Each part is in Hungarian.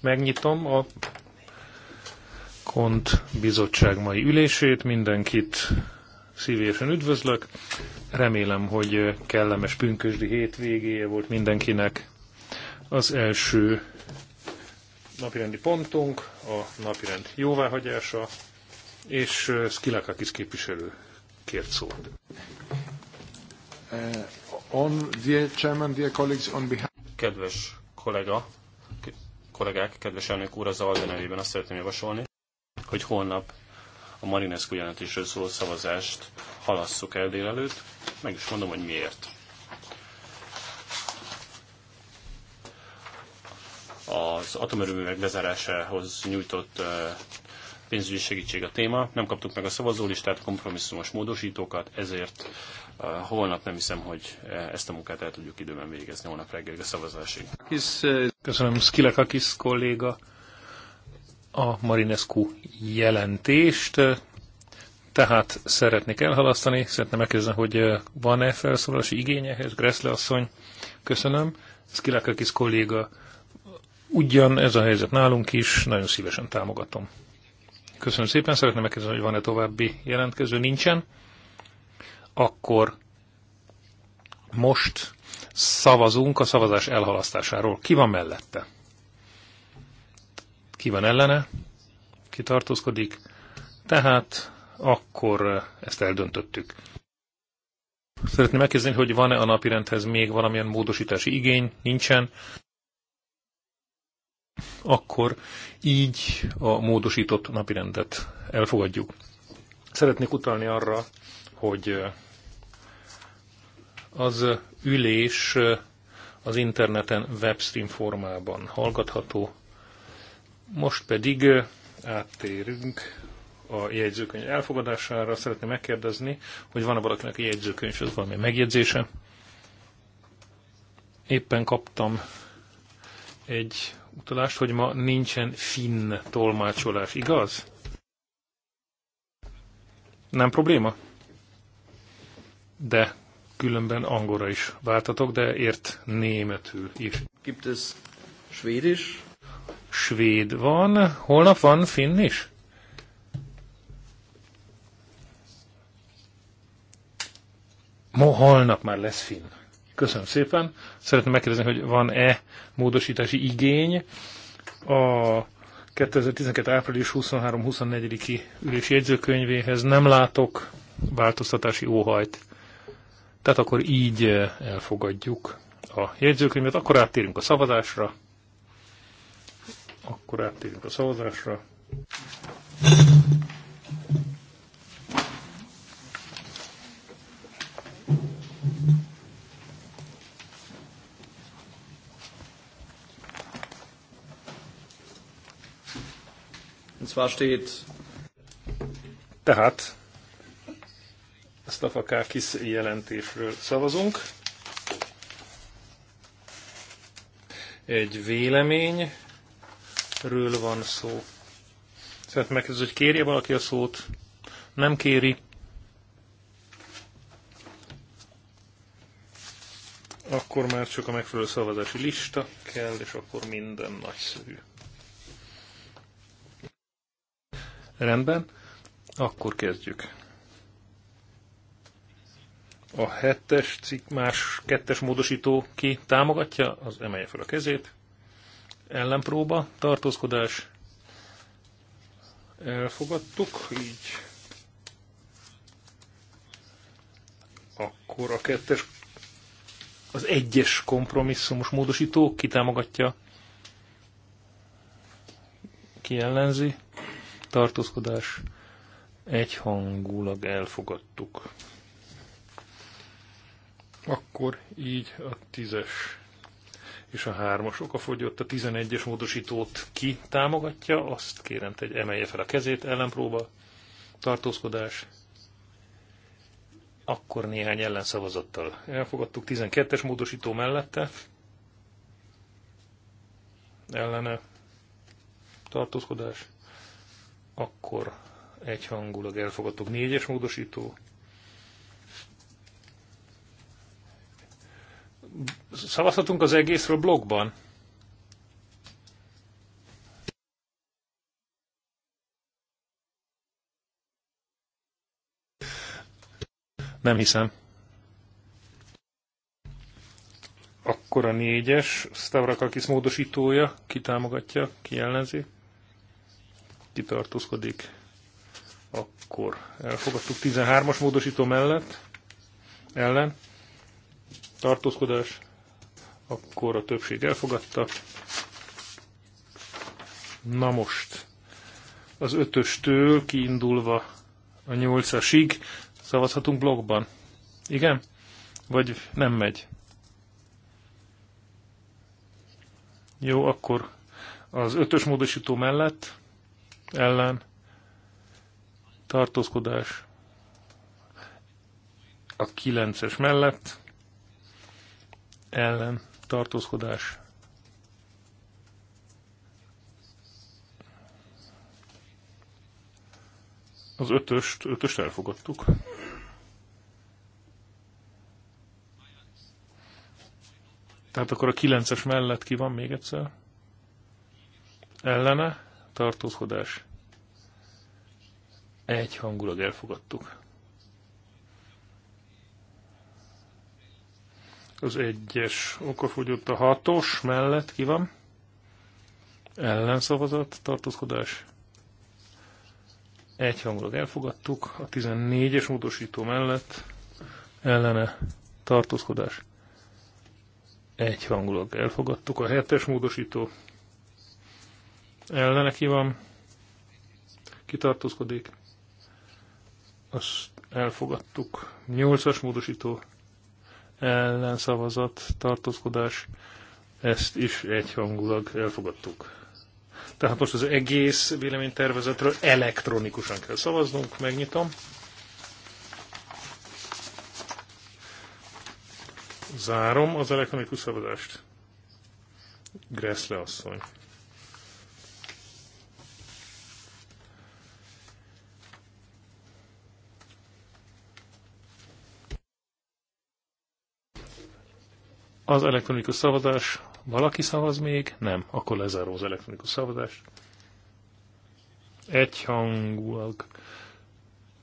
Megnyitom a Kont bizottság mai ülését, mindenkit szívesen üdvözlök. Remélem, hogy kellemes pünkösdi hétvégéje volt mindenkinek. Az első napirendi pontunk a napirend jóváhagyása, és Skilakakis képviselő kért szót. Uh, on, dear chairman, dear colleagues, on behalf... Kedves kollega, kollégák, kedves elnök úr, az ALDE nevében azt szeretném javasolni, hogy holnap a Marinescu jelentésről szóló szavazást halasszuk el délelőtt. Meg is mondom, hogy miért. Az atomerőművek bezárásához nyújtott pénzügyi segítség a téma. Nem kaptuk meg a szavazólistát, kompromisszumos módosítókat, ezért uh, holnap nem hiszem, hogy uh, ezt a munkát el tudjuk időben végezni, holnap reggelig a szavazásig. Köszönöm, Skilakakis kolléga a Marinescu jelentést. Uh, tehát szeretnék elhalasztani, szeretném megkérdezni, hogy van-e felszólalási igényehez, Gressle asszony. Köszönöm. Skilakakis kolléga, ugyan ez a helyzet nálunk is, nagyon szívesen támogatom. Köszönöm szépen, szeretném megkérdezni, hogy van-e további jelentkező? Nincsen. Akkor most szavazunk a szavazás elhalasztásáról. Ki van mellette? Ki van ellene? Ki tartózkodik? Tehát akkor ezt eldöntöttük. Szeretném megkérdezni, hogy van-e a napirendhez még valamilyen módosítási igény? Nincsen akkor így a módosított napirendet elfogadjuk. Szeretnék utalni arra, hogy az ülés az interneten webstream formában hallgatható. Most pedig áttérünk a jegyzőkönyv elfogadására. Szeretném megkérdezni, hogy van-e valakinek a jegyzőkönyvhöz valami megjegyzése. Éppen kaptam egy utalást, hogy ma nincsen finn tolmácsolás, igaz? Nem probléma? De különben angolra is váltatok, de ért németül is. Gibt es svédis? Svéd van, holnap van finn is? Ma holnap már lesz finn. Köszönöm szépen. Szeretném megkérdezni, hogy van-e módosítási igény a 2012. április 23-24-i ülési jegyzőkönyvéhez. Nem látok változtatási óhajt. Tehát akkor így elfogadjuk a jegyzőkönyvet. Akkor áttérünk a szavazásra. Akkor áttérünk a szavazásra. zwar steht... Tehát Stafakakis jelentésről szavazunk. Egy véleményről van szó. Szeretném megkérdezni, hogy kérje valaki a szót? Nem kéri. Akkor már csak a megfelelő szavazási lista kell, és akkor minden nagyszerű. Rendben, akkor kezdjük. A hetes cikk más kettes módosító ki támogatja, az emelje fel a kezét. Ellenpróba, tartózkodás. Elfogadtuk, így. Akkor a kettes, az egyes kompromisszumos módosító ki támogatja, ki ellenzi, tartózkodás, egyhangulag elfogadtuk. Akkor így a tízes és a hármas oka fogyott, a 11-es módosítót ki támogatja, azt kérem, hogy emelje fel a kezét, ellenpróba, tartózkodás, akkor néhány ellenszavazattal elfogadtuk, 12-es módosító mellette, ellene, tartózkodás, akkor egyhangulag elfogadtuk. Négyes módosító. Szavazhatunk az egészről blogban? Nem hiszem. Akkor a négyes Stavrakakis módosítója kitámogatja, kiellenzi kitartózkodik, akkor elfogadtuk 13-as módosító mellett, ellen, tartózkodás, akkor a többség elfogadta. Na most, az ötöstől kiindulva a nyolcasig szavazhatunk blogban. Igen? Vagy nem megy? Jó, akkor az ötös módosító mellett ellen tartózkodás a 9-es mellett ellen tartózkodás Az ötöst, ötöst elfogadtuk. Tehát akkor a kilences mellett ki van még egyszer? Ellene? tartózkodás. Egyhangulag elfogadtuk. Az egyes okafogyott a hatos mellett ki van? Ellenszavazat, tartózkodás. Egyhangulag elfogadtuk. A 14-es módosító mellett ellene tartózkodás. Egyhangulag elfogadtuk. A 7-es módosító ellene neki van, kitartózkodik, azt elfogadtuk. 8-as módosító ellenszavazat, tartózkodás, ezt is egyhangulag elfogadtuk. Tehát most az egész véleménytervezetről elektronikusan kell szavaznunk, megnyitom. Zárom az elektronikus szavazást. Gressle asszony. az elektronikus szavazás. Valaki szavaz még? Nem. Akkor lezárom az elektronikus szavazást. Egyhangúak.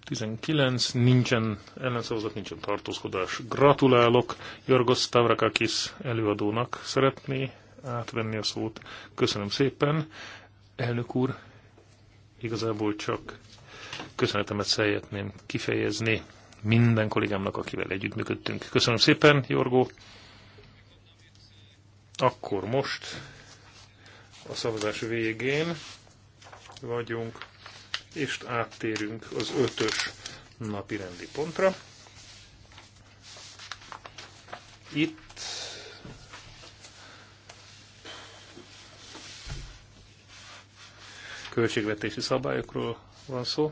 19. Nincsen ellenszavazat, nincsen tartózkodás. Gratulálok Jorgos Stavrakakis előadónak. Szeretné átvenni a szót. Köszönöm szépen. Elnök úr, igazából csak köszönetemet szeretném kifejezni minden kollégámnak, akivel együttműködtünk. Köszönöm szépen, Jorgó! Akkor most a szavazás végén vagyunk, és áttérünk az ötös napi rendi pontra. Itt költségvetési szabályokról van szó.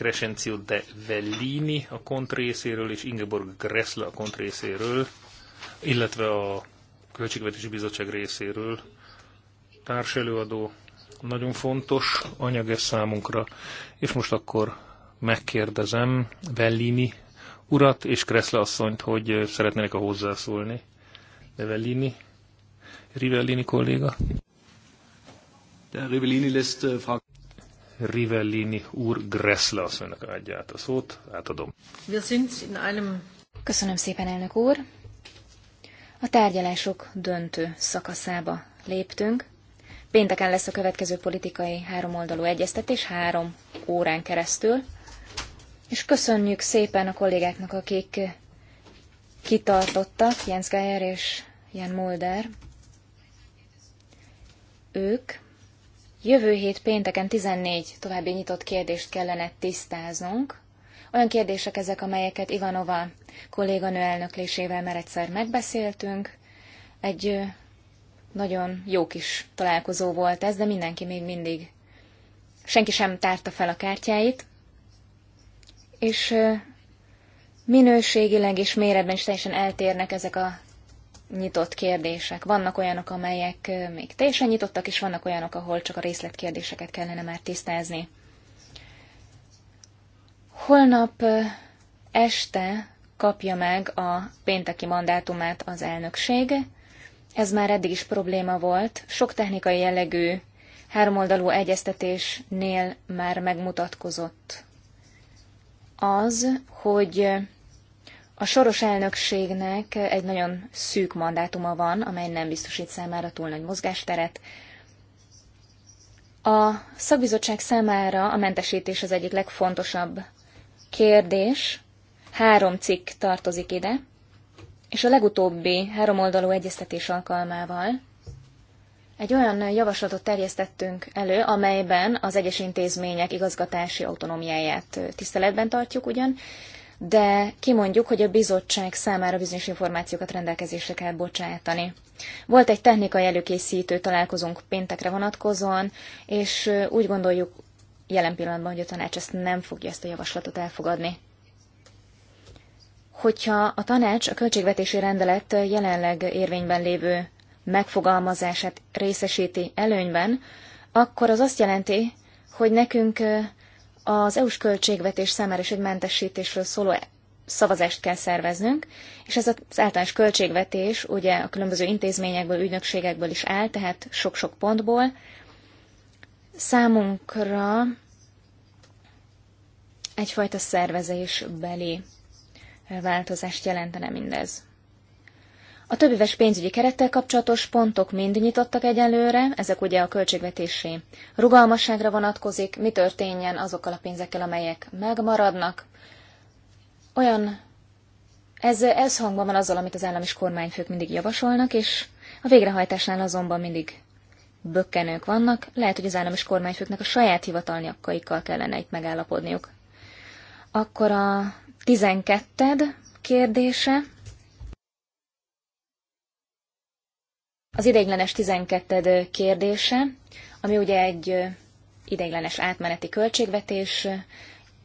Crescencio de Vellini a kont részéről, és Ingeborg Gressle a kont részéről, illetve a Költségvetési Bizottság részéről társelőadó. Nagyon fontos anyag ez számunkra, és most akkor megkérdezem Vellini urat és Kreszle asszonyt, hogy szeretnének a hozzászólni. De Vellini, Rivellini kolléga. De Rivellini lesz uh, äh, Rivellini úr Gressle asszonynak adja át a szót, átadom. Köszönöm szépen, elnök úr. A tárgyalások döntő szakaszába léptünk. Pénteken lesz a következő politikai háromoldalú egyeztetés három órán keresztül, és köszönjük szépen a kollégáknak, akik kitartottak, Jens Geyer és Jan Mulder. Ők Jövő hét pénteken 14 további nyitott kérdést kellene tisztáznunk. Olyan kérdések ezek, amelyeket Ivanova kolléganő elnöklésével már egyszer megbeszéltünk. Egy nagyon jó kis találkozó volt ez, de mindenki még mindig, senki sem tárta fel a kártyáit, és minőségileg és méretben is teljesen eltérnek ezek a nyitott kérdések. Vannak olyanok, amelyek még teljesen nyitottak, és vannak olyanok, ahol csak a részletkérdéseket kellene már tisztázni. Holnap este kapja meg a pénteki mandátumát az elnökség. Ez már eddig is probléma volt. Sok technikai jellegű háromoldalú egyeztetésnél már megmutatkozott az, hogy a soros elnökségnek egy nagyon szűk mandátuma van, amely nem biztosít számára túl nagy mozgásteret. A szakbizottság számára a mentesítés az egyik legfontosabb kérdés. Három cikk tartozik ide, és a legutóbbi háromoldalú egyeztetés alkalmával egy olyan javaslatot terjesztettünk elő, amelyben az egyes intézmények igazgatási autonómiáját tiszteletben tartjuk ugyan, de kimondjuk, hogy a bizottság számára bizonyos információkat rendelkezésre kell bocsátani. Volt egy technikai előkészítő találkozónk péntekre vonatkozóan, és úgy gondoljuk jelen pillanatban, hogy a tanács ezt nem fogja ezt a javaslatot elfogadni. Hogyha a tanács a költségvetési rendelet jelenleg érvényben lévő megfogalmazását részesíti előnyben, akkor az azt jelenti, hogy nekünk az EU-s költségvetés számára is egy mentesítésről szóló szavazást kell szerveznünk, és ez az általános költségvetés ugye a különböző intézményekből, ügynökségekből is áll, tehát sok-sok pontból. Számunkra egyfajta szervezésbeli változást jelentene mindez. A többéves pénzügyi kerettel kapcsolatos pontok mind nyitottak egyenlőre, ezek ugye a költségvetési rugalmasságra vonatkozik, mi történjen azokkal a pénzekkel, amelyek megmaradnak. Olyan, ez, ez hangban van azzal, amit az állam és kormányfők mindig javasolnak, és a végrehajtásnál azonban mindig bökkenők vannak, lehet, hogy az állam és kormányfőknek a saját hivatalnyakkaikkal kellene itt megállapodniuk. Akkor a 12 kérdése, Az ideiglenes 12. kérdése, ami ugye egy ideiglenes átmeneti költségvetés,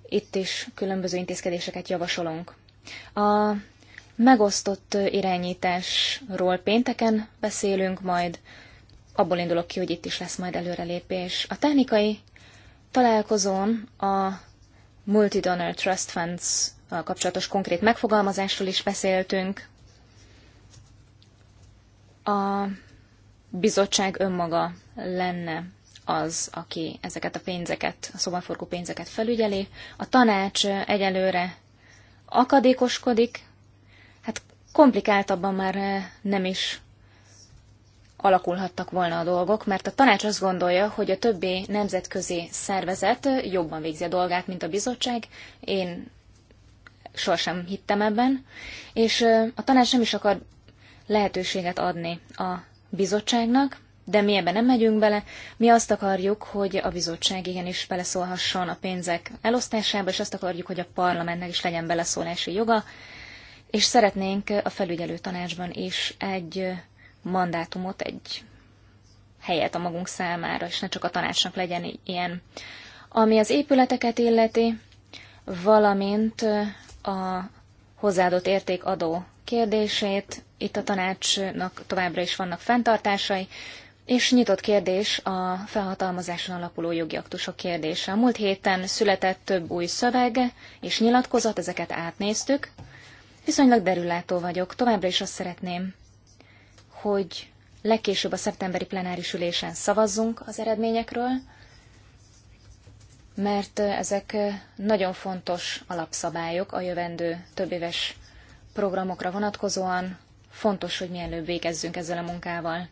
itt is különböző intézkedéseket javasolunk. A megosztott irányításról pénteken beszélünk, majd abból indulok ki, hogy itt is lesz majd előrelépés. A technikai találkozón a Multi-Donor Trust Funds kapcsolatos konkrét megfogalmazásról is beszéltünk. A bizottság önmaga lenne az, aki ezeket a pénzeket, a szobaforgó pénzeket felügyeli. A tanács egyelőre akadékoskodik, hát komplikáltabban már nem is alakulhattak volna a dolgok, mert a tanács azt gondolja, hogy a többi nemzetközi szervezet jobban végzi a dolgát, mint a bizottság. Én sosem hittem ebben, és a tanács nem is akar lehetőséget adni a bizottságnak, de mi ebben nem megyünk bele. Mi azt akarjuk, hogy a bizottság igenis beleszólhasson a pénzek elosztásába, és azt akarjuk, hogy a parlamentnek is legyen beleszólási joga, és szeretnénk a felügyelő tanácsban is egy mandátumot, egy helyet a magunk számára, és ne csak a tanácsnak legyen ilyen. Ami az épületeket illeti, valamint a hozzáadott értékadó kérdését, itt a tanácsnak továbbra is vannak fenntartásai, és nyitott kérdés a felhatalmazáson alapuló jogi aktusok kérdése. A múlt héten született több új szövege, és nyilatkozat, ezeket átnéztük. Viszonylag derülátó vagyok, továbbra is azt szeretném, hogy legkésőbb a szeptemberi plenáris ülésen szavazzunk az eredményekről, mert ezek nagyon fontos alapszabályok a jövendő többéves programokra vonatkozóan, fontos, hogy mielőbb végezzünk ezzel a munkával.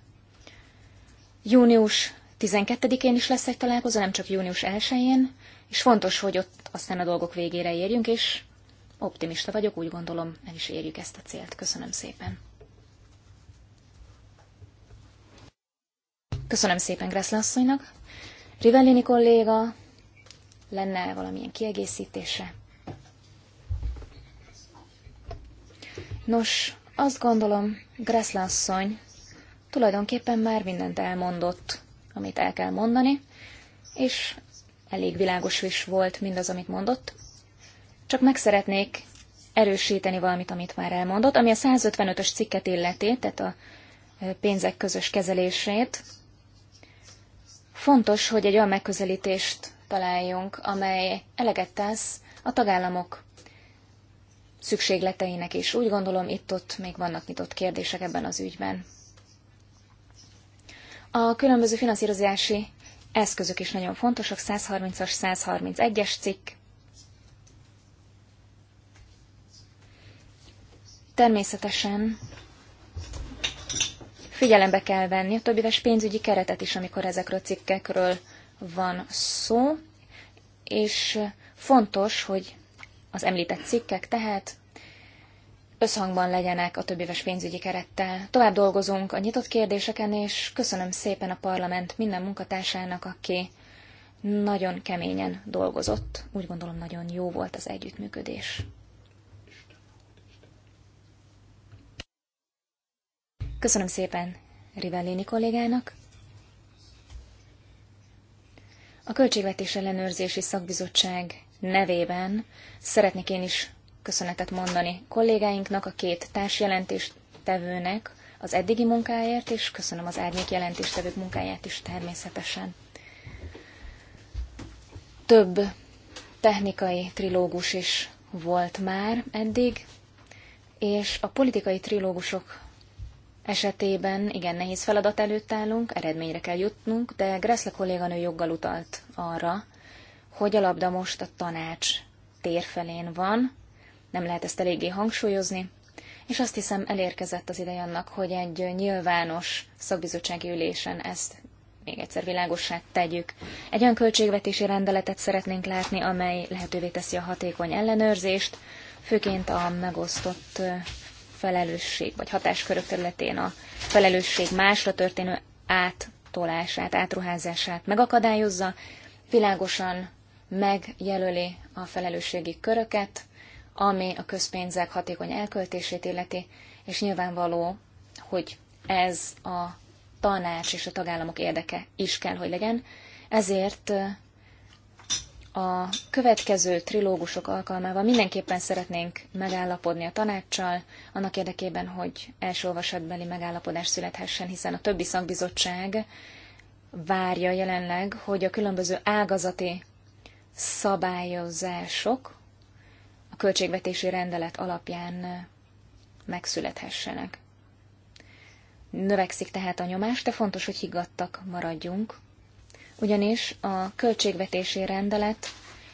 Június 12-én is lesz egy találkozó, nem csak június 1-én, és fontos, hogy ott aztán a dolgok végére érjünk, és optimista vagyok, úgy gondolom, el is érjük ezt a célt. Köszönöm szépen. Köszönöm szépen Gressle asszonynak. Rivellini kolléga, lenne valamilyen kiegészítése? Nos, azt gondolom, Greszlasszony tulajdonképpen már mindent elmondott, amit el kell mondani, és elég világos is volt mindaz, amit mondott. Csak meg szeretnék erősíteni valamit, amit már elmondott, ami a 155-ös cikket illeti, tehát a pénzek közös kezelését. Fontos, hogy egy olyan megközelítést találjunk, amely eleget tesz a tagállamok szükségleteinek is. Úgy gondolom, itt-ott még vannak nyitott kérdések ebben az ügyben. A különböző finanszírozási eszközök is nagyon fontosak, 130-as, 131-es cikk. Természetesen figyelembe kell venni a többéves pénzügyi keretet is, amikor ezekről a cikkekről van szó, és fontos, hogy az említett cikkek tehát összhangban legyenek a többéves pénzügyi kerettel. Tovább dolgozunk a nyitott kérdéseken, és köszönöm szépen a parlament minden munkatársának, aki nagyon keményen dolgozott. Úgy gondolom, nagyon jó volt az együttműködés. Köszönöm szépen Rivellini kollégának. A Költségvetés Ellenőrzési Szakbizottság nevében szeretnék én is köszönetet mondani kollégáinknak, a két társjelentéstevőnek az eddigi munkáért, és köszönöm az árnyék jelentéstevők munkáját is természetesen. Több technikai trilógus is volt már eddig, és a politikai trilógusok esetében igen nehéz feladat előtt állunk, eredményre kell jutnunk, de Gressle kolléganő joggal utalt arra, hogy a labda most a tanács térfelén van, nem lehet ezt eléggé hangsúlyozni, és azt hiszem elérkezett az ideje annak, hogy egy nyilvános szakbizottsági ülésen ezt még egyszer világossá tegyük. Egy olyan költségvetési rendeletet szeretnénk látni, amely lehetővé teszi a hatékony ellenőrzést, főként a megosztott felelősség vagy hatáskörök területén a felelősség másra történő áttolását, átruházását megakadályozza, világosan megjelöli a felelősségi köröket, ami a közpénzek hatékony elköltését illeti, és nyilvánvaló, hogy ez a tanács és a tagállamok érdeke is kell, hogy legyen. Ezért a következő trilógusok alkalmával mindenképpen szeretnénk megállapodni a tanácssal, annak érdekében, hogy első olvasatbeli megállapodás születhessen, hiszen a többi szakbizottság várja jelenleg, hogy a különböző ágazati szabályozások a költségvetési rendelet alapján megszülethessenek. Növekszik tehát a nyomás, de fontos, hogy higgadtak maradjunk, ugyanis a költségvetési rendelet,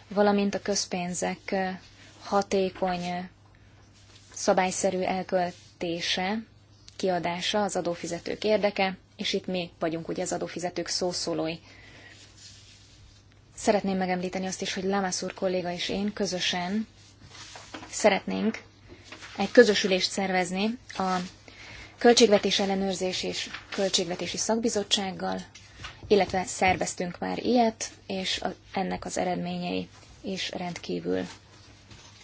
valamint a közpénzek hatékony, szabályszerű elköltése, kiadása az adófizetők érdeke, és itt mi vagyunk ugye az adófizetők szószólói. Szeretném megemlíteni azt is, hogy úr kolléga és én közösen szeretnénk egy közösülést szervezni a Költségvetés ellenőrzés és Költségvetési Szakbizottsággal, illetve szerveztünk már ilyet, és ennek az eredményei is rendkívül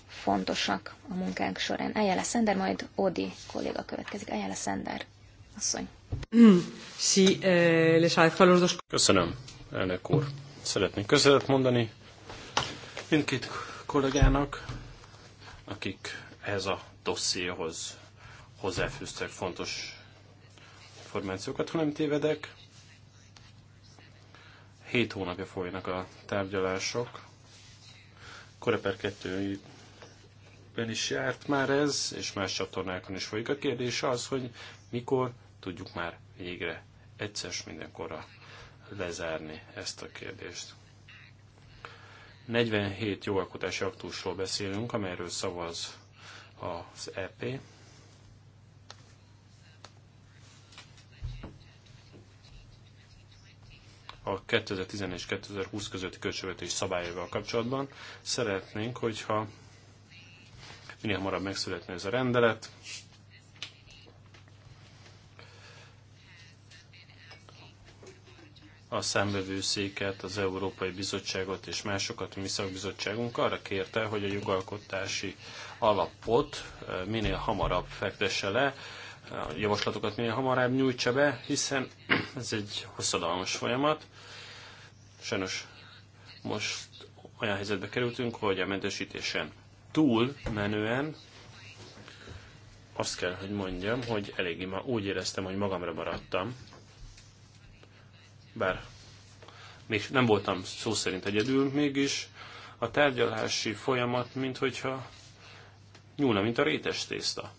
fontosak a munkánk során. Ejjele Szender, majd Odi kolléga következik. Ejjele Szender, asszony. Mm, eh, Köszönöm, elnök úr. Szeretnék köszönet mondani mindkét kollégának, akik ehhez a dossziéhoz hozzáfűztek fontos információkat, ha nem tévedek. Hét hónapja folynak a tárgyalások. Koreper 2 ben is járt már ez, és más csatornákon is folyik. A kérdés az, hogy mikor tudjuk már végre egyszer mindenkorra lezárni ezt a kérdést. 47 jogalkotási aktusról beszélünk, amelyről szavaz az EP. a 2011 és 2020 közötti költségvetés szabályával kapcsolatban. Szeretnénk, hogyha minél hamarabb megszületne ez a rendelet, a számbevőszéket, az Európai Bizottságot és másokat, mi szakbizottságunk arra kérte, hogy a jogalkotási alapot eh, minél hamarabb fektesse le, a javaslatokat minél hamarabb nyújtsa be, hiszen ez egy hosszadalmas folyamat. Sajnos most olyan helyzetbe kerültünk, hogy a mentesítésen túl menően azt kell, hogy mondjam, hogy eléggé ma úgy éreztem, hogy magamra maradtam, bár még nem voltam szó szerint egyedül, mégis a tárgyalási folyamat, mint hogyha nyúlna, mint a rétes tészta.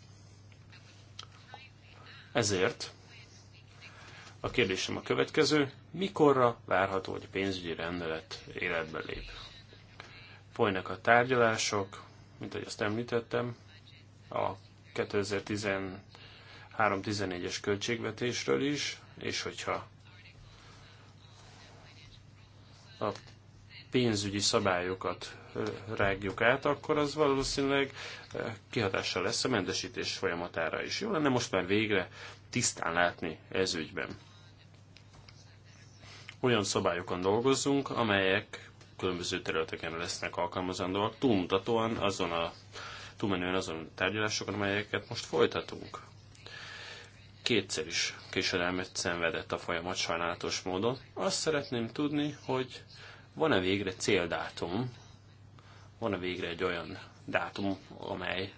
Ezért a kérdésem a következő, mikorra várható, hogy pénzügyi rendelet életbe lép? Folynak a tárgyalások, mint ahogy azt említettem, a 2013-14-es költségvetésről is, és hogyha a pénzügyi szabályokat rágjuk át, akkor az valószínűleg kihatással lesz a mentesítés folyamatára is. Jó lenne most már végre tisztán látni ez ügyben. Olyan szabályokon dolgozzunk, amelyek különböző területeken lesznek alkalmazandóak, túlmutatóan azon a túlmenően azon tárgyalásokon, amelyeket most folytatunk kétszer is késedelmet szenvedett a folyamat sajnálatos módon. Azt szeretném tudni, hogy van-e végre céldátum, van-e végre egy olyan dátum, amelyre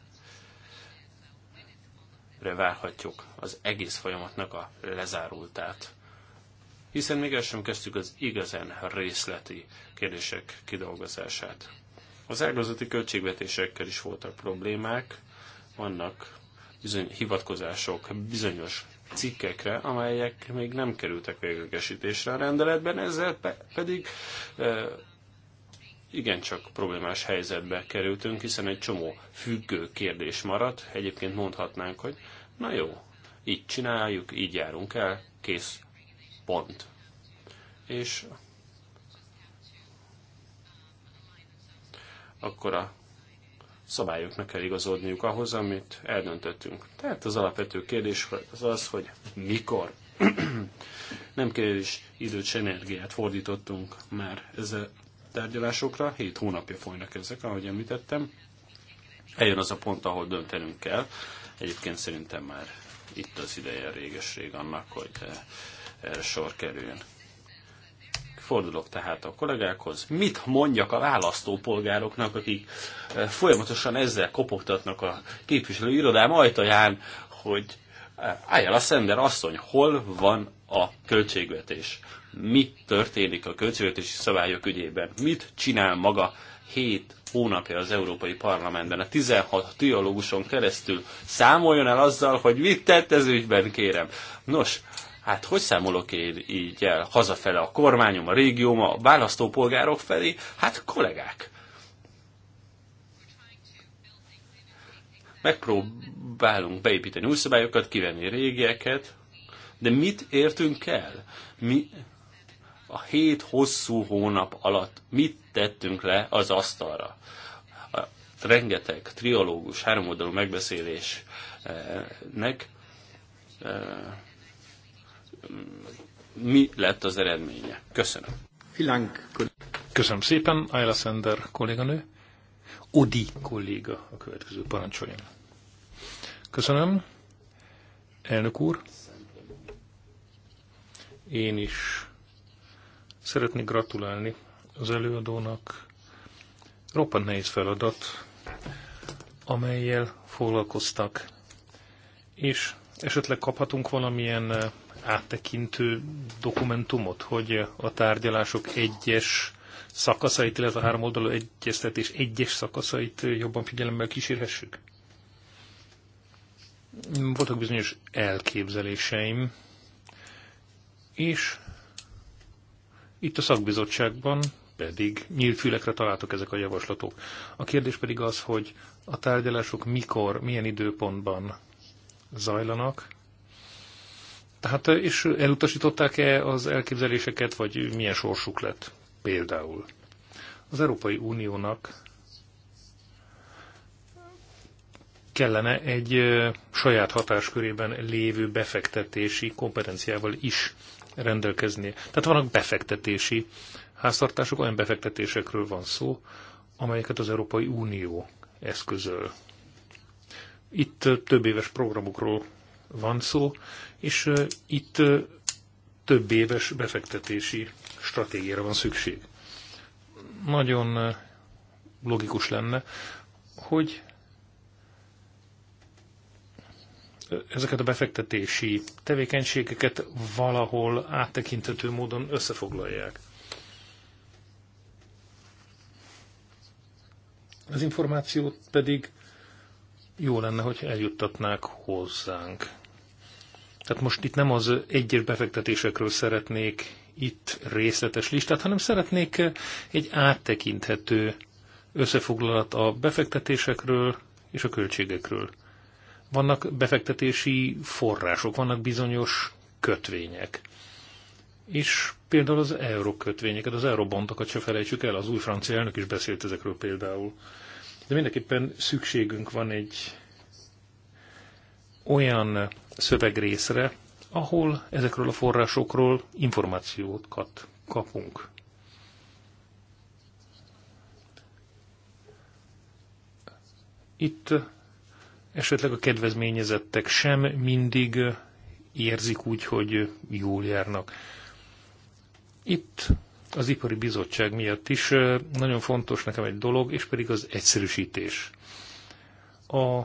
várhatjuk az egész folyamatnak a lezárultát. Hiszen még el sem kezdtük az igazán részleti kérdések kidolgozását. Az ágazati költségvetésekkel is voltak problémák, vannak bizony, hivatkozások bizonyos cikkekre, amelyek még nem kerültek véglegesítésre a rendeletben, ezzel pe pedig e, igencsak problémás helyzetbe kerültünk, hiszen egy csomó függő kérdés maradt. Egyébként mondhatnánk, hogy na jó, így csináljuk, így járunk el, kész, pont. És akkor a szabályoknak kell igazodniuk ahhoz, amit eldöntöttünk. Tehát az alapvető kérdés az az, hogy mikor. Nem kevés időt és energiát fordítottunk már ezzel tárgyalásokra, hét hónapja folynak ezek, ahogy említettem. Eljön az a pont, ahol döntenünk kell. Egyébként szerintem már itt az ideje réges-rég annak, hogy erre eh, eh, sor kerüljön. Fordulok tehát a kollégákhoz. Mit mondjak a választópolgároknak, akik eh, folyamatosan ezzel kopogtatnak a képviselő irodám ajtaján, hogy eh, állj a Szender asszony, hol van a költségvetés? Mi történik a költségvetési szabályok ügyében? Mit csinál maga 7 hónapja az Európai Parlamentben, a 16 triológuson keresztül számoljon el azzal, hogy mit tett ez ügyben, kérem. Nos, Hát hogy számolok én így el hazafele a kormányom, a régióm, a választópolgárok felé? Hát kollégák! Megpróbálunk beépíteni új szabályokat, kivenni régieket, de mit értünk el? Mi a hét hosszú hónap alatt mit tettünk le az asztalra? A rengeteg triológus, háromoldalú megbeszélésnek eh, mi lett az eredménye. Köszönöm. Köszönöm szépen, Ayla Sender kolléganő. Odi kolléga a következő parancsoljon. Köszönöm. Elnök úr, én is szeretnék gratulálni az előadónak. Roppant nehéz feladat, amelyel foglalkoztak, és esetleg kaphatunk valamilyen áttekintő dokumentumot, hogy a tárgyalások egyes szakaszait, illetve a három oldalú egyeztetés egyes szakaszait jobban figyelemmel kísérhessük? Voltak bizonyos elképzeléseim, és itt a szakbizottságban pedig nyílfülekre találtak ezek a javaslatok. A kérdés pedig az, hogy a tárgyalások mikor, milyen időpontban zajlanak, tehát, és elutasították-e az elképzeléseket, vagy milyen sorsuk lett például? Az Európai Uniónak kellene egy saját hatáskörében lévő befektetési kompetenciával is rendelkeznie. Tehát vannak befektetési háztartások, olyan befektetésekről van szó, amelyeket az Európai Unió eszközöl. Itt több éves programokról van szó, és itt több éves befektetési stratégiára van szükség. Nagyon logikus lenne, hogy ezeket a befektetési tevékenységeket valahol áttekintető módon összefoglalják. Az információt pedig jó lenne, hogy eljuttatnák hozzánk. Tehát most itt nem az egyes befektetésekről szeretnék itt részletes listát, hanem szeretnék egy áttekinthető összefoglalat a befektetésekről és a költségekről. Vannak befektetési források, vannak bizonyos kötvények. És például az euró kötvényeket az eurobontokat se felejtsük el, az új francia elnök is beszélt ezekről például. De mindenképpen szükségünk van egy olyan szövegrészre, ahol ezekről a forrásokról információkat kapunk. Itt esetleg a kedvezményezettek sem mindig érzik úgy, hogy jól járnak. Itt az ipari bizottság miatt is nagyon fontos nekem egy dolog, és pedig az egyszerűsítés. A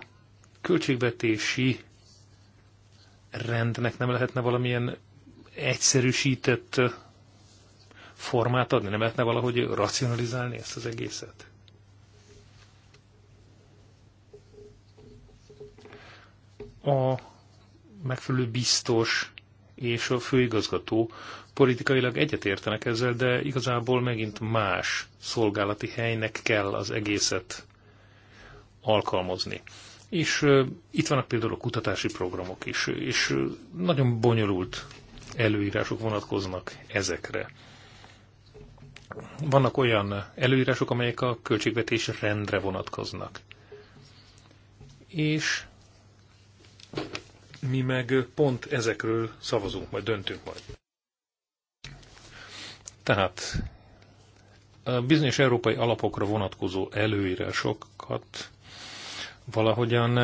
költségvetési rendnek nem lehetne valamilyen egyszerűsített formát adni? Nem lehetne valahogy racionalizálni ezt az egészet? A megfelelő biztos és a főigazgató politikailag egyetértenek ezzel, de igazából megint más szolgálati helynek kell az egészet alkalmazni. És itt vannak például a kutatási programok is, és nagyon bonyolult előírások vonatkoznak ezekre. Vannak olyan előírások, amelyek a költségvetés rendre vonatkoznak. És mi meg pont ezekről szavazunk, majd döntünk majd. Tehát a bizonyos európai alapokra vonatkozó előírásokat valahogyan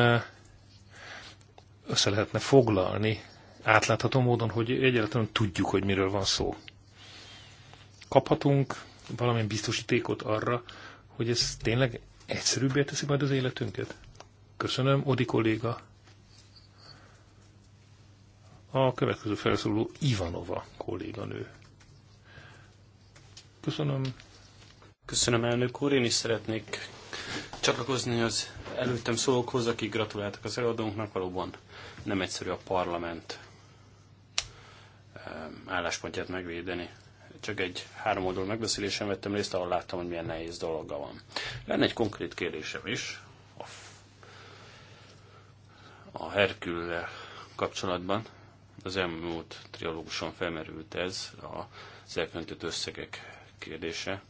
össze lehetne foglalni átlátható módon, hogy egyáltalán tudjuk, hogy miről van szó. Kaphatunk valamilyen biztosítékot arra, hogy ez tényleg egyszerűbbé teszi majd az életünket? Köszönöm, Odi kolléga. A következő felszóló Ivanova kolléganő. Köszönöm. Köszönöm, elnök úr. Én is szeretnék csatlakozni az előttem szólókhoz, akik gratuláltak az előadónknak, valóban nem egyszerű a parlament álláspontját megvédeni. Csak egy három oldal megbeszélésen vettem részt, ahol láttam, hogy milyen nehéz dolga van. Lenne egy konkrét kérdésem is a, a kapcsolatban. Az elmúlt triológuson felmerült ez, a elköntött összegek kérdése.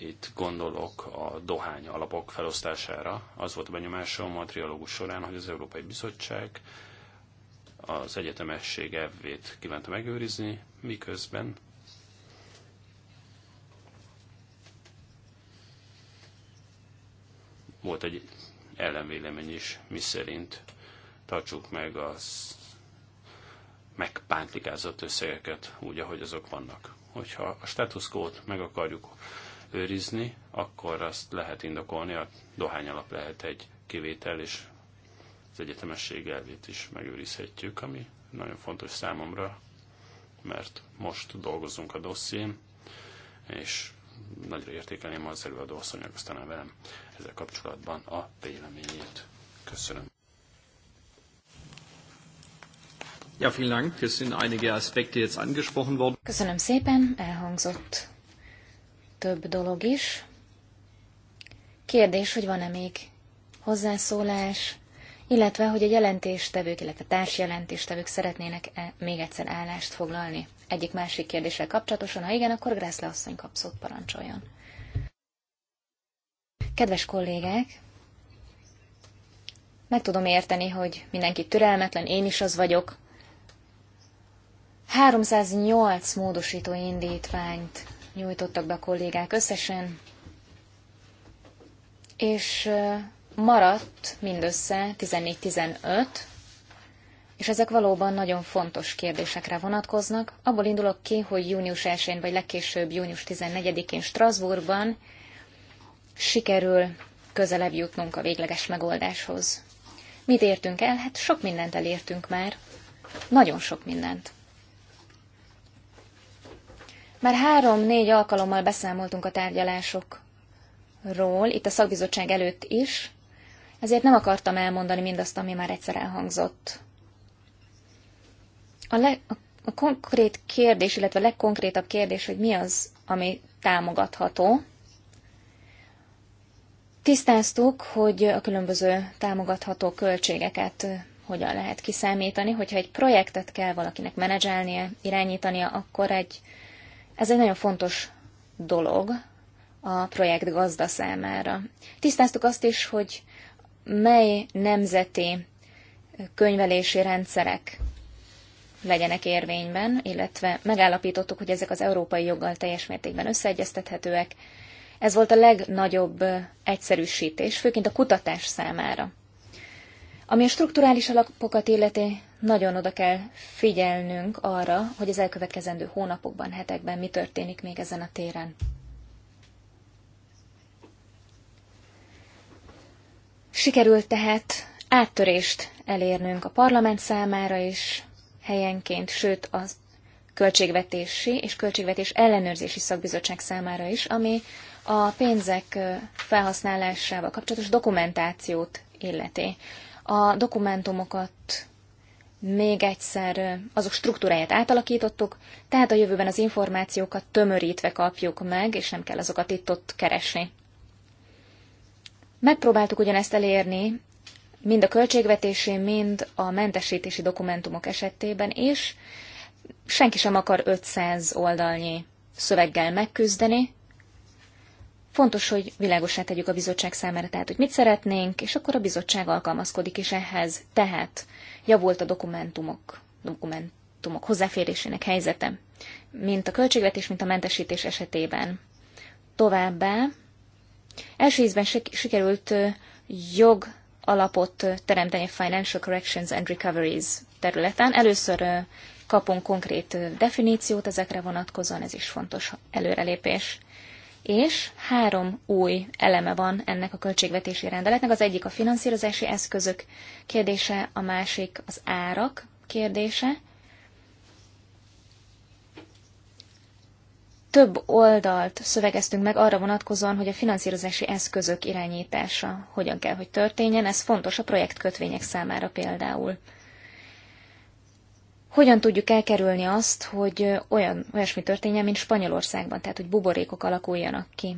Itt gondolok a dohány alapok felosztására. Az volt a benyomásom a trialógus során, hogy az Európai Bizottság az egyetemesség elvét kívánta megőrizni, miközben volt egy ellenvélemény is, miszerint tartsuk meg az megpántlikázott összegeket úgy, ahogy azok vannak. Hogyha a status quo meg akarjuk őrizni, akkor azt lehet indokolni, a dohány alap lehet egy kivétel, és az egyetemesség elvét is megőrizhetjük, ami nagyon fontos számomra, mert most dolgozunk a dosszén, és nagyra értékelném az előadó asszonyok aztán velem ezzel kapcsolatban a véleményét. Köszönöm. Ja, vielen Dank. Es sind einige Aspekte jetzt angesprochen worden. Köszönöm szépen, elhangzott több dolog is. Kérdés, hogy van-e még hozzászólás, illetve hogy a jelentéstevők, illetve társjelentéstevők szeretnének-e még egyszer állást foglalni egyik másik kérdéssel kapcsolatosan. Ha igen, akkor Grászle asszony kapszót parancsoljon. Kedves kollégák, meg tudom érteni, hogy mindenki türelmetlen, én is az vagyok. 308 módosító indítványt nyújtottak be a kollégák összesen, és maradt mindössze 14-15, és ezek valóban nagyon fontos kérdésekre vonatkoznak. Abból indulok ki, hogy június 1-én vagy legkésőbb június 14-én Strasbourgban sikerül közelebb jutnunk a végleges megoldáshoz. Mit értünk el? Hát sok mindent elértünk már. Nagyon sok mindent. Már három-négy alkalommal beszámoltunk a tárgyalásokról, itt a szakbizottság előtt is, ezért nem akartam elmondani mindazt, ami már egyszer elhangzott. A, le, a, a konkrét kérdés, illetve a legkonkrétabb kérdés, hogy mi az, ami támogatható. Tisztáztuk, hogy a különböző támogatható költségeket hogyan lehet kiszámítani, hogyha egy projektet kell valakinek menedzselnie, irányítania, akkor egy ez egy nagyon fontos dolog a projekt gazda számára. Tisztáztuk azt is, hogy mely nemzeti könyvelési rendszerek legyenek érvényben, illetve megállapítottuk, hogy ezek az európai joggal teljes mértékben összeegyeztethetőek. Ez volt a legnagyobb egyszerűsítés, főként a kutatás számára. Ami a strukturális alapokat illeti, nagyon oda kell figyelnünk arra, hogy az elkövetkezendő hónapokban, hetekben mi történik még ezen a téren. Sikerült tehát áttörést elérnünk a parlament számára is, helyenként, sőt a költségvetési és költségvetés ellenőrzési szakbizottság számára is, ami a pénzek felhasználásával kapcsolatos dokumentációt illeti. A dokumentumokat még egyszer azok struktúráját átalakítottuk, tehát a jövőben az információkat tömörítve kapjuk meg, és nem kell azokat itt-ott keresni. Megpróbáltuk ugyanezt elérni, mind a költségvetési, mind a mentesítési dokumentumok esetében, és senki sem akar 500 oldalnyi szöveggel megküzdeni, Fontos, hogy világosá tegyük a bizottság számára, tehát, hogy mit szeretnénk, és akkor a bizottság alkalmazkodik is ehhez. Tehát javult a dokumentumok, dokumentumok hozzáférésének helyzete, mint a költségvetés, mint a mentesítés esetében. Továbbá első ízben sikerült jog alapot teremteni a Financial Corrections and Recoveries területen. Először kapunk konkrét definíciót ezekre vonatkozóan, ez is fontos előrelépés és három új eleme van ennek a költségvetési rendeletnek. Az egyik a finanszírozási eszközök kérdése, a másik az árak kérdése. Több oldalt szövegeztünk meg arra vonatkozóan, hogy a finanszírozási eszközök irányítása hogyan kell, hogy történjen. Ez fontos a projektkötvények számára például hogyan tudjuk elkerülni azt, hogy olyan, olyasmi történjen, mint Spanyolországban, tehát hogy buborékok alakuljanak ki.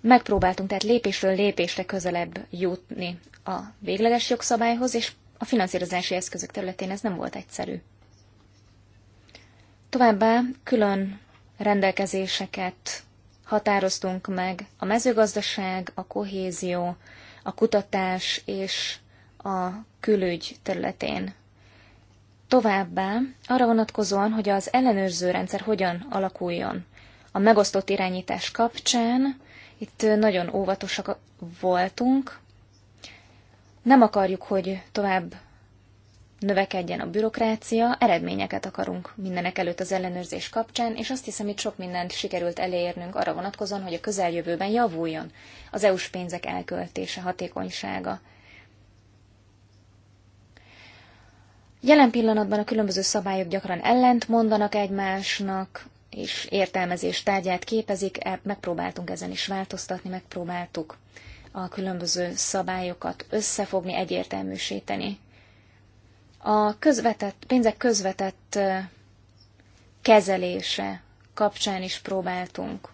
Megpróbáltunk tehát lépésről lépésre közelebb jutni a végleges jogszabályhoz, és a finanszírozási eszközök területén ez nem volt egyszerű. Továbbá külön rendelkezéseket határoztunk meg a mezőgazdaság, a kohézió, a kutatás és a külügy területén. Továbbá arra vonatkozóan, hogy az ellenőrző rendszer hogyan alakuljon. A megosztott irányítás kapcsán itt nagyon óvatosak voltunk. Nem akarjuk, hogy tovább növekedjen a bürokrácia, eredményeket akarunk mindenek előtt az ellenőrzés kapcsán, és azt hiszem, itt sok mindent sikerült elérnünk arra vonatkozóan, hogy a közeljövőben javuljon az EU-s pénzek elköltése, hatékonysága. Jelen pillanatban a különböző szabályok gyakran ellent mondanak egymásnak, és értelmezés tárgyát képezik, e, megpróbáltunk ezen is változtatni, megpróbáltuk a különböző szabályokat összefogni, egyértelműsíteni. A közvetett, pénzek közvetett kezelése kapcsán is próbáltunk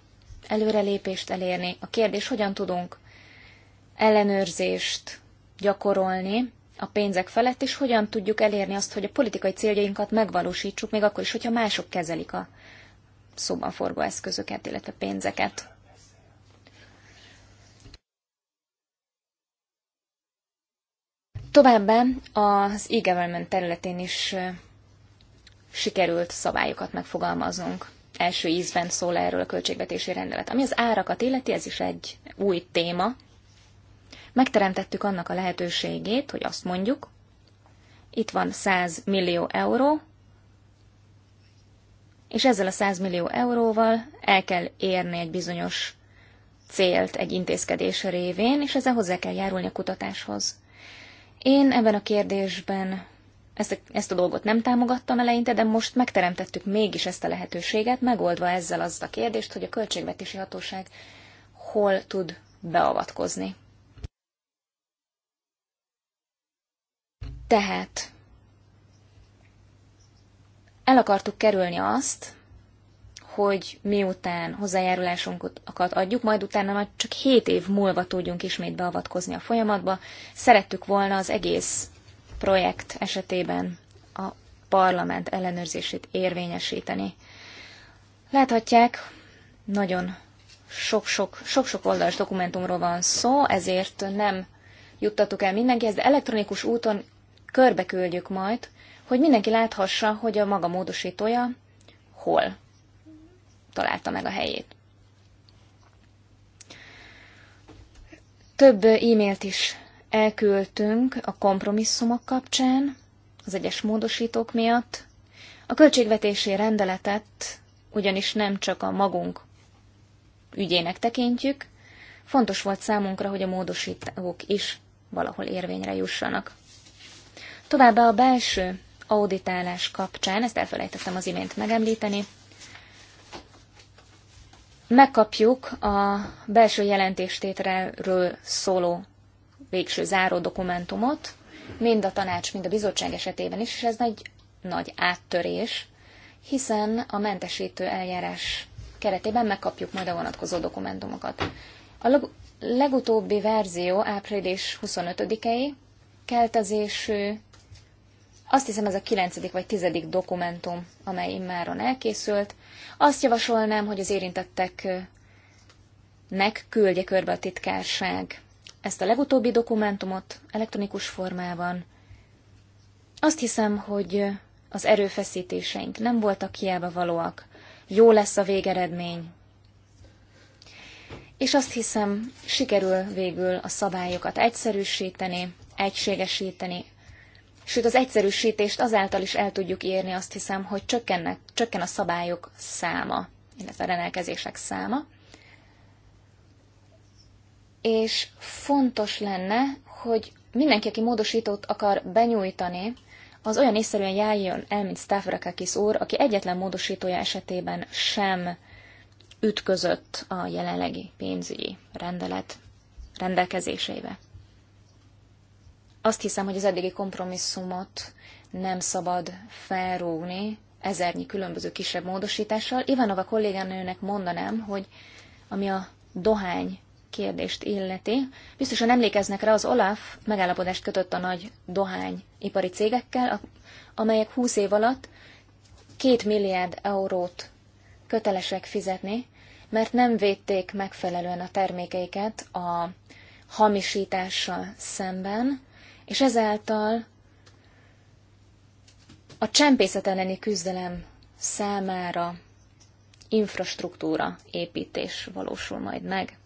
előrelépést elérni. A kérdés, hogyan tudunk ellenőrzést gyakorolni a pénzek felett, és hogyan tudjuk elérni azt, hogy a politikai céljainkat megvalósítsuk, még akkor is, hogyha mások kezelik a szóban forgó eszközöket, illetve pénzeket. Továbbá az e-government területén is sikerült szabályokat megfogalmaznunk. Első ízben szól erről a költségvetési rendelet. Ami az árakat illeti, ez is egy új téma, Megteremtettük annak a lehetőségét, hogy azt mondjuk, itt van 100 millió euró, és ezzel a 100 millió euróval el kell érni egy bizonyos célt egy intézkedés révén, és ezzel hozzá kell járulni a kutatáshoz. Én ebben a kérdésben ezt a, ezt a dolgot nem támogattam eleinte, de most megteremtettük mégis ezt a lehetőséget, megoldva ezzel azt a kérdést, hogy a költségvetési hatóság hol tud beavatkozni. Tehát el akartuk kerülni azt, hogy miután hozzájárulásunkat adjuk, majd utána majd csak 7 év múlva tudjunk ismét beavatkozni a folyamatba. Szerettük volna az egész projekt esetében a parlament ellenőrzését érvényesíteni. Láthatják, nagyon sok-sok, sok-sok oldalas dokumentumról van szó, ezért nem juttattuk el mindenkihez, de elektronikus úton körbe küldjük majd, hogy mindenki láthassa, hogy a maga módosítója hol találta meg a helyét. Több e-mailt is elküldtünk a kompromisszumok kapcsán, az egyes módosítók miatt. A költségvetési rendeletet ugyanis nem csak a magunk ügyének tekintjük, fontos volt számunkra, hogy a módosítók is valahol érvényre jussanak. Továbbá a belső auditálás kapcsán, ezt elfelejtettem az imént megemlíteni, megkapjuk a belső jelentéstételről szóló végső záró dokumentumot, mind a tanács, mind a bizottság esetében is, és ez nagy, nagy áttörés, hiszen a mentesítő eljárás keretében megkapjuk majd a vonatkozó dokumentumokat. A legutóbbi verzió április 25-ei keltezésű azt hiszem ez a kilencedik vagy tizedik dokumentum, amely immáron elkészült. Azt javasolnám, hogy az érintetteknek küldje körbe a titkárság ezt a legutóbbi dokumentumot elektronikus formában. Azt hiszem, hogy az erőfeszítéseink nem voltak hiába valóak. Jó lesz a végeredmény. És azt hiszem, sikerül végül a szabályokat egyszerűsíteni, egységesíteni, sőt az egyszerűsítést azáltal is el tudjuk érni, azt hiszem, hogy csökkennek, csökken a szabályok száma, illetve a rendelkezések száma. És fontos lenne, hogy mindenki, aki módosítót akar benyújtani, az olyan észszerűen járjon el, mint Stavrakakis úr, aki egyetlen módosítója esetében sem ütközött a jelenlegi pénzügyi rendelet rendelkezéseivel. Azt hiszem, hogy az eddigi kompromisszumot nem szabad felrúgni ezernyi különböző kisebb módosítással. Ivanova kolléganőnek mondanám, hogy ami a dohány kérdést illeti. Biztosan emlékeznek rá, az Olaf megállapodást kötött a nagy Dohány ipari cégekkel, amelyek 20 év alatt 2 milliárd eurót kötelesek fizetni, mert nem védték megfelelően a termékeiket a hamisítással szemben, és ezáltal a csempészet elleni küzdelem számára infrastruktúra építés valósul majd meg.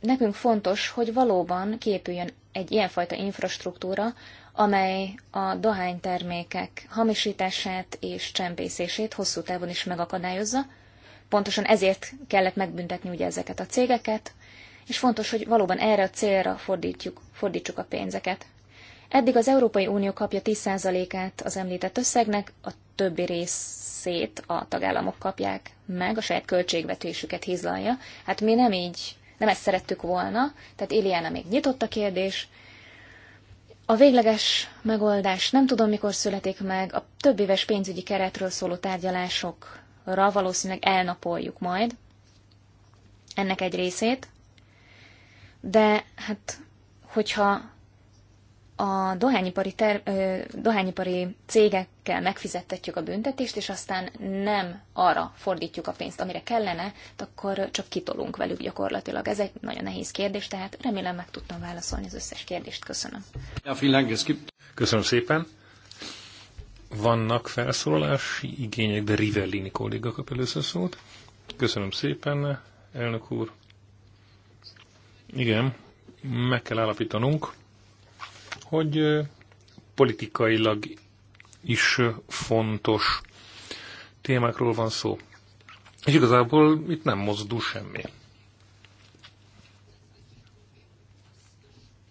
Nekünk fontos, hogy valóban képüljön egy ilyenfajta infrastruktúra, amely a dohánytermékek hamisítását és csempészését hosszú távon is megakadályozza. Pontosan ezért kellett megbüntetni ugye ezeket a cégeket, és fontos, hogy valóban erre a célra fordítjuk, fordítsuk a pénzeket. Eddig az Európai Unió kapja 10%-át az említett összegnek, a többi részét a tagállamok kapják meg, a saját költségvetésüket hízlalja. Hát mi nem így, nem ezt szerettük volna, tehát Iliana még nyitott a kérdés. A végleges megoldás nem tudom, mikor születik meg, a több éves pénzügyi keretről szóló tárgyalásokra valószínűleg elnapoljuk majd ennek egy részét, de hát hogyha a dohányipari, ter, dohányipari cégekkel megfizettetjük a büntetést, és aztán nem arra fordítjuk a pénzt, amire kellene, akkor csak kitolunk velük gyakorlatilag. Ez egy nagyon nehéz kérdés, tehát remélem meg tudtam válaszolni az összes kérdést. Köszönöm. Köszönöm szépen. Vannak felszólalási igények, de Rivellini kolléga kap először szót. Köszönöm szépen, elnök úr. Igen, meg kell állapítanunk, hogy politikailag is fontos témákról van szó. És igazából itt nem mozdul semmi.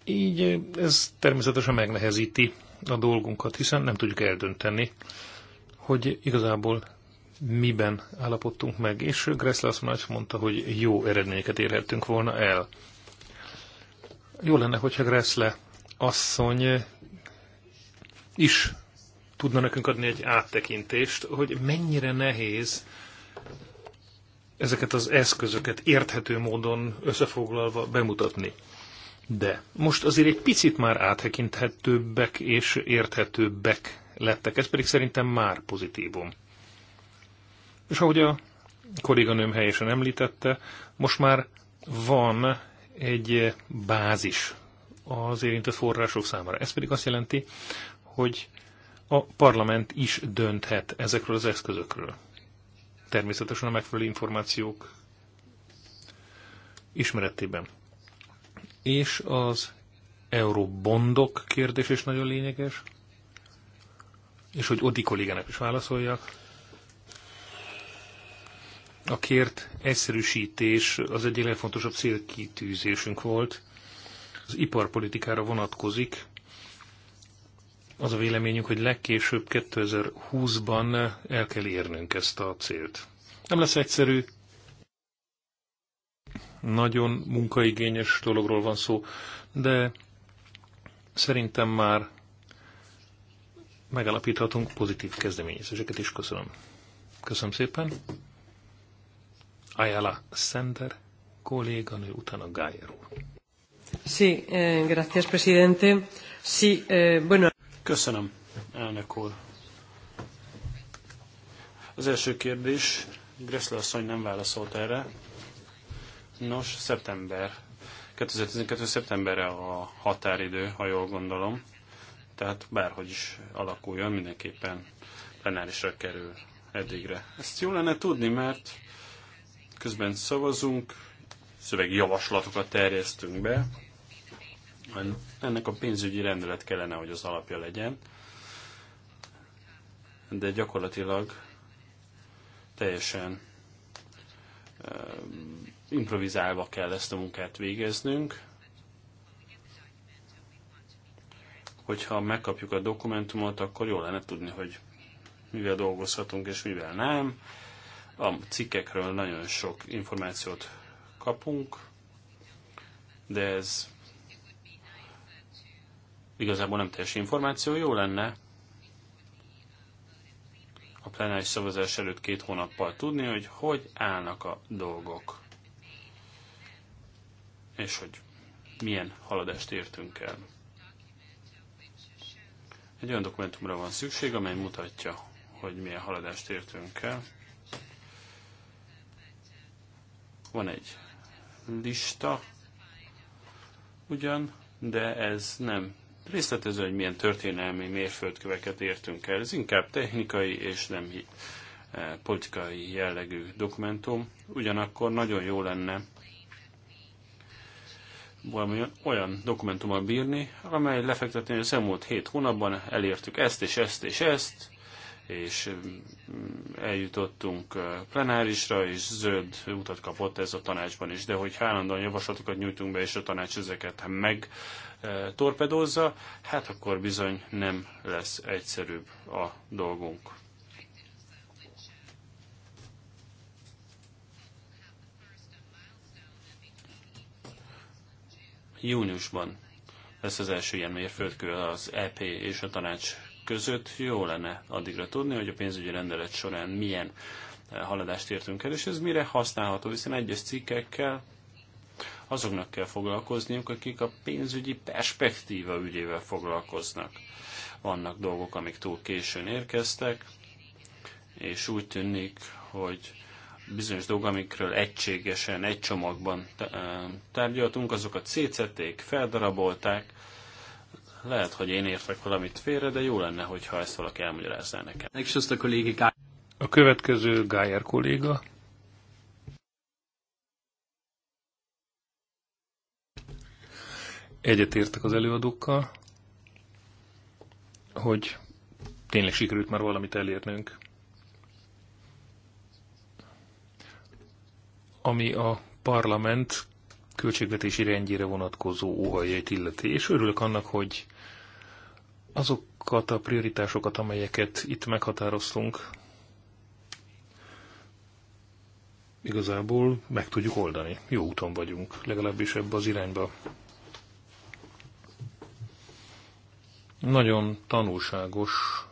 Így ez természetesen megnehezíti a dolgunkat, hiszen nem tudjuk eldönteni, hogy igazából miben állapodtunk meg, és Gressler azt mondta, hogy jó eredményeket érhettünk volna el jó lenne, hogyha Gressle asszony is tudna nekünk adni egy áttekintést, hogy mennyire nehéz ezeket az eszközöket érthető módon összefoglalva bemutatni. De most azért egy picit már áttekinthetőbbek és érthetőbbek lettek, ez pedig szerintem már pozitívum. És ahogy a kolléganőm helyesen említette, most már van egy bázis az érintett források számára. Ez pedig azt jelenti, hogy a parlament is dönthet ezekről az eszközökről. Természetesen a megfelelő információk ismeretében. És az eurobondok kérdés is nagyon lényeges, és hogy Odi kollégának is válaszoljak a kért egyszerűsítés az egyik legfontosabb célkitűzésünk volt. Az iparpolitikára vonatkozik. Az a véleményünk, hogy legkésőbb 2020-ban el kell érnünk ezt a célt. Nem lesz egyszerű, nagyon munkaigényes dologról van szó, de szerintem már megalapíthatunk pozitív kezdeményezéseket is. Köszönöm. Köszönöm szépen. Ayala Sender kolléganő, utána Gájer úr. Sí, eh, gracias, presidente. Sí, eh, bueno. Köszönöm, elnök úr. Az első kérdés, Gressler asszony nem válaszolt erre. Nos, szeptember. 2012. szeptemberre a határidő, ha jól gondolom. Tehát bárhogy is alakuljon, mindenképpen plenárisra kerül eddigre. Ezt jó lenne tudni, mert közben szavazunk, szövegjavaslatokat terjesztünk be. Ennek a pénzügyi rendelet kellene, hogy az alapja legyen, de gyakorlatilag teljesen eh, improvizálva kell ezt a munkát végeznünk. Hogyha megkapjuk a dokumentumot, akkor jó lenne tudni, hogy mivel dolgozhatunk és mivel nem a cikkekről nagyon sok információt kapunk, de ez igazából nem teljes információ. Jó lenne a plenáris szavazás előtt két hónappal tudni, hogy hogy állnak a dolgok, és hogy milyen haladást értünk el. Egy olyan dokumentumra van szükség, amely mutatja, hogy milyen haladást értünk el. Van egy lista, ugyan, de ez nem részletező, hogy milyen történelmi mérföldköveket értünk el. Ez inkább technikai és nem eh, politikai jellegű dokumentum. Ugyanakkor nagyon jó lenne valami olyan dokumentummal bírni, amely lefektetni, hogy az elmúlt hét hónapban elértük ezt és ezt és ezt, és mm, eljutottunk plenárisra, és zöld utat kapott ez a tanácsban is. De hogy állandóan javaslatokat nyújtunk be, és a tanács ezeket meg torpedózza, hát akkor bizony nem lesz egyszerűbb a dolgunk. Júniusban lesz az első ilyen mérföldkő az EP és a tanács között jó lenne addigra tudni, hogy a pénzügyi rendelet során milyen eh, haladást értünk el, és ez mire használható, hiszen egyes cikkekkel azoknak kell foglalkozniuk, akik a pénzügyi perspektíva ügyével foglalkoznak. Vannak dolgok, amik túl későn érkeztek, és úgy tűnik, hogy bizonyos dolgok, amikről egységesen, egy csomagban eh, tárgyaltunk, azokat szétszették, feldarabolták, lehet, hogy én értek valamit félre, de jó lenne, hogyha ezt valaki elmagyarázná nekem. A következő Gájer kolléga. Egyetértek az előadókkal, hogy tényleg sikerült már valamit elérnünk. Ami a parlament költségvetési rendjére vonatkozó óhajjait illeti. És örülök annak, hogy azokat a prioritásokat, amelyeket itt meghatároztunk, igazából meg tudjuk oldani. Jó úton vagyunk, legalábbis ebbe az irányba. Nagyon tanulságos,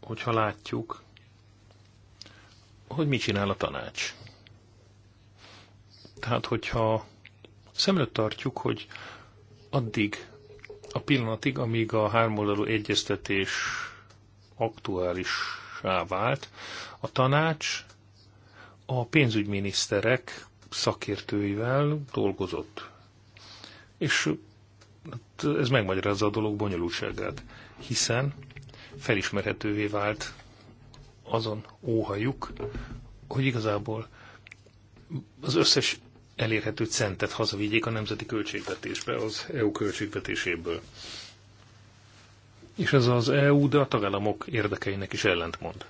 hogyha látjuk, hogy mit csinál a tanács. Tehát, hogyha szemlőtt tartjuk, hogy addig a pillanatig, amíg a hármoldalú egyeztetés aktuálisá vált, a tanács a pénzügyminiszterek szakértőivel dolgozott. És hát, ez megmagyarázza a dolog bonyolultságát, hiszen felismerhetővé vált azon óhajuk, hogy igazából az összes elérhető centet hazavigyék a nemzeti költségvetésbe, az EU költségvetéséből. És ez az EU, de a tagállamok érdekeinek is ellentmond.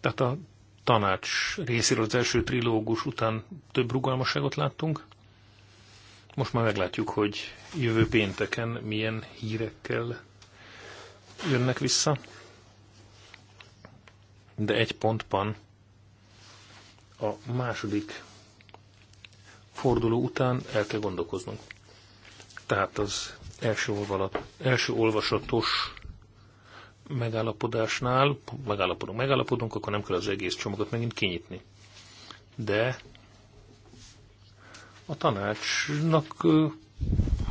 Tehát a tanács részéről az első trilógus után több rugalmasságot láttunk. Most már meglátjuk, hogy jövő pénteken milyen hírekkel jönnek vissza. De egy pontban a második forduló után el kell gondolkoznunk. Tehát az első, olvalat, első olvasatos megállapodásnál megállapodunk, megállapodunk, akkor nem kell az egész csomagot megint kinyitni. De a tanácsnak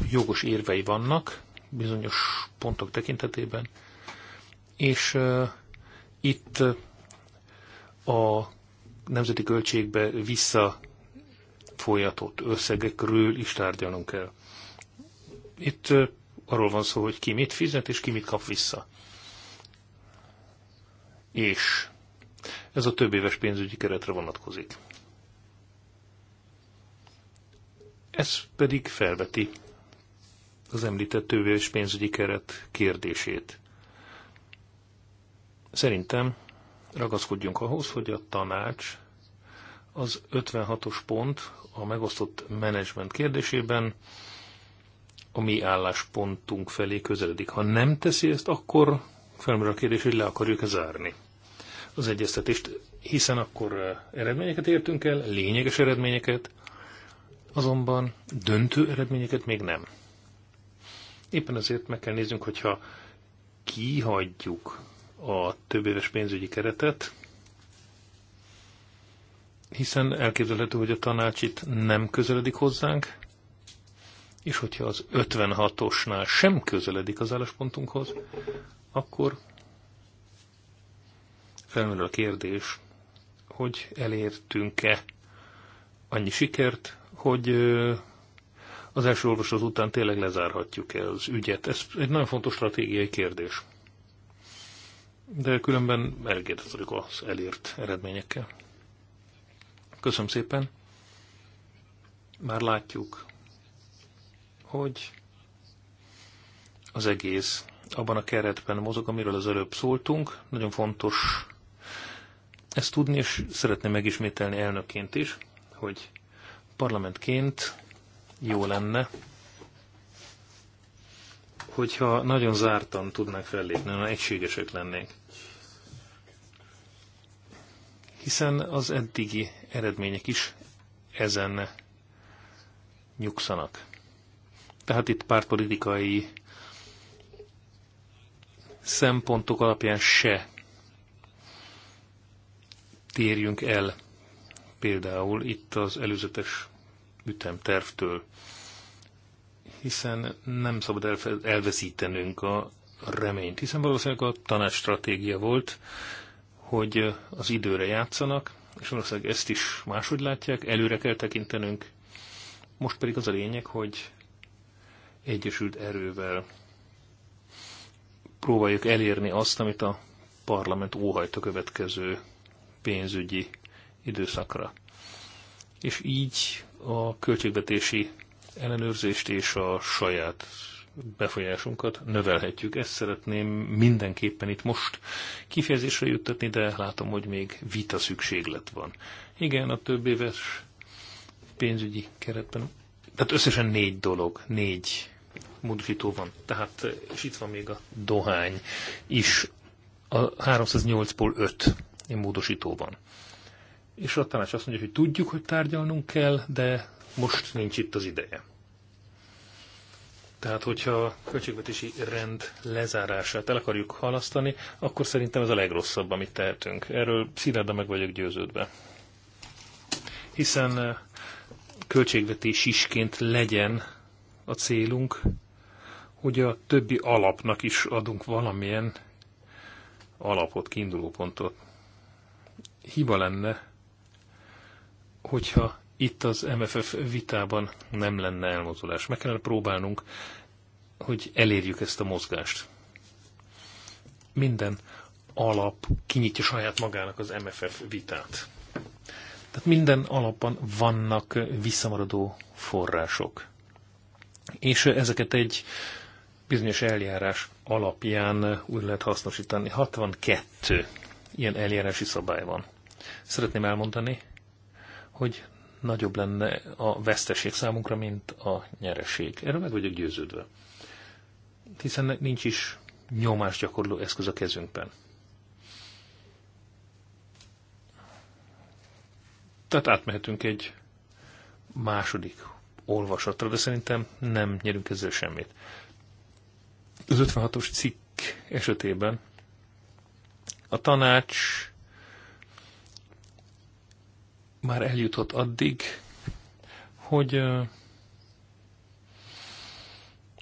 jogos érvei vannak bizonyos pontok tekintetében, és uh, itt a nemzeti költségbe folyatott összegekről is tárgyalnunk kell. Itt arról van szó, hogy ki mit fizet, és ki mit kap vissza. És ez a több éves pénzügyi keretre vonatkozik. Ez pedig felveti az említett több éves pénzügyi keret kérdését. Szerintem ragaszkodjunk ahhoz, hogy a tanács az 56-os pont a megosztott menedzsment kérdésében a mi álláspontunk felé közeledik. Ha nem teszi ezt, akkor felmerül a kérdés, hogy le akarjuk -e zárni az egyeztetést, hiszen akkor eh, eredményeket értünk el, lényeges eredményeket, azonban döntő eredményeket még nem. Éppen ezért meg kell néznünk, hogyha kihagyjuk a éves pénzügyi keretet, hiszen elképzelhető, hogy a tanács itt nem közeledik hozzánk, és hogyha az 56-osnál sem közeledik az álláspontunkhoz, akkor felmerül a kérdés, hogy elértünk-e annyi sikert, hogy az első olvasat után tényleg lezárhatjuk-e az ügyet. Ez egy nagyon fontos stratégiai kérdés de különben elégedett vagyok az elért eredményekkel. Köszönöm szépen. Már látjuk, hogy az egész abban a keretben mozog, amiről az előbb szóltunk. Nagyon fontos ezt tudni, és szeretném megismételni elnökként is, hogy parlamentként jó lenne, hogyha nagyon zártan tudnánk fellépni, nagyon egységesek lennénk. Hiszen az eddigi eredmények is ezen nyugszanak. Tehát itt pártpolitikai szempontok alapján se térjünk el például itt az előzetes ütemtervtől hiszen nem szabad elveszítenünk a reményt, hiszen valószínűleg a tanács stratégia volt, hogy az időre játszanak, és valószínűleg ezt is máshogy látják, előre kell tekintenünk. Most pedig az a lényeg, hogy egyesült erővel próbáljuk elérni azt, amit a parlament óhajt a következő pénzügyi időszakra. És így a költségvetési ellenőrzést és a saját befolyásunkat növelhetjük. Ezt szeretném mindenképpen itt most kifejezésre juttatni, de látom, hogy még vita szükséglet van. Igen, a több éves pénzügyi keretben, tehát összesen négy dolog, négy módosító van. Tehát, és itt van még a dohány is, a 308-ból 5 módosító van. És a tanács azt mondja, hogy tudjuk, hogy tárgyalnunk kell, de most nincs itt az ideje. Tehát, hogyha a költségvetési rend lezárását el akarjuk halasztani, akkor szerintem ez a legrosszabb, amit tehetünk. Erről szilárdan meg vagyok győződve. Hiszen eh, isként legyen a célunk, hogy a többi alapnak is adunk valamilyen alapot, kiindulópontot. Hiba lenne, hogyha itt az MFF vitában nem lenne elmozdulás. Meg kellene próbálnunk, hogy elérjük ezt a mozgást. Minden alap kinyitja saját magának az MFF vitát. Tehát minden alapban vannak visszamaradó források. És ezeket egy bizonyos eljárás alapján úgy lehet hasznosítani. 62 ilyen eljárási szabály van. Szeretném elmondani, hogy nagyobb lenne a veszteség számunkra, mint a nyereség. Erről meg vagyok győződve. Hiszen nincs is nyomás gyakorló eszköz a kezünkben. Tehát átmehetünk egy második olvasatra, de szerintem nem nyerünk ezzel semmit. Az 56-os cikk esetében a tanács már eljutott addig, hogy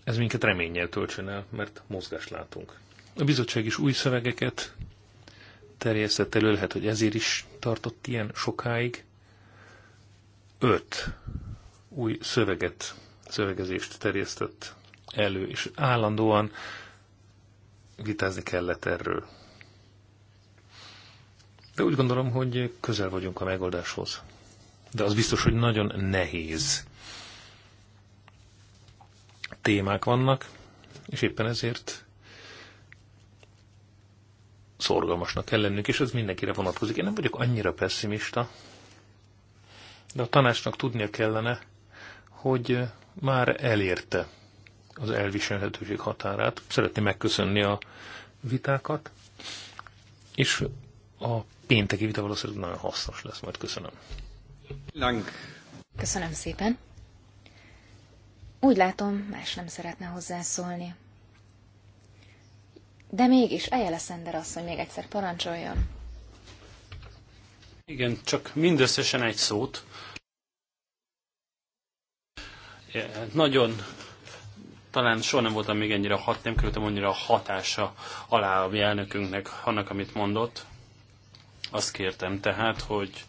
ez minket reménnyel töltsön el, mert mozgást látunk. A bizottság is új szövegeket terjesztett elő, lehet, hogy ezért is tartott ilyen sokáig. Öt új szöveget, szövegezést terjesztett elő, és állandóan vitázni kellett erről. De úgy gondolom, hogy közel vagyunk a megoldáshoz. De az biztos, hogy nagyon nehéz témák vannak, és éppen ezért szorgalmasnak kell lennünk, és ez mindenkire vonatkozik. Én nem vagyok annyira pessimista, de a tanácsnak tudnia kellene, hogy már elérte az elviselhetőség határát. Szeretném megköszönni a vitákat, és a pénteki vita valószínűleg nagyon hasznos lesz majd. Köszönöm. Köszönöm szépen. Úgy látom, más nem szeretne hozzászólni. De mégis, Ejele Szender asszony még egyszer parancsoljon. Igen, csak mindösszesen egy szót. Nagyon talán soha nem voltam még ennyire hat, nem kerültem annyira hatása alá a mi elnökünknek annak, amit mondott. Azt kértem tehát, hogy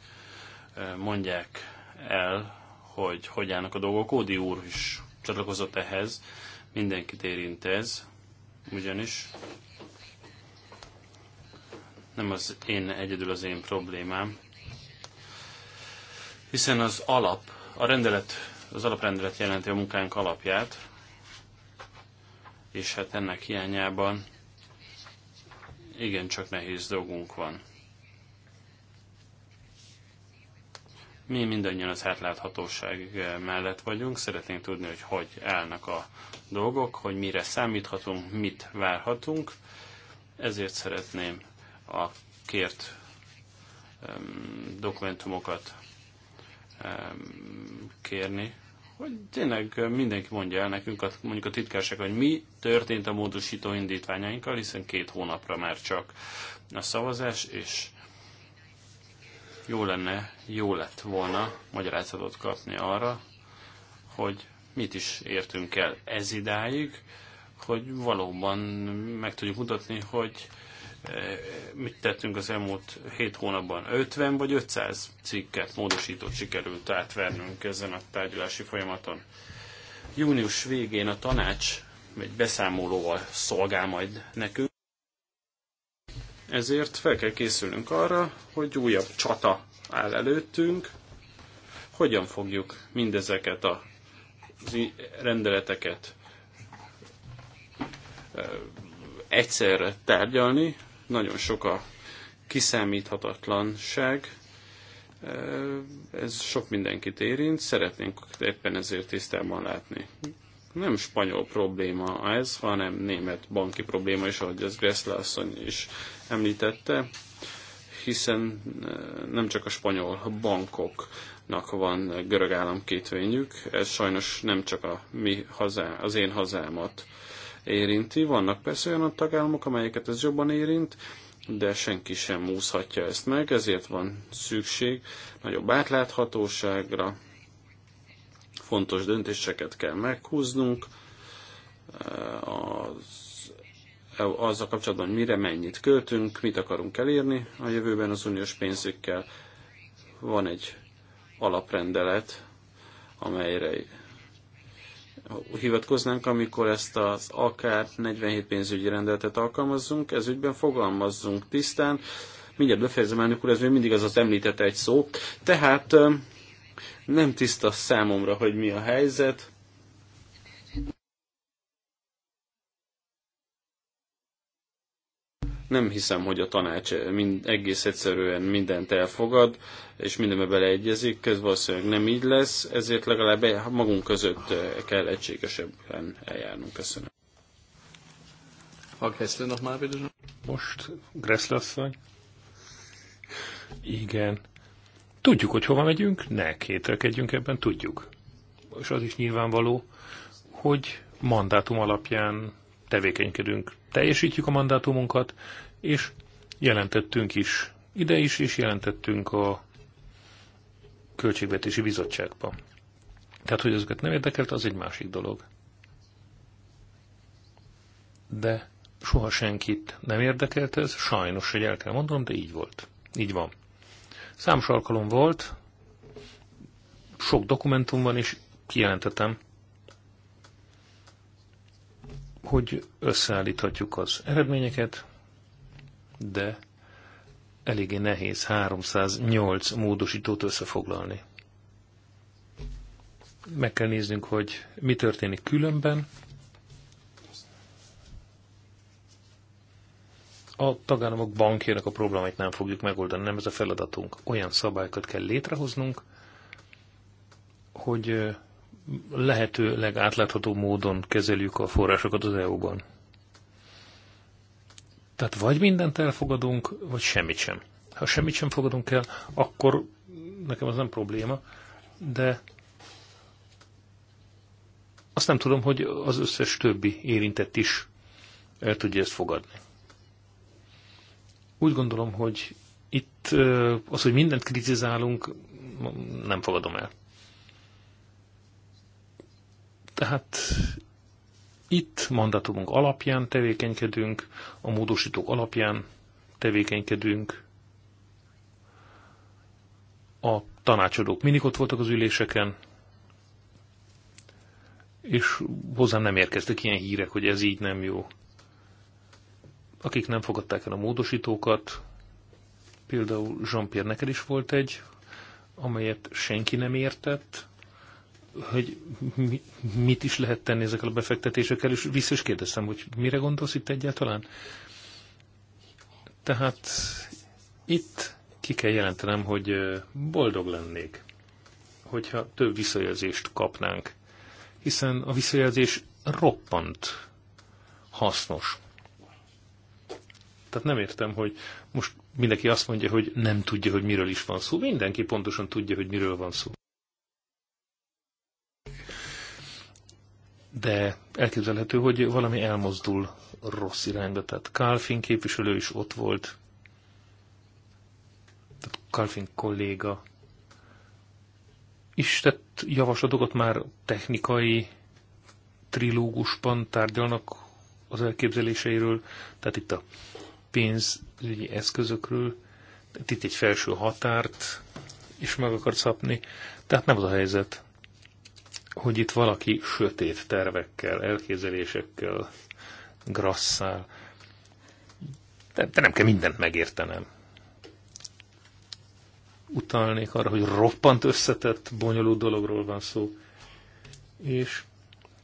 eh, mondják el, hogy hogy állnak a dolgok. Ódi úr is csatlakozott ehhez, mindenkit érint ez, ugyanis nem az én egyedül az én problémám, hiszen az alap, a rendelet, az alaprendelet jelenti a munkánk alapját, és hát ennek hiányában igencsak nehéz dolgunk van. Mi mindannyian az átláthatóság mellett vagyunk, szeretnénk tudni, hogy hogy állnak a dolgok, hogy mire számíthatunk, mit várhatunk. Ezért szeretném a kért dokumentumokat kérni, hogy tényleg mindenki mondja el nekünk, a, mondjuk a titkárság, hogy mi történt a módosító indítványainkkal, hiszen két hónapra már csak a szavazás, és jó lenne, jó lett volna magyarázatot kapni arra, hogy mit is értünk el ez idáig, hogy valóban meg tudjuk mutatni, hogy eh, mit tettünk az elmúlt 7 hónapban. 50 vagy 500 cikket, módosított sikerült átvernünk ezen a tárgyalási folyamaton. Június végén a tanács egy beszámolóval szolgál majd nekünk. Ezért fel kell készülnünk arra, hogy újabb csata áll előttünk, hogyan fogjuk mindezeket a rendeleteket egyszerre tárgyalni. Nagyon sok a kiszámíthatatlanság, ez sok mindenkit érint, szeretnénk éppen ezért tisztában látni nem spanyol probléma ez, hanem német banki probléma is, ahogy ez Gressle asszony is említette, hiszen eh, nem csak a spanyol bankoknak van görög államkétvényük, ez sajnos nem csak a mi hazá, az én hazámat érinti. Vannak persze olyan tagállamok, amelyeket ez jobban érint, de senki sem úszhatja ezt meg, ezért van szükség nagyobb átláthatóságra, fontos döntéseket kell meghúznunk, eh, az, azzal kapcsolatban, hogy mire mennyit költünk, mit akarunk elérni a jövőben az uniós pénzükkel. Van egy alaprendelet, amelyre hivatkoznánk, amikor ezt az akár 47 pénzügyi rendeletet alkalmazzunk, ez ügyben fogalmazzunk tisztán. Mindjárt befejezem, elnök úr, ez még mindig az az említett egy szó. Tehát eh, nem tiszta számomra, hogy mi a helyzet. nem hiszem, hogy a tanács mind, egész egyszerűen mindent elfogad, és mindenbe beleegyezik, ez valószínűleg nem így lesz, ezért legalább magunk között kell egységesebben eljárnunk. Köszönöm. Frau Gressle már Most Gressler asszony. Igen. Tudjuk, hogy hova megyünk, ne kételkedjünk ebben, tudjuk. És az is nyilvánvaló, hogy mandátum alapján tevékenykedünk, teljesítjük a mandátumunkat, és jelentettünk is ide is, és jelentettünk a Költségvetési Bizottságba. Tehát, hogy ezeket nem érdekelt, az egy másik dolog. De soha senkit nem érdekelt ez, sajnos, hogy el kell mondanom, de így volt. Így van. Számos alkalom volt, sok dokumentum van, és kijelentetem, hogy összeállíthatjuk az eredményeket, de eléggé nehéz 308 módosítót összefoglalni. Meg kell néznünk, hogy mi történik különben, a tagállamok bankjának a problémáit nem fogjuk megoldani, nem ez a feladatunk. Olyan szabályokat kell létrehoznunk, hogy lehetőleg átlátható módon kezeljük a forrásokat az EU-ban. Tehát vagy mindent elfogadunk, vagy semmit sem. Ha semmit sem fogadunk el, akkor nekem az nem probléma, de azt nem tudom, hogy az összes többi érintett is el tudja ezt fogadni. Úgy gondolom, hogy itt az, hogy mindent kritizálunk, nem fogadom el. Tehát itt mandátumunk alapján tevékenykedünk, a módosítók alapján tevékenykedünk. A tanácsadók mindig ott voltak az üléseken, és hozzám nem érkeztek ilyen hírek, hogy ez így nem jó akik nem fogadták el a módosítókat, például Jean-Pierre neked is volt egy, amelyet senki nem értett, hogy mi, mit is lehet tenni ezekkel a befektetésekkel, és vissza is kérdeztem, hogy mire gondolsz itt egyáltalán? Tehát itt ki kell jelentenem, hogy boldog lennék, hogyha több visszajelzést kapnánk, hiszen a visszajelzés roppant hasznos. Tehát nem értem, hogy most mindenki azt mondja, hogy nem tudja, hogy miről is van szó. Mindenki pontosan tudja, hogy miről van szó. De elképzelhető, hogy valami elmozdul rossz irányba. Tehát Kálfin képviselő is ott volt, tehát Calvin kolléga is tett javaslatokat már technikai trilógusban tárgyalnak az elképzeléseiről, tehát itt a pénzügyi eszközökről, itt egy felső határt is meg akar szapni. Tehát nem az a helyzet, hogy itt valaki sötét tervekkel, elképzelésekkel grasszál. De, de nem kell mindent megértenem. Utalnék arra, hogy roppant összetett, bonyolult dologról van szó. És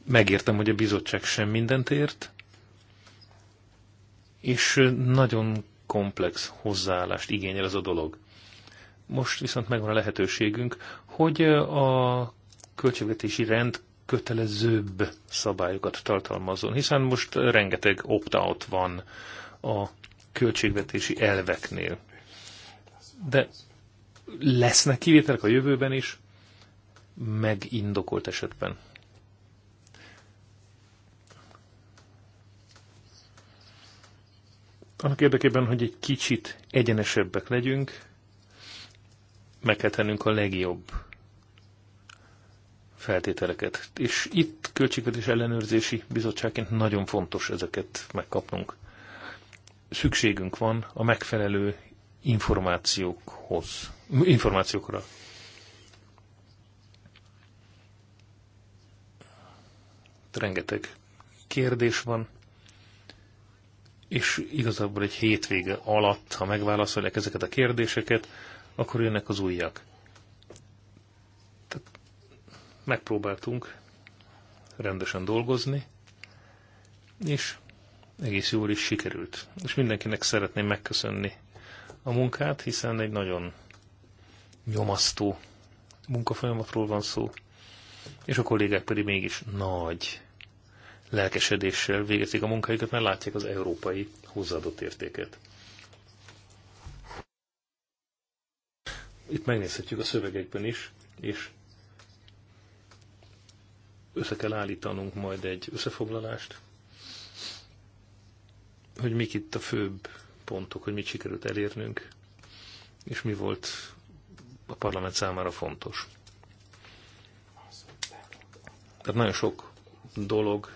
megértem, hogy a bizottság sem mindent ért, és nagyon komplex hozzáállást igényel ez a dolog. Most viszont megvan a lehetőségünk, hogy a költségvetési rend kötelezőbb szabályokat tartalmazon, hiszen most rengeteg opt-out van a költségvetési elveknél. De lesznek kivételek a jövőben is, megindokolt esetben. annak érdekében, hogy egy kicsit egyenesebbek legyünk, meg kell tennünk a legjobb feltételeket. És itt költségvetés ellenőrzési bizottságként nagyon fontos ezeket megkapnunk. Szükségünk van a megfelelő információkhoz, információkra. Rengeteg kérdés van, és igazából egy hétvége alatt, ha megválaszolják ezeket a kérdéseket, akkor jönnek az újjak. Tehát megpróbáltunk rendesen dolgozni, és egész jól is sikerült. És mindenkinek szeretném megköszönni a munkát, hiszen egy nagyon nyomasztó munkafolyamatról van szó, és a kollégák pedig mégis nagy lelkesedéssel végezik a munkáikat, mert látják az európai hozzáadott értéket. Itt megnézhetjük a szövegekben is, és össze kell állítanunk majd egy összefoglalást, hogy mik itt a főbb pontok, hogy mit sikerült elérnünk, és mi volt a parlament számára fontos. Tehát nagyon sok dolog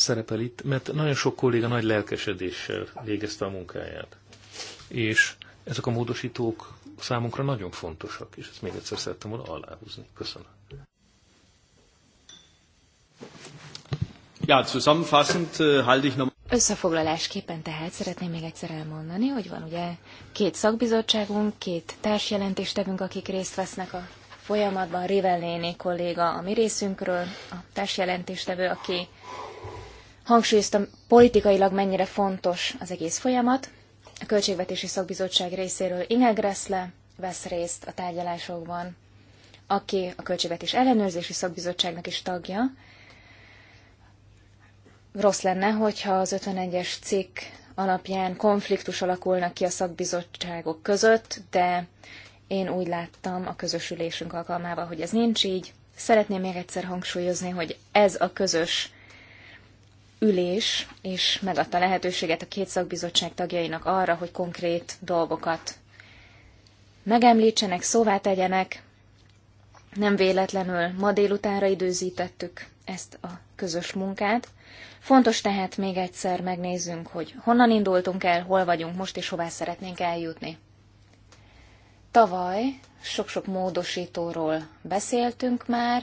szerepel itt, mert nagyon sok kolléga nagy lelkesedéssel végezte a munkáját. És ezek a módosítók számunkra nagyon fontosak, és ezt még egyszer szerettem volna aláhúzni. Köszönöm. Ja, zusammenfassend äh, halte ich Összefoglalásképpen tehát szeretném még egyszer elmondani, hogy van ugye két szakbizottságunk, két társjelentéstevünk, akik részt vesznek a folyamatban. Rivelléné kolléga a mi részünkről, a társjelentéstevő, aki hangsúlyoztam, politikailag mennyire fontos az egész folyamat. A Költségvetési Szakbizottság részéről Inge Gressle vesz részt a tárgyalásokban, aki a Költségvetés Ellenőrzési Szakbizottságnak is tagja. Rossz lenne, hogyha az 51-es cikk alapján konfliktus alakulna ki a szakbizottságok között, de én úgy láttam a közös ülésünk alkalmával, hogy ez nincs így. Szeretném még egyszer hangsúlyozni, hogy ez a közös ülés, és megadta lehetőséget a két szakbizottság tagjainak arra, hogy konkrét dolgokat megemlítsenek, szóvá tegyenek. Nem véletlenül ma délutánra időzítettük ezt a közös munkát. Fontos tehát még egyszer megnézzünk, hogy honnan indultunk el, hol vagyunk most, és hová szeretnénk eljutni. Tavaly sok-sok módosítóról beszéltünk már,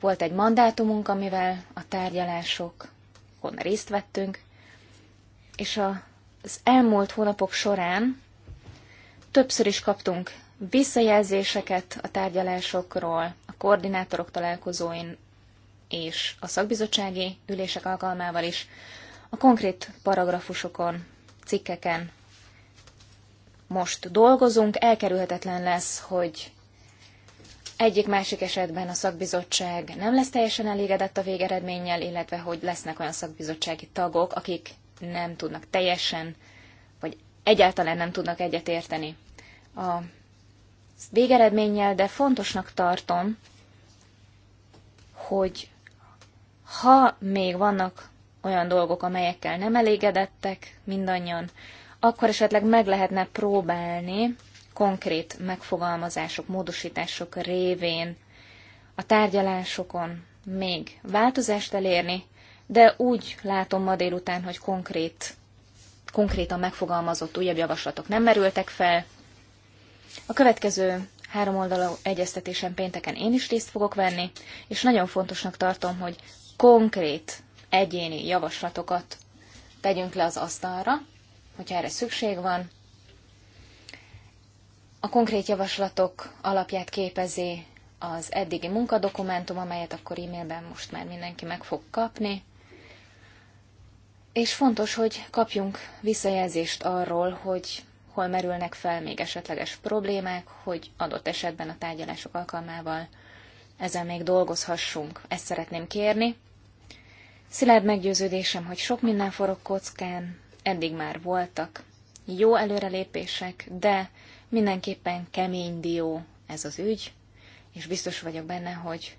volt egy mandátumunk, amivel a tárgyalások részt vettünk, és az elmúlt hónapok során többször is kaptunk visszajelzéseket a tárgyalásokról, a koordinátorok találkozóin és a szakbizottsági ülések alkalmával is, a konkrét paragrafusokon, cikkeken most dolgozunk, elkerülhetetlen lesz, hogy egyik másik esetben a szakbizottság nem lesz teljesen elégedett a végeredménnyel, illetve hogy lesznek olyan szakbizottsági tagok, akik nem tudnak teljesen, vagy egyáltalán nem tudnak egyetérteni a végeredménnyel, de fontosnak tartom, hogy ha még vannak olyan dolgok, amelyekkel nem elégedettek mindannyian, akkor esetleg meg lehetne próbálni konkrét megfogalmazások, módosítások révén a tárgyalásokon még változást elérni, de úgy látom ma délután, hogy konkrét, konkrétan megfogalmazott újabb javaslatok nem merültek fel. A következő három oldalú egyeztetésen pénteken én is részt fogok venni, és nagyon fontosnak tartom, hogy konkrét egyéni javaslatokat tegyünk le az asztalra, hogyha erre szükség van, a konkrét javaslatok alapját képezi az eddigi munkadokumentum, amelyet akkor e-mailben most már mindenki meg fog kapni. És fontos, hogy kapjunk visszajelzést arról, hogy hol merülnek fel még esetleges problémák, hogy adott esetben a tárgyalások alkalmával ezzel még dolgozhassunk. Ezt szeretném kérni. Szilárd meggyőződésem, hogy sok minden forog kockán, eddig már voltak jó előrelépések, de Mindenképpen kemény dió ez az ügy, és biztos vagyok benne, hogy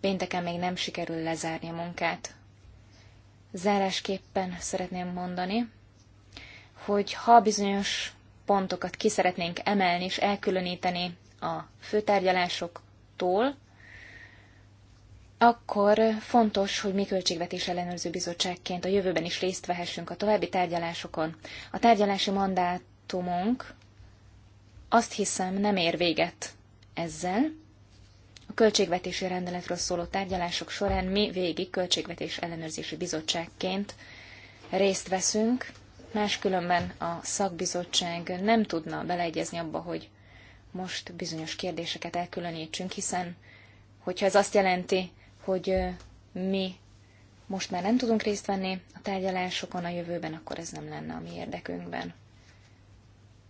pénteken még nem sikerül lezárni a munkát. Zárásképpen szeretném mondani, hogy ha bizonyos pontokat ki szeretnénk emelni és elkülöníteni a főtárgyalásoktól, akkor fontos, hogy mi Költségvetés Ellenőrző Bizottságként a jövőben is részt vehessünk a további tárgyalásokon. A tárgyalási mandátumunk azt hiszem nem ér véget ezzel. A költségvetési rendeletről szóló tárgyalások során mi végig költségvetés ellenőrzési bizottságként részt veszünk, máskülönben a szakbizottság nem tudna beleegyezni abba, hogy most bizonyos kérdéseket elkülönítsünk, hiszen hogyha ez azt jelenti, hogy mi most már nem tudunk részt venni a tárgyalásokon a jövőben, akkor ez nem lenne a mi érdekünkben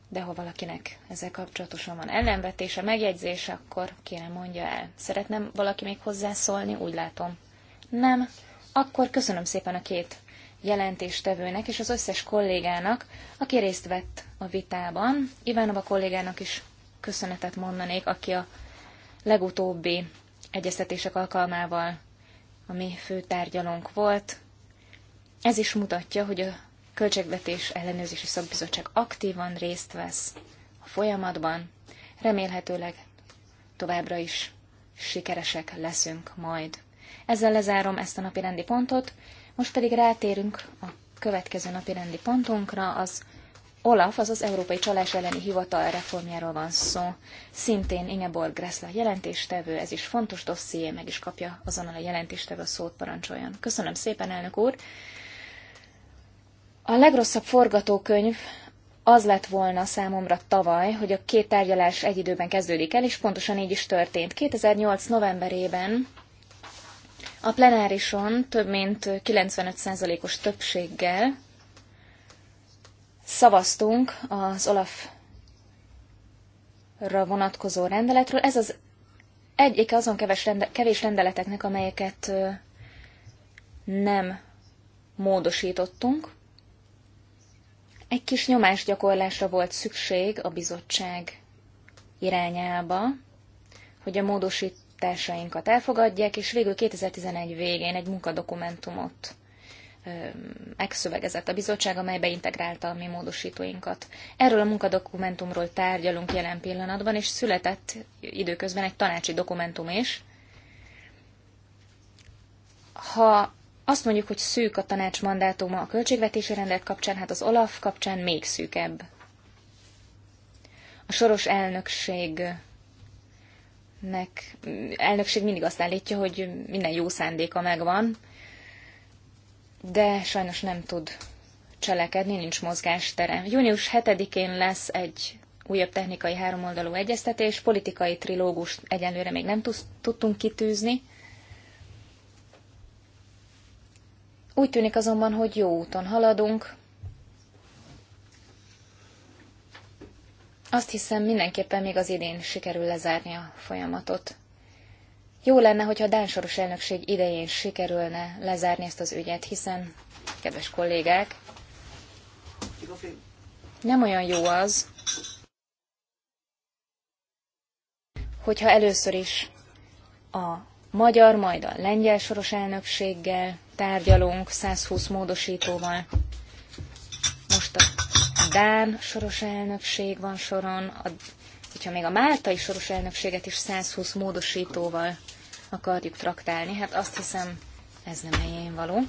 de ha valakinek ezzel kapcsolatosan van ellenvetése, megjegyzése, akkor kéne mondja el. Szeretném valaki még hozzászólni? Úgy látom. Nem? Akkor köszönöm szépen a két jelentéstevőnek és az összes kollégának, aki részt vett a vitában. Ivánova kollégának is köszönetet mondanék, aki a legutóbbi egyeztetések alkalmával a mi tárgyalónk volt. Ez is mutatja, hogy a Költségvetés ellenőrzési szakbizottság aktívan részt vesz a folyamatban. Remélhetőleg továbbra is sikeresek leszünk majd. Ezzel lezárom ezt a napi rendi pontot, most pedig rátérünk a következő napi rendi pontunkra, az Olaf, azaz Európai Csalás elleni Hivatal reformjáról van szó. Szintén Ingeborg Gressler jelentéstevő, ez is fontos dosszié, meg is kapja azonnal a jelentéstevő szót parancsoljon. Köszönöm szépen, elnök úr! A legrosszabb forgatókönyv az lett volna számomra tavaly, hogy a két tárgyalás egy időben kezdődik el, és pontosan így is történt. 2008. novemberében a plenárison több mint 95%-os többséggel szavaztunk az Olaf vonatkozó rendeletről. Ez az egyik azon kevés, rende, kevés rendeleteknek, amelyeket nem módosítottunk. Egy kis nyomásgyakorlásra volt szükség a bizottság irányába, hogy a módosításainkat elfogadják, és végül 2011 végén egy munkadokumentumot megszövegezett a bizottság, amely beintegrálta a mi módosítóinkat. Erről a munkadokumentumról tárgyalunk jelen pillanatban, és született időközben egy tanácsi dokumentum is. Ha azt mondjuk, hogy szűk a tanács mandátuma a költségvetési rendelet kapcsán, hát az OLAF kapcsán még szűkebb. A soros elnökségnek, elnökség mindig azt állítja, hogy minden jó szándéka megvan, de sajnos nem tud cselekedni, nincs mozgástere. Június 7-én lesz egy újabb technikai háromoldalú egyeztetés, politikai trilógust egyelőre még nem tudtunk kitűzni, Úgy tűnik azonban, hogy jó úton haladunk. Azt hiszem, mindenképpen még az idén sikerül lezárni a folyamatot. Jó lenne, hogyha a Dánsoros elnökség idején sikerülne lezárni ezt az ügyet, hiszen, kedves kollégák, nem olyan jó az, hogyha először is a magyar, majd a lengyel soros elnökséggel tárgyalunk 120 módosítóval. Most a Dán soros elnökség van soron, a, hogyha még a Máltai soros elnökséget is 120 módosítóval akarjuk traktálni, hát azt hiszem, ez nem helyén való.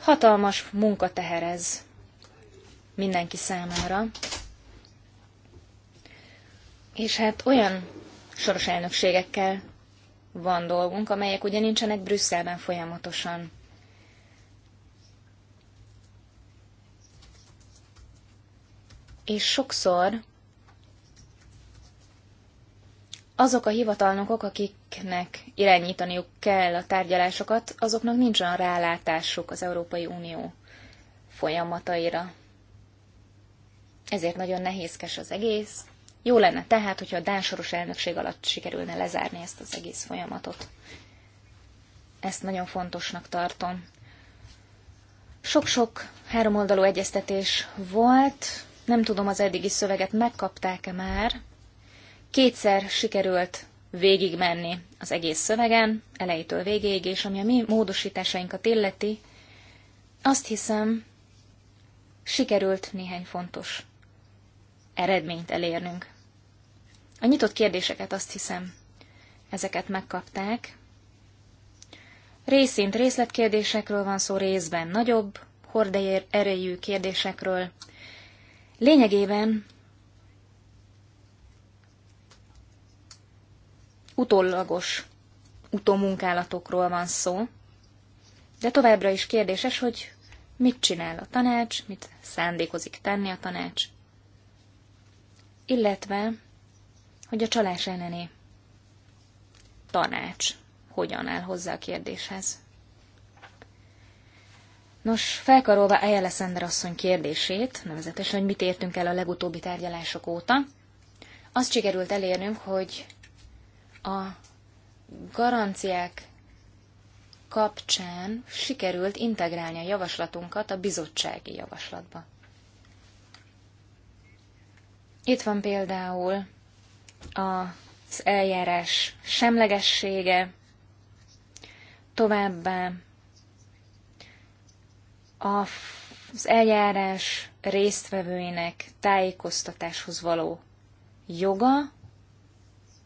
Hatalmas munka teherez mindenki számára. És hát olyan soros elnökségekkel van dolgunk, amelyek ugye nincsenek Brüsszelben folyamatosan. És sokszor azok a hivatalnokok, akiknek irányítaniuk kell a tárgyalásokat, azoknak nincs olyan rálátásuk az Európai Unió folyamataira. Ezért nagyon nehézkes az egész, jó lenne tehát, hogyha a Dán soros elnökség alatt sikerülne lezárni ezt az egész folyamatot. Ezt nagyon fontosnak tartom. Sok-sok háromoldalú egyeztetés volt, nem tudom az eddigi szöveget megkapták-e már. Kétszer sikerült végigmenni az egész szövegen, elejétől végéig, és ami a mi módosításainkat illeti, azt hiszem, sikerült néhány fontos eredményt elérnünk. A nyitott kérdéseket azt hiszem, ezeket megkapták. Részint részletkérdésekről van szó, részben nagyobb, hordeér erejű kérdésekről. Lényegében utólagos utómunkálatokról van szó, de továbbra is kérdéses, hogy mit csinál a tanács, mit szándékozik tenni a tanács, illetve hogy a csalás ellené. tanács hogyan áll hozzá a kérdéshez. Nos, felkarolva ejele Szender asszony kérdését, nevezetesen, hogy mit értünk el a legutóbbi tárgyalások óta, azt sikerült elérnünk, hogy a garanciák kapcsán sikerült integrálni a javaslatunkat a bizottsági javaslatba. Itt van például az eljárás semlegessége, továbbá az eljárás résztvevőinek tájékoztatáshoz való joga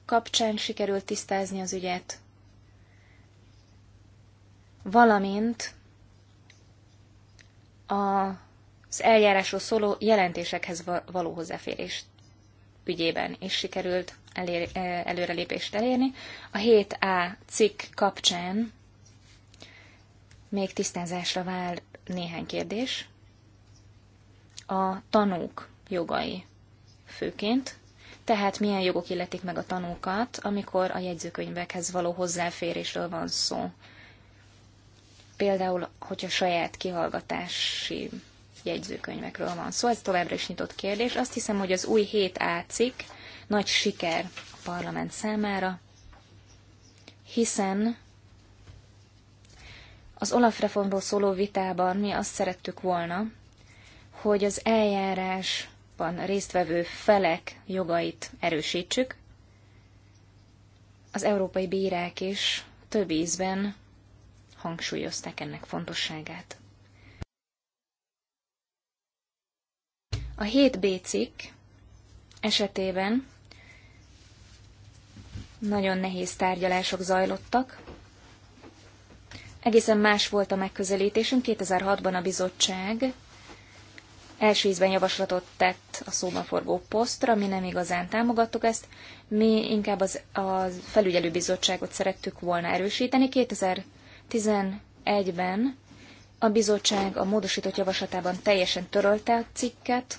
kapcsán sikerült tisztázni az ügyet, valamint az eljárásról szóló jelentésekhez való hozzáférést ügyében is sikerült elér, eh, előrelépést elérni. A 7A cikk kapcsán még tisztázásra vár néhány kérdés. A tanúk jogai főként, tehát milyen jogok illetik meg a tanúkat, amikor a jegyzőkönyvekhez való hozzáférésről van szó. Például, hogyha saját kihallgatási jegyzőkönyvekről van szó, ez továbbra is nyitott kérdés. Azt hiszem, hogy az új 7 átszik nagy siker a parlament számára, hiszen az Olaf reformról szóló vitában mi azt szerettük volna, hogy az eljárásban résztvevő felek jogait erősítsük. Az európai bírák is több ízben hangsúlyozták ennek fontosságát. A 7B cikk esetében nagyon nehéz tárgyalások zajlottak. Egészen más volt a megközelítésünk. 2006-ban a bizottság első ízben javaslatot tett a szóban forgó posztra, mi nem igazán támogattuk ezt, mi inkább az, a felügyelőbizottságot szerettük volna erősíteni. 2011-ben a bizottság a módosított javaslatában teljesen törölte a cikket,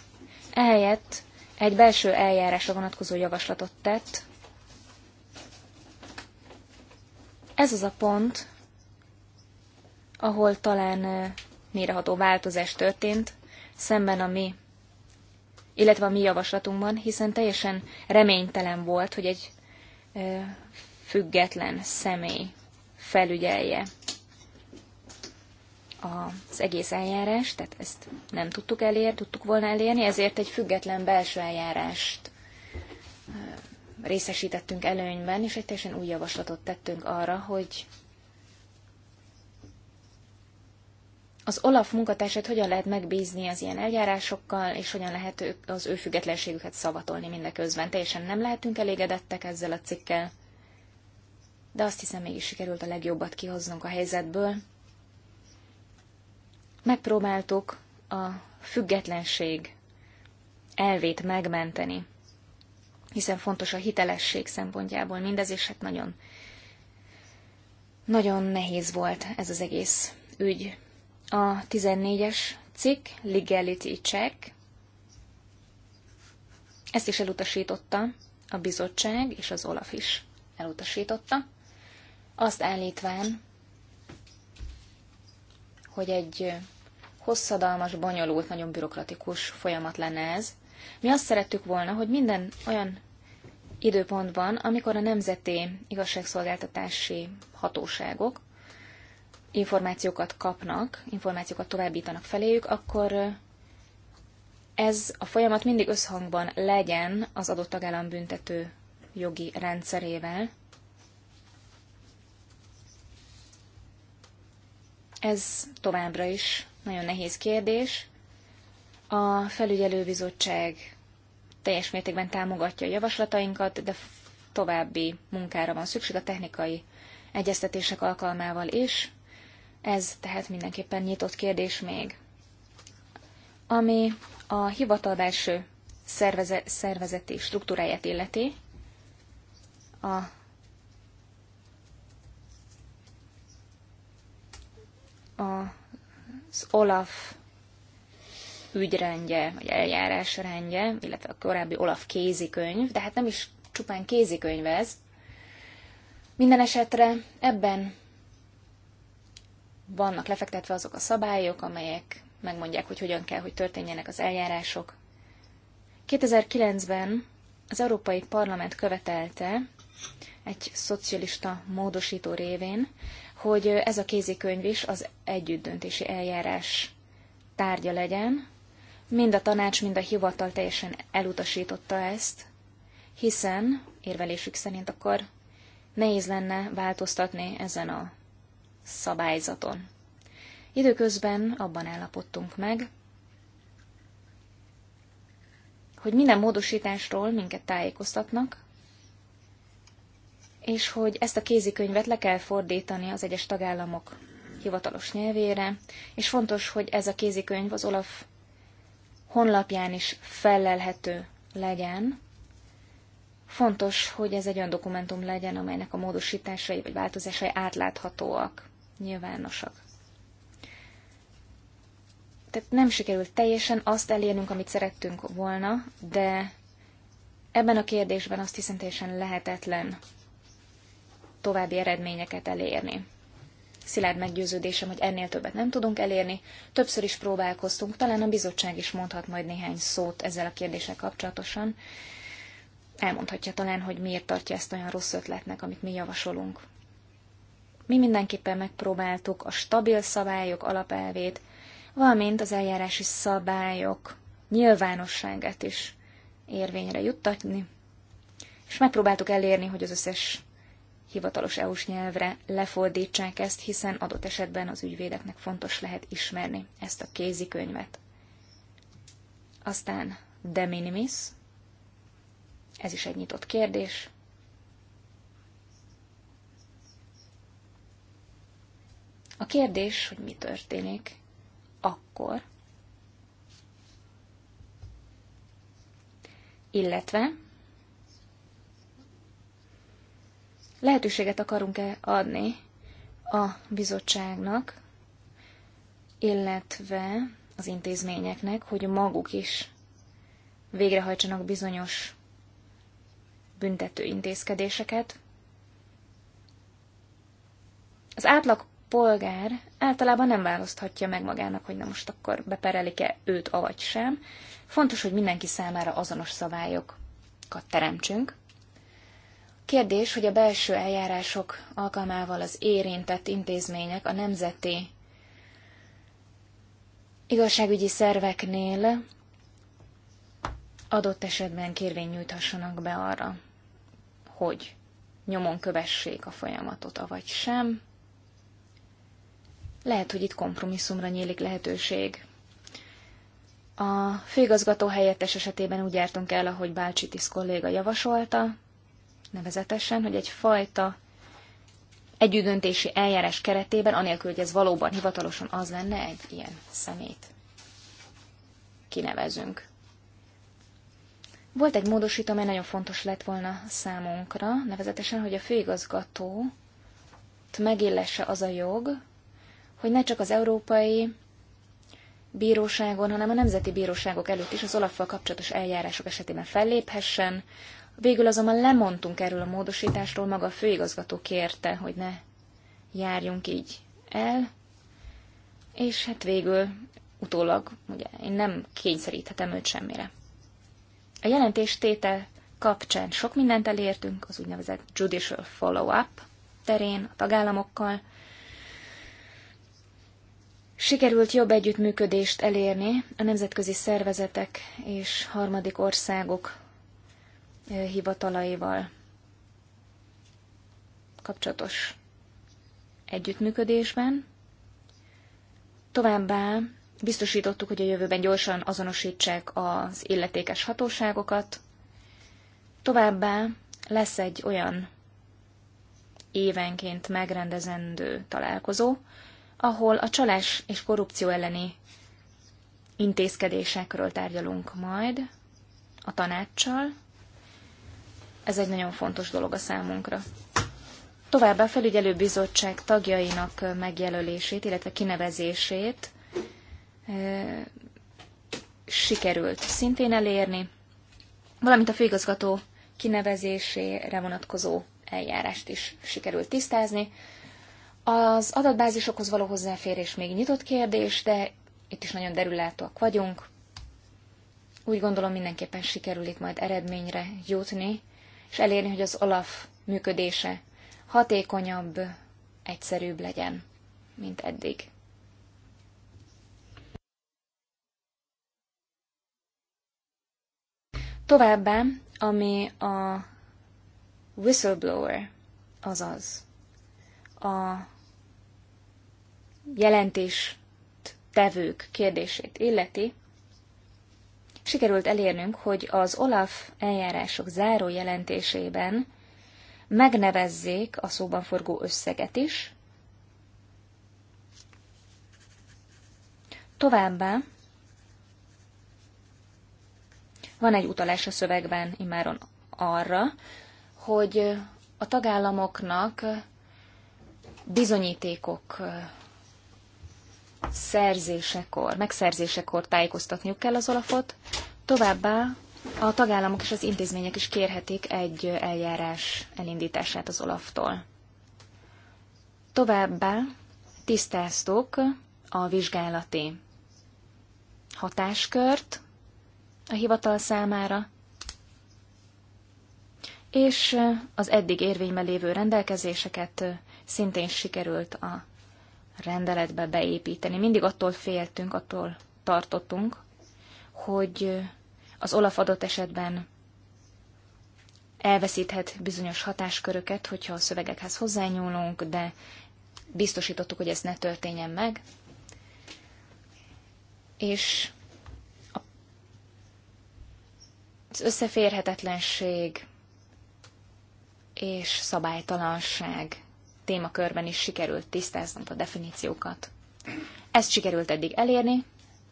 Ehelyett egy belső eljárásra vonatkozó javaslatot tett. Ez az a pont, ahol talán méreható változás történt, szemben a mi, illetve a mi javaslatunkban, hiszen teljesen reménytelen volt, hogy egy független személy felügyelje az egész eljárás, tehát ezt nem tudtuk elérni, tudtuk volna elérni, ezért egy független belső eljárást részesítettünk előnyben, és egy teljesen új javaslatot tettünk arra, hogy az Olaf munkatársát hogyan lehet megbízni az ilyen eljárásokkal, és hogyan lehet az ő függetlenségüket szavatolni mindeközben. Teljesen nem lehetünk elégedettek ezzel a cikkel, de azt hiszem mégis sikerült a legjobbat kihoznunk a helyzetből, megpróbáltuk a függetlenség elvét megmenteni, hiszen fontos a hitelesség szempontjából mindez, és hát nagyon, nagyon nehéz volt ez az egész ügy. A 14-es cikk, legality check, ezt is elutasította a bizottság, és az Olaf is elutasította, azt állítván, hogy egy hosszadalmas, bonyolult, nagyon bürokratikus folyamat lenne ez. Mi azt szerettük volna, hogy minden olyan időpontban, amikor a nemzeti igazságszolgáltatási hatóságok információkat kapnak, információkat továbbítanak feléjük, akkor ez a folyamat mindig összhangban legyen az adott tagállam büntető jogi rendszerével, Ez továbbra is nagyon nehéz kérdés. A felügyelőbizottság teljes mértékben támogatja a javaslatainkat, de további munkára van szükség a technikai egyeztetések alkalmával is. Ez tehát mindenképpen nyitott kérdés még. Ami a hivatal belső szervezeti struktúráját illeti, a az Olaf ügyrendje, vagy eljárásrendje, illetve a korábbi Olaf kézikönyv, de hát nem is csupán kézikönyv ez. Minden esetre ebben vannak lefektetve azok a szabályok, amelyek megmondják, hogy hogyan kell, hogy történjenek az eljárások. 2009-ben az Európai Parlament követelte egy szocialista módosító révén, hogy ez a kézikönyv is az együttdöntési eljárás tárgya legyen. Mind a tanács, mind a hivatal teljesen elutasította ezt, hiszen érvelésük szerint akkor nehéz lenne változtatni ezen a szabályzaton. Időközben abban állapodtunk meg, hogy minden módosításról minket tájékoztatnak, és hogy ezt a kézikönyvet le kell fordítani az egyes tagállamok hivatalos nyelvére, és fontos, hogy ez a kézikönyv az Olaf honlapján is fellelhető legyen. Fontos, hogy ez egy olyan dokumentum legyen, amelynek a módosításai vagy változásai átláthatóak, nyilvánosak. Tehát nem sikerült teljesen azt elérnünk, amit szerettünk volna, de ebben a kérdésben azt hiszem teljesen lehetetlen további eredményeket elérni. Szilárd meggyőződésem, hogy ennél többet nem tudunk elérni. Többször is próbálkoztunk, talán a bizottság is mondhat majd néhány szót ezzel a kérdéssel kapcsolatosan. Elmondhatja talán, hogy miért tartja ezt olyan rossz ötletnek, amit mi javasolunk. Mi mindenképpen megpróbáltuk a stabil szabályok alapelvét, valamint az eljárási szabályok nyilvánosságát is érvényre juttatni, és megpróbáltuk elérni, hogy az összes hivatalos EU-s nyelvre lefordítsák ezt, hiszen adott esetben az ügyvédeknek fontos lehet ismerni ezt a kézikönyvet. Aztán de minimis, ez is egy nyitott kérdés. A kérdés, hogy mi történik akkor, illetve lehetőséget akarunk-e adni a bizottságnak, illetve az intézményeknek, hogy maguk is végrehajtsanak bizonyos büntető intézkedéseket. Az átlag polgár általában nem választhatja meg magának, hogy na most akkor beperelik-e őt, avagy sem. Fontos, hogy mindenki számára azonos szabályokat teremtsünk, Kérdés, hogy a belső eljárások alkalmával az érintett intézmények a nemzeti igazságügyi szerveknél adott esetben kérvényt nyújthassanak be arra, hogy nyomon kövessék a folyamatot, avagy sem. Lehet, hogy itt kompromisszumra nyílik lehetőség. A főigazgató helyettes esetében úgy jártunk el, ahogy Bálcsi kolléga javasolta, nevezetesen, hogy egyfajta együttdöntési eljárás keretében, anélkül, hogy ez valóban hivatalosan az lenne, egy ilyen szemét kinevezünk. Volt egy módosító, amely nagyon fontos lett volna számunkra, nevezetesen, hogy a főigazgató megillesse az a jog, hogy ne csak az európai bíróságon, hanem a nemzeti bíróságok előtt is az olaf kapcsolatos eljárások esetében felléphessen, Végül azonban lemondtunk erről a módosításról, maga a főigazgató kérte, hogy ne járjunk így el, és hát végül utólag, ugye én nem kényszeríthetem őt semmire. A jelentés tétel kapcsán sok mindent elértünk, az úgynevezett judicial follow-up terén, a tagállamokkal. Sikerült jobb együttműködést elérni a nemzetközi szervezetek és harmadik országok hivatalaival kapcsolatos együttműködésben. Továbbá biztosítottuk, hogy a jövőben gyorsan azonosítsák az illetékes hatóságokat. Továbbá lesz egy olyan évenként megrendezendő találkozó, ahol a csalás és korrupció elleni intézkedésekről tárgyalunk majd a tanácssal, ez egy nagyon fontos dolog a számunkra. Továbbá a felügyelőbizottság tagjainak megjelölését, illetve kinevezését e, sikerült szintén elérni, valamint a főigazgató kinevezésére vonatkozó eljárást is sikerült tisztázni. Az adatbázisokhoz való hozzáférés még nyitott kérdés, de itt is nagyon derülátóak vagyunk. Úgy gondolom mindenképpen sikerül itt majd eredményre jutni, és elérni, hogy az Olaf működése hatékonyabb, egyszerűbb legyen, mint eddig. Továbbá, ami a whistleblower, azaz a jelentést tevők kérdését illeti, sikerült elérnünk, hogy az OLAF eljárások záró jelentésében megnevezzék a szóban forgó összeget is. Továbbá van egy utalás a szövegben imáron arra, hogy a tagállamoknak bizonyítékok szerzésekor, megszerzésekor tájékoztatniuk kell az olafot, továbbá a tagállamok és az intézmények is kérhetik egy eljárás elindítását az olaftól. Továbbá tisztáztuk a vizsgálati hatáskört a hivatal számára, és az eddig érvényben lévő rendelkezéseket szintén sikerült a rendeletbe beépíteni. Mindig attól féltünk, attól tartottunk, hogy az Olaf adott esetben elveszíthet bizonyos hatásköröket, hogyha a szövegekhez hozzányúlunk, de biztosítottuk, hogy ez ne történjen meg. És az összeférhetetlenség és szabálytalanság témakörben is sikerült tisztáznunk a definíciókat. Ezt sikerült eddig elérni,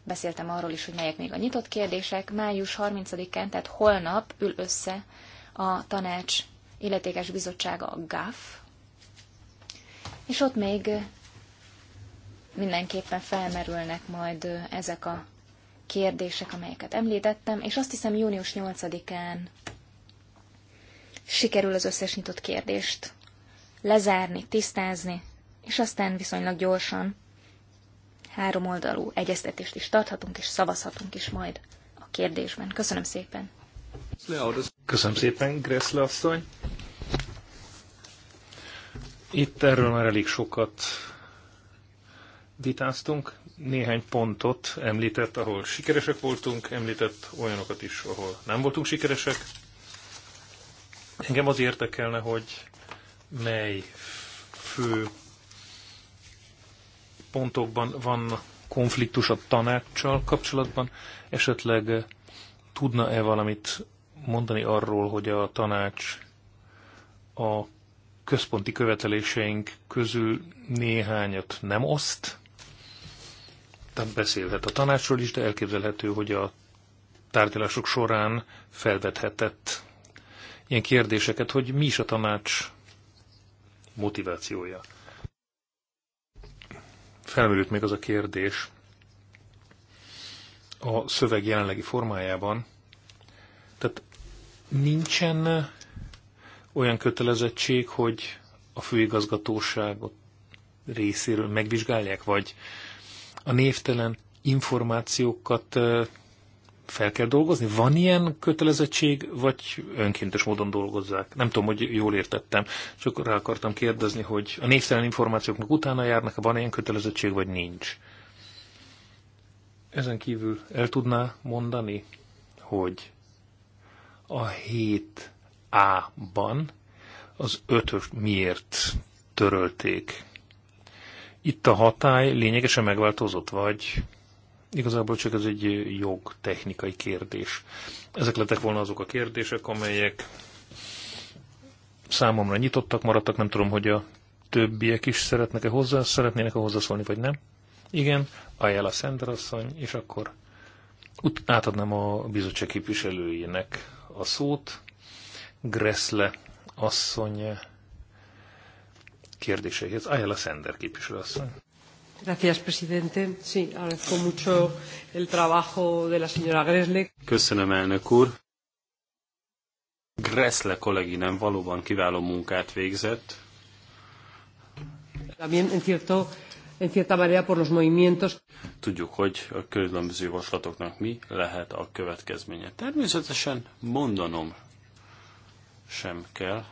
beszéltem arról is, hogy melyek még a nyitott kérdések. Május 30-án, tehát holnap ül össze a tanács illetékes bizottsága a GAF, és ott még mindenképpen felmerülnek majd ezek a kérdések, amelyeket említettem, és azt hiszem június 8-án sikerül az összes nyitott kérdést lezárni, tisztázni, és aztán viszonylag gyorsan három oldalú egyeztetést is tarthatunk, és szavazhatunk is majd a kérdésben. Köszönöm szépen! Köszönöm szépen, Gressle asszony! Itt erről már elég sokat vitáztunk. Néhány pontot említett, ahol sikeresek voltunk, említett olyanokat is, ahol nem voltunk sikeresek. Engem az érdekelne, hogy mely fő pontokban van konfliktus a tanácssal kapcsolatban, esetleg eh, tudna-e valamit mondani arról, hogy a tanács a központi követeléseink közül néhányat nem oszt? Tehát beszélhet a tanácsról is, de elképzelhető, hogy a tárgyalások során felvethetett ilyen kérdéseket, hogy mi is a tanács motivációja. Felmerült még az a kérdés a szöveg jelenlegi formájában, tehát nincsen olyan kötelezettség, hogy a főigazgatóságot részéről megvizsgálják, vagy a névtelen információkat fel kell dolgozni? Van ilyen kötelezettség, vagy önkéntes módon dolgozzák? Nem tudom, hogy jól értettem. Csak rá akartam kérdezni, hogy a névtelen információknak utána járnak, van ilyen kötelezettség, vagy nincs? Ezen kívül el tudná mondani, hogy a 7A-ban az 5 miért törölték? Itt a hatály lényegesen megváltozott, vagy Igazából csak ez egy jogtechnikai kérdés. Ezek lettek volna azok a kérdések, amelyek számomra nyitottak maradtak, nem tudom, hogy a többiek is szeretnek-e hozzá, szeretnének-e hozzászólni, vagy nem. Igen, a Szenderasszony, és akkor átadnám a bizottság képviselőjének a szót. Gressle asszony kérdéseihez. a Sender képviselőasszony. Köszönöm, elnök úr. Gressle kolléginem valóban kiváló munkát végzett. También, en cierto, en cierta manera, por los movimientos. Tudjuk, hogy a különböző javaslatoknak mi lehet a következménye. Természetesen mondanom sem kell,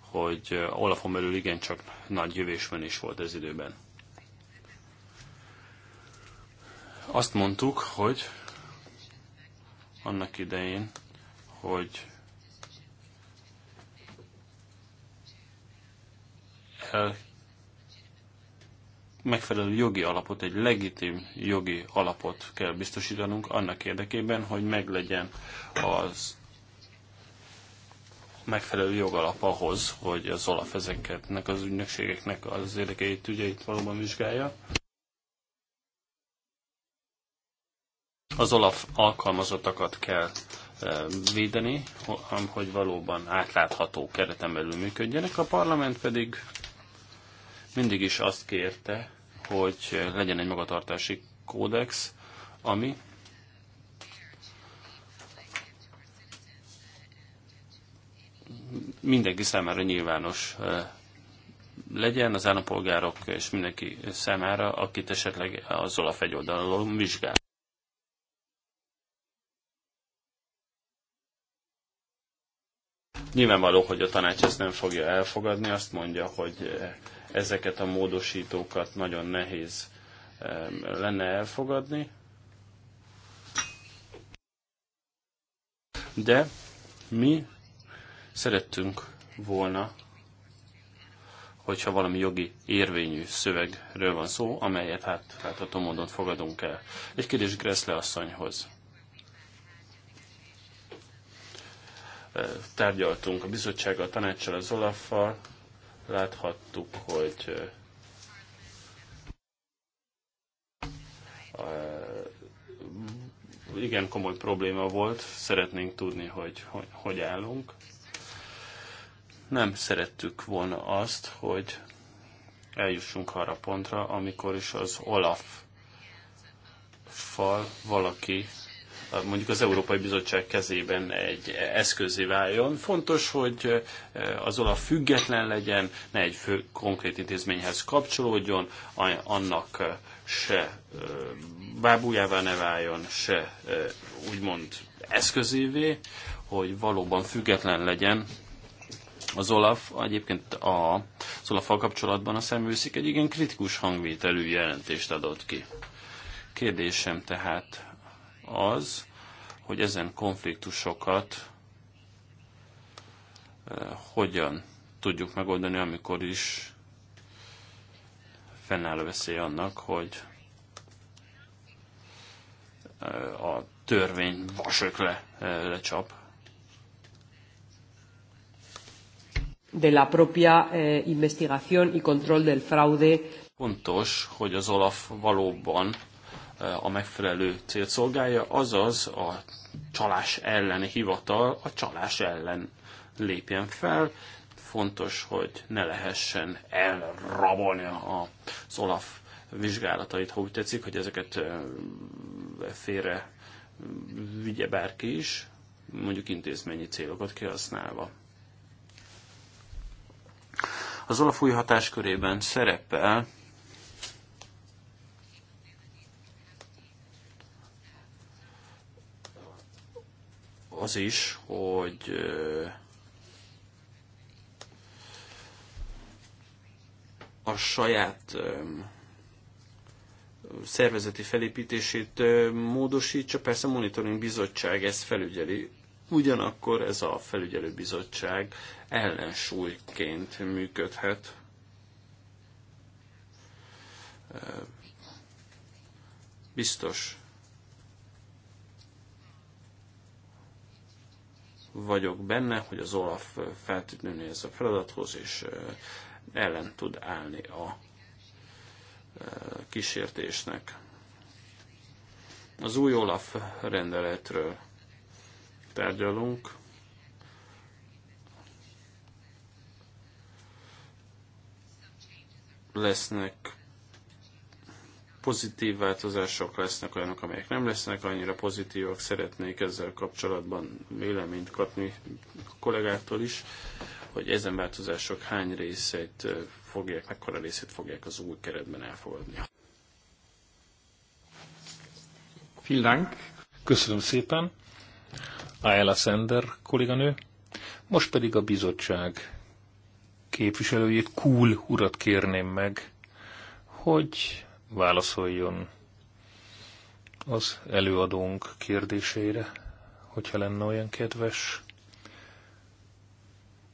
hogy eh, Olafon belül igencsak nagy jövésben is volt ez időben. Azt mondtuk, hogy annak idején, hogy el megfelelő jogi alapot, egy legitim jogi alapot kell biztosítanunk annak érdekében, hogy meglegyen az megfelelő jogalap ahhoz, hogy az Olaf ezeknek az ügynökségeknek az érdekeit, ügyeit valóban vizsgálja. Az Olaf alkalmazottakat kell e, védeni, hogy valóban átlátható kereten belül működjenek. A parlament pedig mindig is azt kérte, hogy legyen egy magatartási kódex, ami mindenki számára nyilvános e, legyen, az állampolgárok és mindenki számára, akit esetleg az Olaf egy oldalon vizsgál. Nyilvánvaló, hogy a tanács ezt nem fogja elfogadni, azt mondja, hogy eh, ezeket a módosítókat nagyon nehéz lenne elfogadni. De mi szerettünk volna, hogyha valami jogi érvényű szövegről van szó, amelyet hát látható módon fogadunk el. Egy kérdés Gressle asszonyhoz. tárgyaltunk a bizottsággal, a tanácssal, az Olaffal, láthattuk, hogy igen komoly probléma volt, szeretnénk tudni, hogy hogy, hogy állunk. Nem szerettük volna azt, hogy eljussunk arra pontra, amikor is az Olaf fal valaki mondjuk az Európai Bizottság kezében egy eszközé váljon. Fontos, hogy eh, az olaf független legyen, ne egy fő konkrét intézményhez kapcsolódjon, annak eh, se eh, bábújává ne váljon, se úgymond eszközévé, hogy valóban független legyen az Olaf egyébként a, az olaf kapcsolatban a szemőszik egy igen kritikus hangvételű jelentést adott ki. Kérdésem tehát az, hogy ezen konfliktusokat eh, hogyan tudjuk megoldani, amikor is fennáll a veszély annak, hogy eh, a törvény le, eh, lecsap. De la propia eh, investigación y control del fraude. pontos, hogy az Olaf valóban a megfelelő célt szolgálja, azaz a csalás elleni hivatal a csalás ellen lépjen fel. Fontos, hogy ne lehessen elrabolni az Olaf vizsgálatait, ha úgy tetszik, hogy ezeket félre vigye bárki is, mondjuk intézményi célokat kihasználva. Az Olaf új hatáskörében szerepel az is, hogy a saját szervezeti felépítését módosítsa, persze a monitoring bizottság ezt felügyeli, ugyanakkor ez a felügyelő bizottság ellensúlyként működhet. Biztos vagyok benne, hogy az Olaf nőni ez a feladathoz, és ellen tud állni a kísértésnek. Az új Olaf rendeletről tárgyalunk. Lesznek pozitív változások lesznek, olyanok, amelyek nem lesznek annyira pozitívak. Szeretnék ezzel kapcsolatban véleményt kapni a kollégáktól is, hogy ezen változások hány részét fogják, mekkora részét fogják az új keretben elfogadni. Fildánk. Köszönöm szépen. Ayala Sender kolléganő. Most pedig a bizottság képviselőjét, Kúl cool urat kérném meg, hogy válaszoljon az előadónk kérdéseire, hogyha lenne olyan kedves,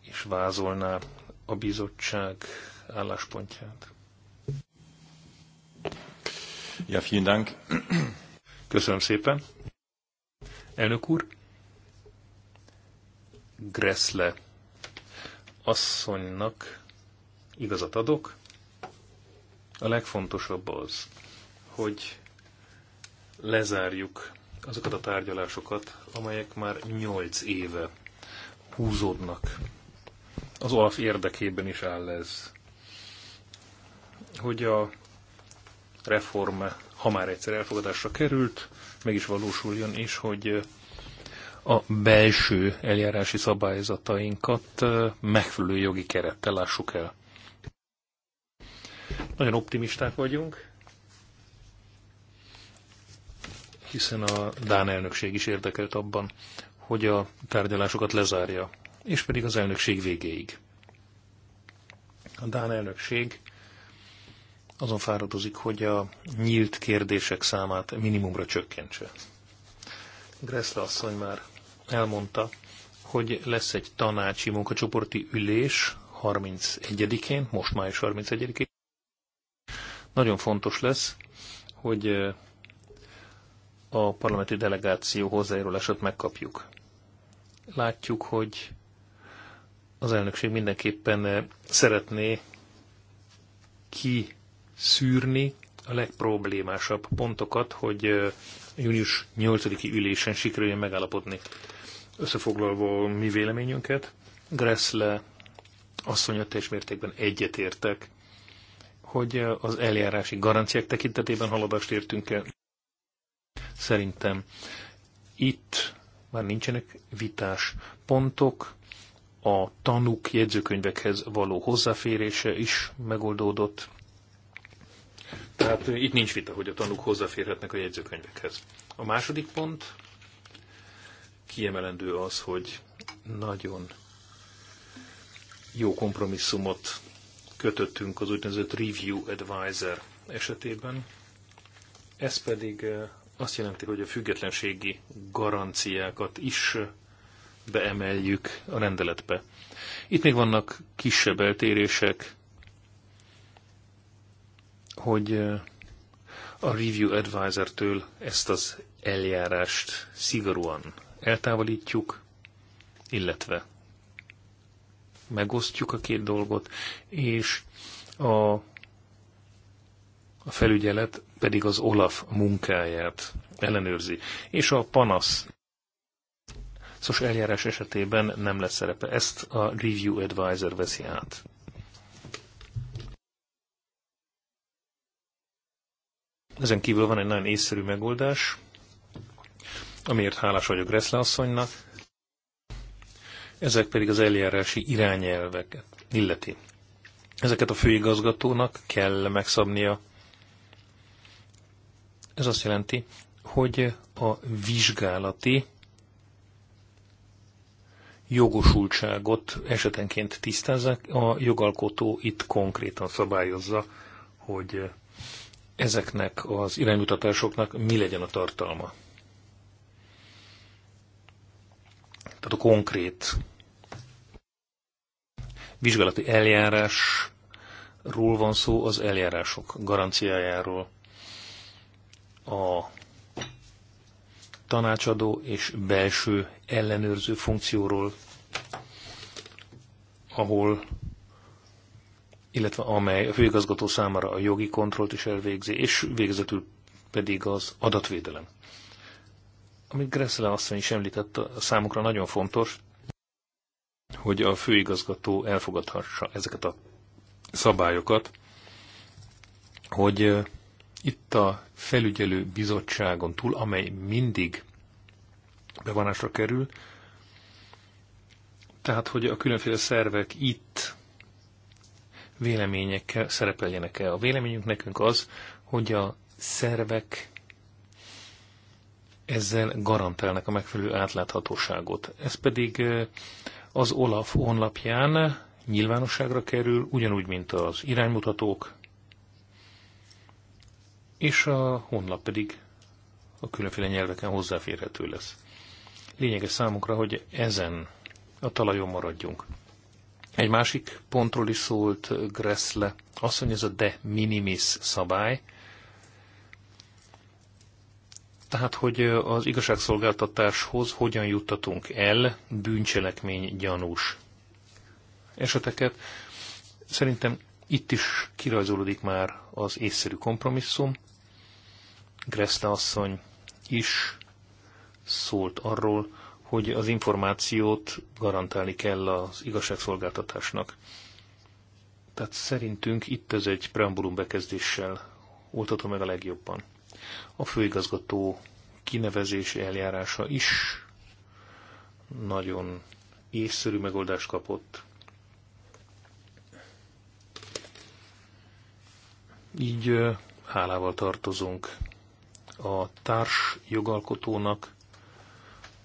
és vázolná a bizottság álláspontját. Ja, vielen Dank. Köszönöm szépen. Elnök úr, Gressle asszonynak igazat adok, a legfontosabb az, hogy lezárjuk azokat a tárgyalásokat, amelyek már nyolc éve húzódnak. Az Olaf érdekében is áll ez, hogy a reform, ha már egyszer elfogadásra került, meg is valósuljon, és hogy a belső eljárási szabályzatainkat megfelelő jogi kerettel lássuk el. Nagyon optimisták vagyunk, hiszen a Dán elnökség is érdekelt abban, hogy a tárgyalásokat lezárja, és pedig az elnökség végéig. A Dán elnökség azon fáradozik, hogy a nyílt kérdések számát minimumra csökkentse. Gressle asszony már elmondta, hogy lesz egy tanácsi munkacsoporti ülés 31-én, most május 31-én, nagyon fontos lesz, hogy a parlamenti delegáció hozzájárulását megkapjuk. Látjuk, hogy az elnökség mindenképpen szeretné kiszűrni a legproblémásabb pontokat, hogy június 8-i ülésen sikerüljön megállapodni. Összefoglalva mi véleményünket, Gressle asszonyat teljes mértékben egyetértek hogy az eljárási garanciák tekintetében haladást értünk el. Szerintem itt már nincsenek vitás pontok, a tanúk jegyzőkönyvekhez való hozzáférése is megoldódott. Tehát eh, itt nincs vita, hogy a tanúk hozzáférhetnek a jegyzőkönyvekhez. A második pont kiemelendő az, hogy nagyon jó kompromisszumot kötöttünk az úgynevezett Review Advisor esetében. Ez pedig eh, azt jelenti, hogy a függetlenségi garanciákat is beemeljük a rendeletbe. Itt még vannak kisebb eltérések, hogy eh, a Review Advisor-től ezt az eljárást szigorúan eltávolítjuk, illetve megosztjuk a két dolgot, és a, a felügyelet pedig az Olaf munkáját ellenőrzi, és a panasz szos szóval eljárás esetében nem lesz szerepe. Ezt a Review Advisor veszi át. Ezen kívül van egy nagyon észszerű megoldás, amiért hálás vagyok Reszle asszonynak, ezek pedig az eljárási irányelveket illeti. Ezeket a főigazgatónak kell megszabnia. Ez azt jelenti, hogy a vizsgálati jogosultságot esetenként tisztázzák, a jogalkotó itt konkrétan szabályozza, hogy ezeknek az iránymutatásoknak mi legyen a tartalma. Tehát a konkrét vizsgálati eljárásról van szó, az eljárások garanciájáról. A tanácsadó és belső ellenőrző funkcióról, ahol illetve amely a főigazgató számára a jogi kontrollt is elvégzi, és végezetül pedig az adatvédelem. Amit Gressler asszony is említett, a számukra nagyon fontos, hogy a főigazgató elfogadhassa ezeket a szabályokat, hogy itt a felügyelő bizottságon túl, amely mindig bevonásra kerül, tehát, hogy a különféle szervek itt véleményekkel szerepeljenek el. A véleményünk nekünk az, hogy a szervek ezzel garantálnak a megfelelő átláthatóságot. Ez pedig az OLAF honlapján nyilvánosságra kerül, ugyanúgy, mint az iránymutatók, és a honlap pedig a különféle nyelveken hozzáférhető lesz. Lényeges számunkra, hogy ezen a talajon maradjunk. Egy másik pontról is szólt Gressle, azt mondja, ez a de minimis szabály, tehát, hogy az igazságszolgáltatáshoz hogyan juttatunk el bűncselekmény gyanús eseteket. Szerintem itt is kirajzolódik már az észszerű kompromisszum. Greszle asszony is szólt arról, hogy az információt garantálni kell az igazságszolgáltatásnak. Tehát szerintünk itt ez egy preambulum bekezdéssel oltató meg a legjobban. A főigazgató kinevezési eljárása is nagyon észszerű megoldást kapott. Így hálával tartozunk a társ jogalkotónak,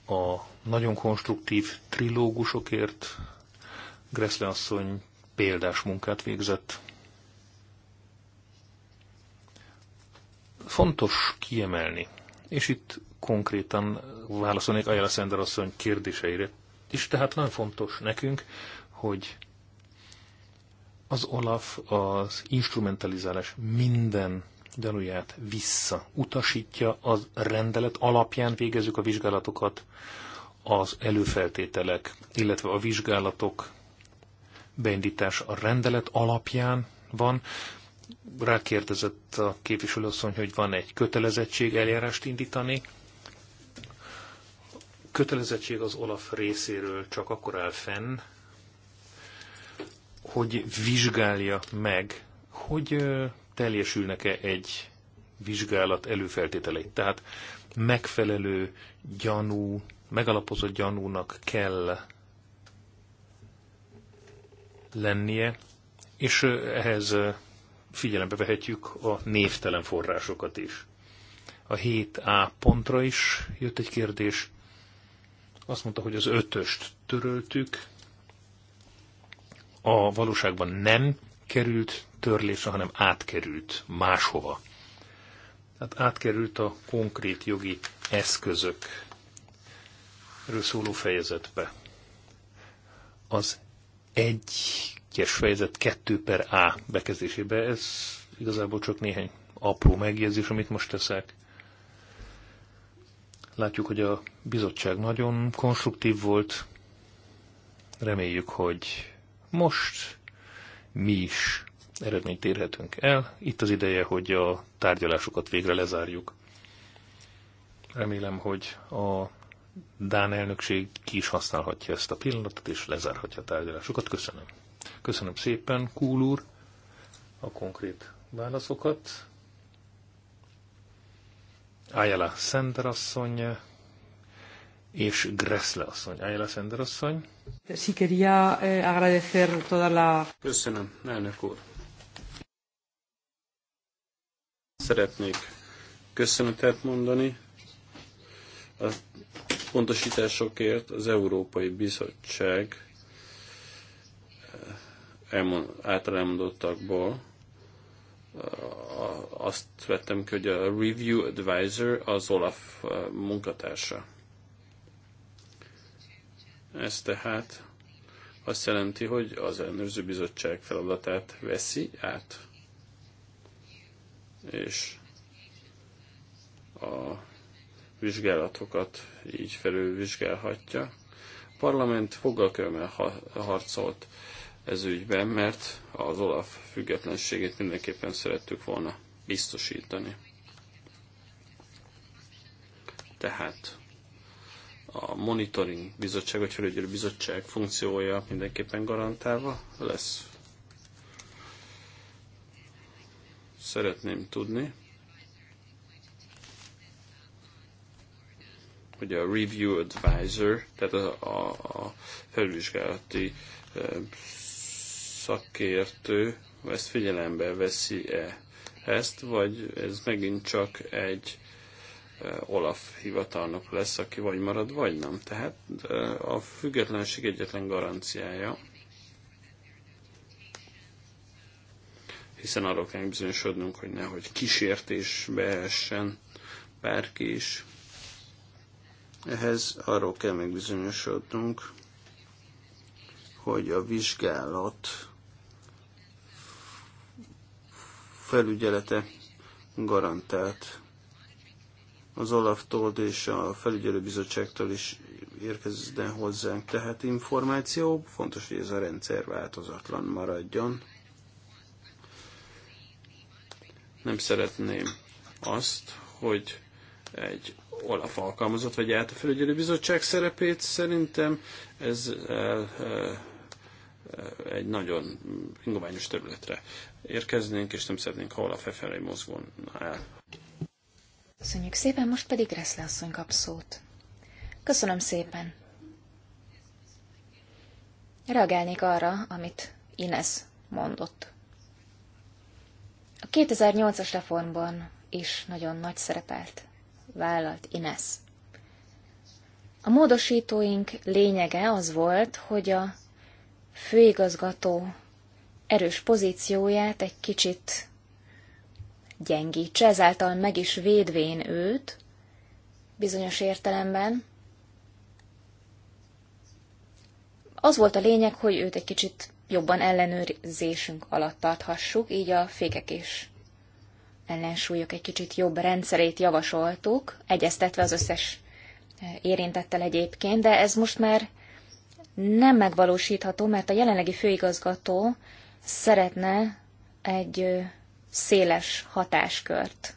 a nagyon konstruktív trilógusokért. Gressle asszony példás munkát végzett. Fontos kiemelni, és itt konkrétan válaszolnék Ajala Szender asszony kérdéseire és tehát nagyon fontos nekünk, hogy az Olaf az instrumentalizálás minden gyanúját vissza utasítja, az rendelet alapján végezzük a vizsgálatokat, az előfeltételek, illetve a vizsgálatok beindítás a rendelet alapján van, rákérdezett a képviselőasszony, hogy van egy kötelezettség eljárást indítani. Kötelezettség az Olaf részéről csak akkor áll fenn, hogy vizsgálja meg, hogy teljesülnek-e egy vizsgálat előfeltételeit. Tehát megfelelő gyanú, megalapozott gyanúnak kell lennie, és ehhez figyelembe vehetjük a névtelen forrásokat is. A 7A pontra is jött egy kérdés. Azt mondta, hogy az ötöst töröltük. A valóságban nem került törlésre, hanem átkerült máshova. Hát átkerült a konkrét jogi eszközök szóló fejezetbe. Az egy egyes fejezet 2 per A bekezdésébe. Ez igazából csak néhány apró megjegyzés, amit most teszek. Látjuk, hogy a bizottság nagyon konstruktív volt. Reméljük, hogy most mi is eredményt érhetünk el. Itt az ideje, hogy a tárgyalásokat végre lezárjuk. Remélem, hogy a Dán elnökség ki is használhatja ezt a pillanatot, és lezárhatja a tárgyalásokat. Köszönöm. Köszönöm szépen, Kúl úr, a konkrét válaszokat. Ájela Szenderasszony és Gressle asszony. Ájela Szenderasszony. Eh, Köszönöm, elnök úr. Szeretnék köszönetet mondani a pontosításokért az Európai Bizottság elmond, által elmondottakból azt vettem ki, hogy a Review Advisor az Olaf munkatársa. Ez tehát azt jelenti, hogy az ellenőrző bizottság feladatát veszi át, és a vizsgálatokat így felülvizsgálhatja. A parlament fogalkömmel harcolt ez ügyben, mert az Olaf függetlenségét mindenképpen szerettük volna biztosítani. Tehát a monitoring bizottság, vagy felügyelő bizottság funkciója mindenképpen garantálva lesz. Szeretném tudni, hogy a review advisor, tehát a, a, a felvizsgálati eh, szakértő ezt figyelembe veszi-e ezt, vagy ez megint csak egy e, Olaf hivatalnok lesz, aki vagy marad, vagy nem. Tehát e, a függetlenség egyetlen garanciája, hiszen arról kell bizonyosodnunk, hogy nehogy kísértésbe essen bárki is. Ehhez arról kell megbizonyosodnunk, hogy a vizsgálat felügyelete garantált. Az Olaftól és a felügyelőbizottságtól is érkezzen hozzánk tehát információ. Fontos, hogy ez a rendszer változatlan maradjon. Nem szeretném azt, hogy egy Olaf alkalmazott vagy át a felügyelőbizottság szerepét. Szerintem ez el, eh, el, eh, egy nagyon ingoványos területre érkeznénk, és nem szeretnénk, ha a fefelé mozgón el. Köszönjük szépen, most pedig Reszle asszony kap szót. Köszönöm szépen. Reagálnék arra, amit Ines mondott. A 2008-as reformban is nagyon nagy szerepelt vállalt Ines. A módosítóink lényege az volt, hogy a főigazgató erős pozícióját egy kicsit gyengítse, ezáltal meg is védvén őt bizonyos értelemben. Az volt a lényeg, hogy őt egy kicsit jobban ellenőrzésünk alatt tarthassuk, így a fékek és ellensúlyok egy kicsit jobb rendszerét javasoltuk, egyeztetve az összes eh, érintettel egyébként, de ez most már nem megvalósítható, mert a jelenlegi főigazgató szeretne egy széles hatáskört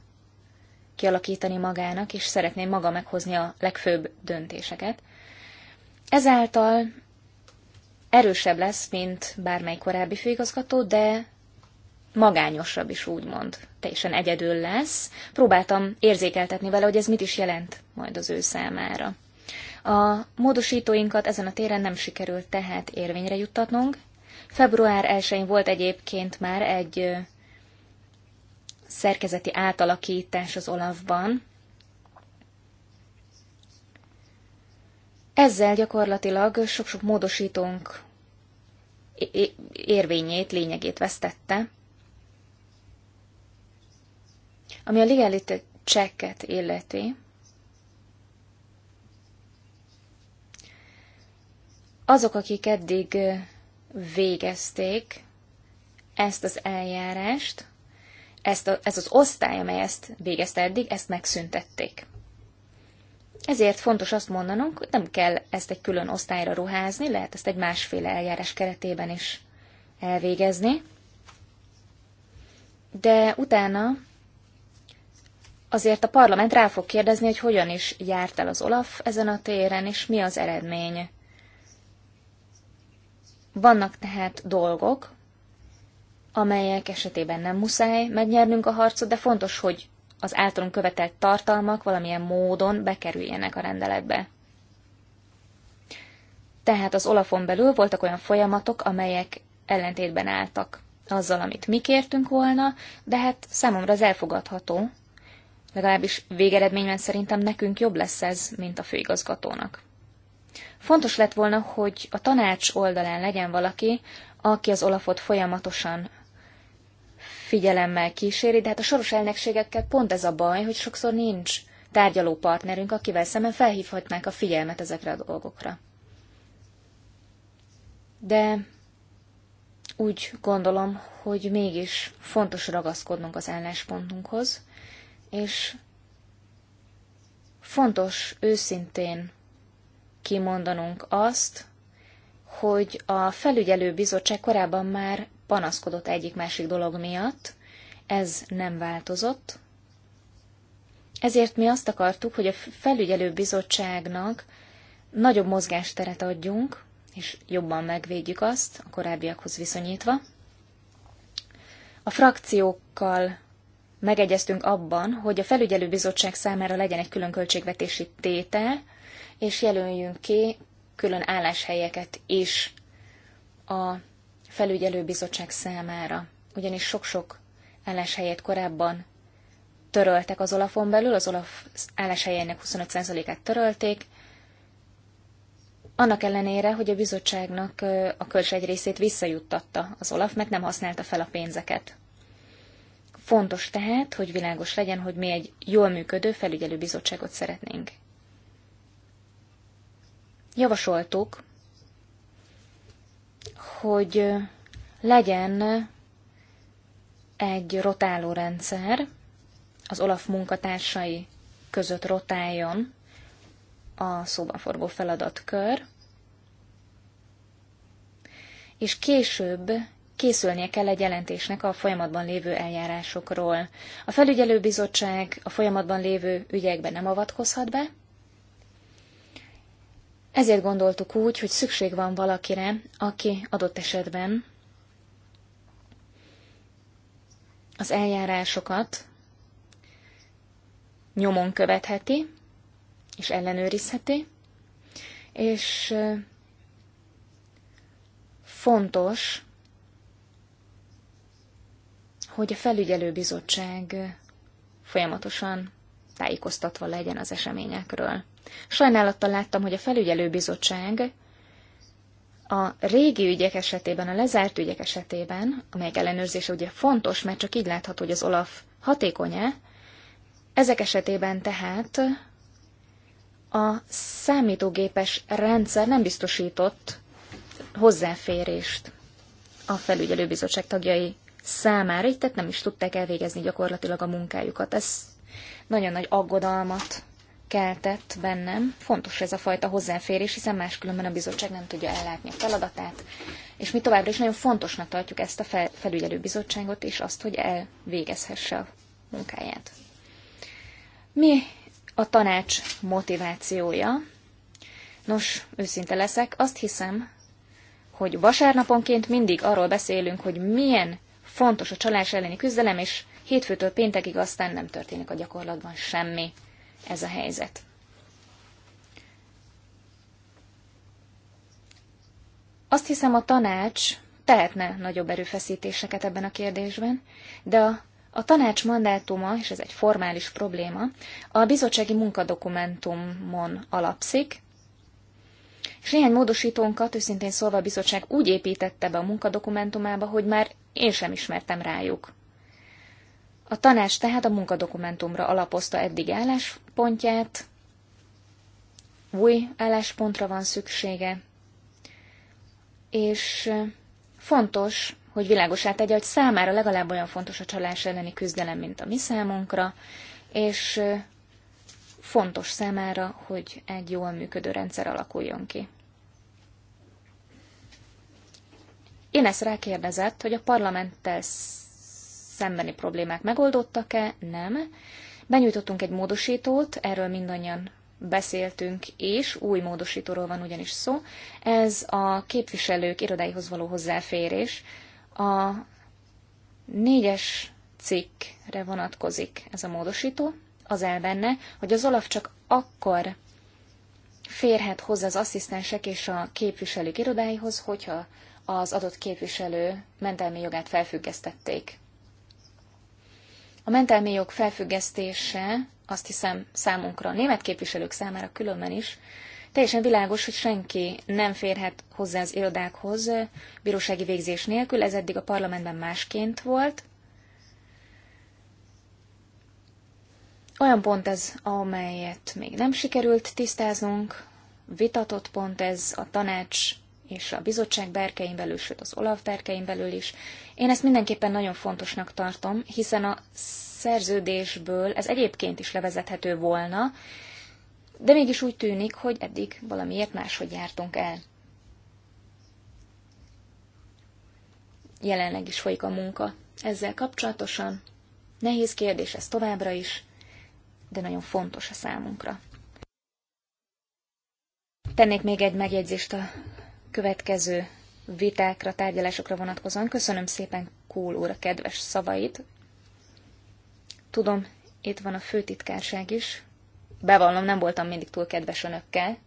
kialakítani magának, és szeretné maga meghozni a legfőbb döntéseket. Ezáltal erősebb lesz, mint bármely korábbi főigazgató, de magányosabb is úgymond. Teljesen egyedül lesz. Próbáltam érzékeltetni vele, hogy ez mit is jelent majd az ő számára. A módosítóinkat ezen a téren nem sikerült tehát érvényre juttatnunk. Február 1-én volt egyébként már egy szerkezeti átalakítás az Olafban. Ezzel gyakorlatilag sok-sok módosítónk érvényét, lényegét vesztette. Ami a legality checket illeti, Azok, akik eddig végezték ezt az eljárást, ezt, a, ez az osztály, amely ezt végezte eddig, ezt megszüntették. Ezért fontos azt mondanunk, hogy nem kell ezt egy külön osztályra ruházni, lehet ezt egy másféle eljárás keretében is elvégezni, de utána azért a parlament rá fog kérdezni, hogy hogyan is járt el az Olaf ezen a téren, és mi az eredmény. Vannak tehát dolgok, amelyek esetében nem muszáj megnyernünk a harcot, de fontos, hogy az általunk követelt tartalmak valamilyen módon bekerüljenek a rendeletbe. Tehát az Olafon belül voltak olyan folyamatok, amelyek ellentétben álltak azzal, amit mi kértünk volna, de hát számomra az elfogadható. Legalábbis végeredményben szerintem nekünk jobb lesz ez, mint a főigazgatónak. Fontos lett volna, hogy a tanács oldalán legyen valaki, aki az Olafot folyamatosan figyelemmel kíséri, de hát a soros elnökségekkel pont ez a baj, hogy sokszor nincs tárgyaló partnerünk, akivel szemben felhívhatnák a figyelmet ezekre a dolgokra. De úgy gondolom, hogy mégis fontos ragaszkodnunk az álláspontunkhoz, és fontos őszintén kimondanunk azt, hogy a felügyelő bizottság korábban már panaszkodott egyik-másik dolog miatt, ez nem változott, ezért mi azt akartuk, hogy a felügyelő bizottságnak nagyobb mozgásteret adjunk, és jobban megvédjük azt a korábbiakhoz viszonyítva. A frakciókkal megegyeztünk abban, hogy a felügyelő bizottság számára legyen egy külön költségvetési tétel, és jelöljünk ki külön álláshelyeket is a felügyelőbizottság számára. Ugyanis sok-sok álláshelyet korábban töröltek az Olafon belül, az Olaf álláshelyének 25%-át törölték, annak ellenére, hogy a bizottságnak a kölcs egy részét visszajuttatta az Olaf, mert nem használta fel a pénzeket. Fontos tehát, hogy világos legyen, hogy mi egy jól működő felügyelő bizottságot szeretnénk javasoltuk, hogy legyen egy rotáló rendszer, az Olaf munkatársai között rotáljon a szóban forgó feladatkör, és később készülnie kell egy jelentésnek a folyamatban lévő eljárásokról. A felügyelőbizottság a folyamatban lévő ügyekben nem avatkozhat be, ezért gondoltuk úgy, hogy szükség van valakire, aki adott esetben az eljárásokat nyomon követheti és ellenőrizheti, és fontos, hogy a felügyelőbizottság folyamatosan tájékoztatva legyen az eseményekről. Sajnálattal láttam, hogy a felügyelőbizottság a régi ügyek esetében, a lezárt ügyek esetében, amelyek ellenőrzése ugye fontos, mert csak így látható, hogy az Olaf hatékony-e, ezek esetében tehát a számítógépes rendszer nem biztosított hozzáférést a felügyelőbizottság tagjai számára, így tehát nem is tudták elvégezni gyakorlatilag a munkájukat. Ez nagyon nagy aggodalmat keltett bennem. Fontos ez a fajta hozzáférés, hiszen máskülönben a bizottság nem tudja ellátni a feladatát, és mi továbbra is nagyon fontosnak tartjuk ezt a felügyelőbizottságot, és azt, hogy elvégezhesse a munkáját. Mi a tanács motivációja? Nos, őszinte leszek, azt hiszem, hogy vasárnaponként mindig arról beszélünk, hogy milyen fontos a csalás elleni küzdelem, és hétfőtől péntekig aztán nem történik a gyakorlatban semmi ez a helyzet. Azt hiszem, a tanács tehetne nagyobb erőfeszítéseket ebben a kérdésben, de a, a tanács mandátuma, és ez egy formális probléma, a bizottsági munkadokumentumon alapszik, és néhány módosítónkat, őszintén szólva a bizottság úgy építette be a munkadokumentumába, hogy már én sem ismertem rájuk. A tanács tehát a munkadokumentumra alapozta eddig álláspontját, új álláspontra van szüksége, és fontos, hogy világosát tegye, hogy számára legalább olyan fontos a csalás elleni küzdelem, mint a mi számunkra, és fontos számára, hogy egy jól működő rendszer alakuljon ki. Én ezt rákérdezett, hogy a parlamenttel szembeni problémák megoldottak-e? Nem. Benyújtottunk egy módosítót, erről mindannyian beszéltünk, és új módosítóról van ugyanis szó. Ez a képviselők irodáihoz való hozzáférés. A négyes cikkre vonatkozik ez a módosító. Az el benne, hogy az Olaf csak akkor férhet hozzá az asszisztensek és a képviselők irodáihoz, hogyha az adott képviselő mentelmi jogát felfüggesztették. A mentelmi jog felfüggesztése azt hiszem számunkra, a német képviselők számára különben is, teljesen világos, hogy senki nem férhet hozzá az irodákhoz bírósági végzés nélkül, ez eddig a parlamentben másként volt. Olyan pont ez, amelyet még nem sikerült tisztáznunk, vitatott pont ez, a tanács és a bizottság berkein belül, sőt az Olaf berkein belül is. Én ezt mindenképpen nagyon fontosnak tartom, hiszen a szerződésből ez egyébként is levezethető volna, de mégis úgy tűnik, hogy eddig valamiért máshogy jártunk el. Jelenleg is folyik a munka. Ezzel kapcsolatosan nehéz kérdés ez továbbra is, de nagyon fontos a számunkra. Tennék még egy megjegyzést a következő vitákra, tárgyalásokra vonatkozóan. Köszönöm szépen Kúl úr a kedves szavait. Tudom, itt van a főtitkárság is. Bevallom, nem voltam mindig túl kedves önökkel,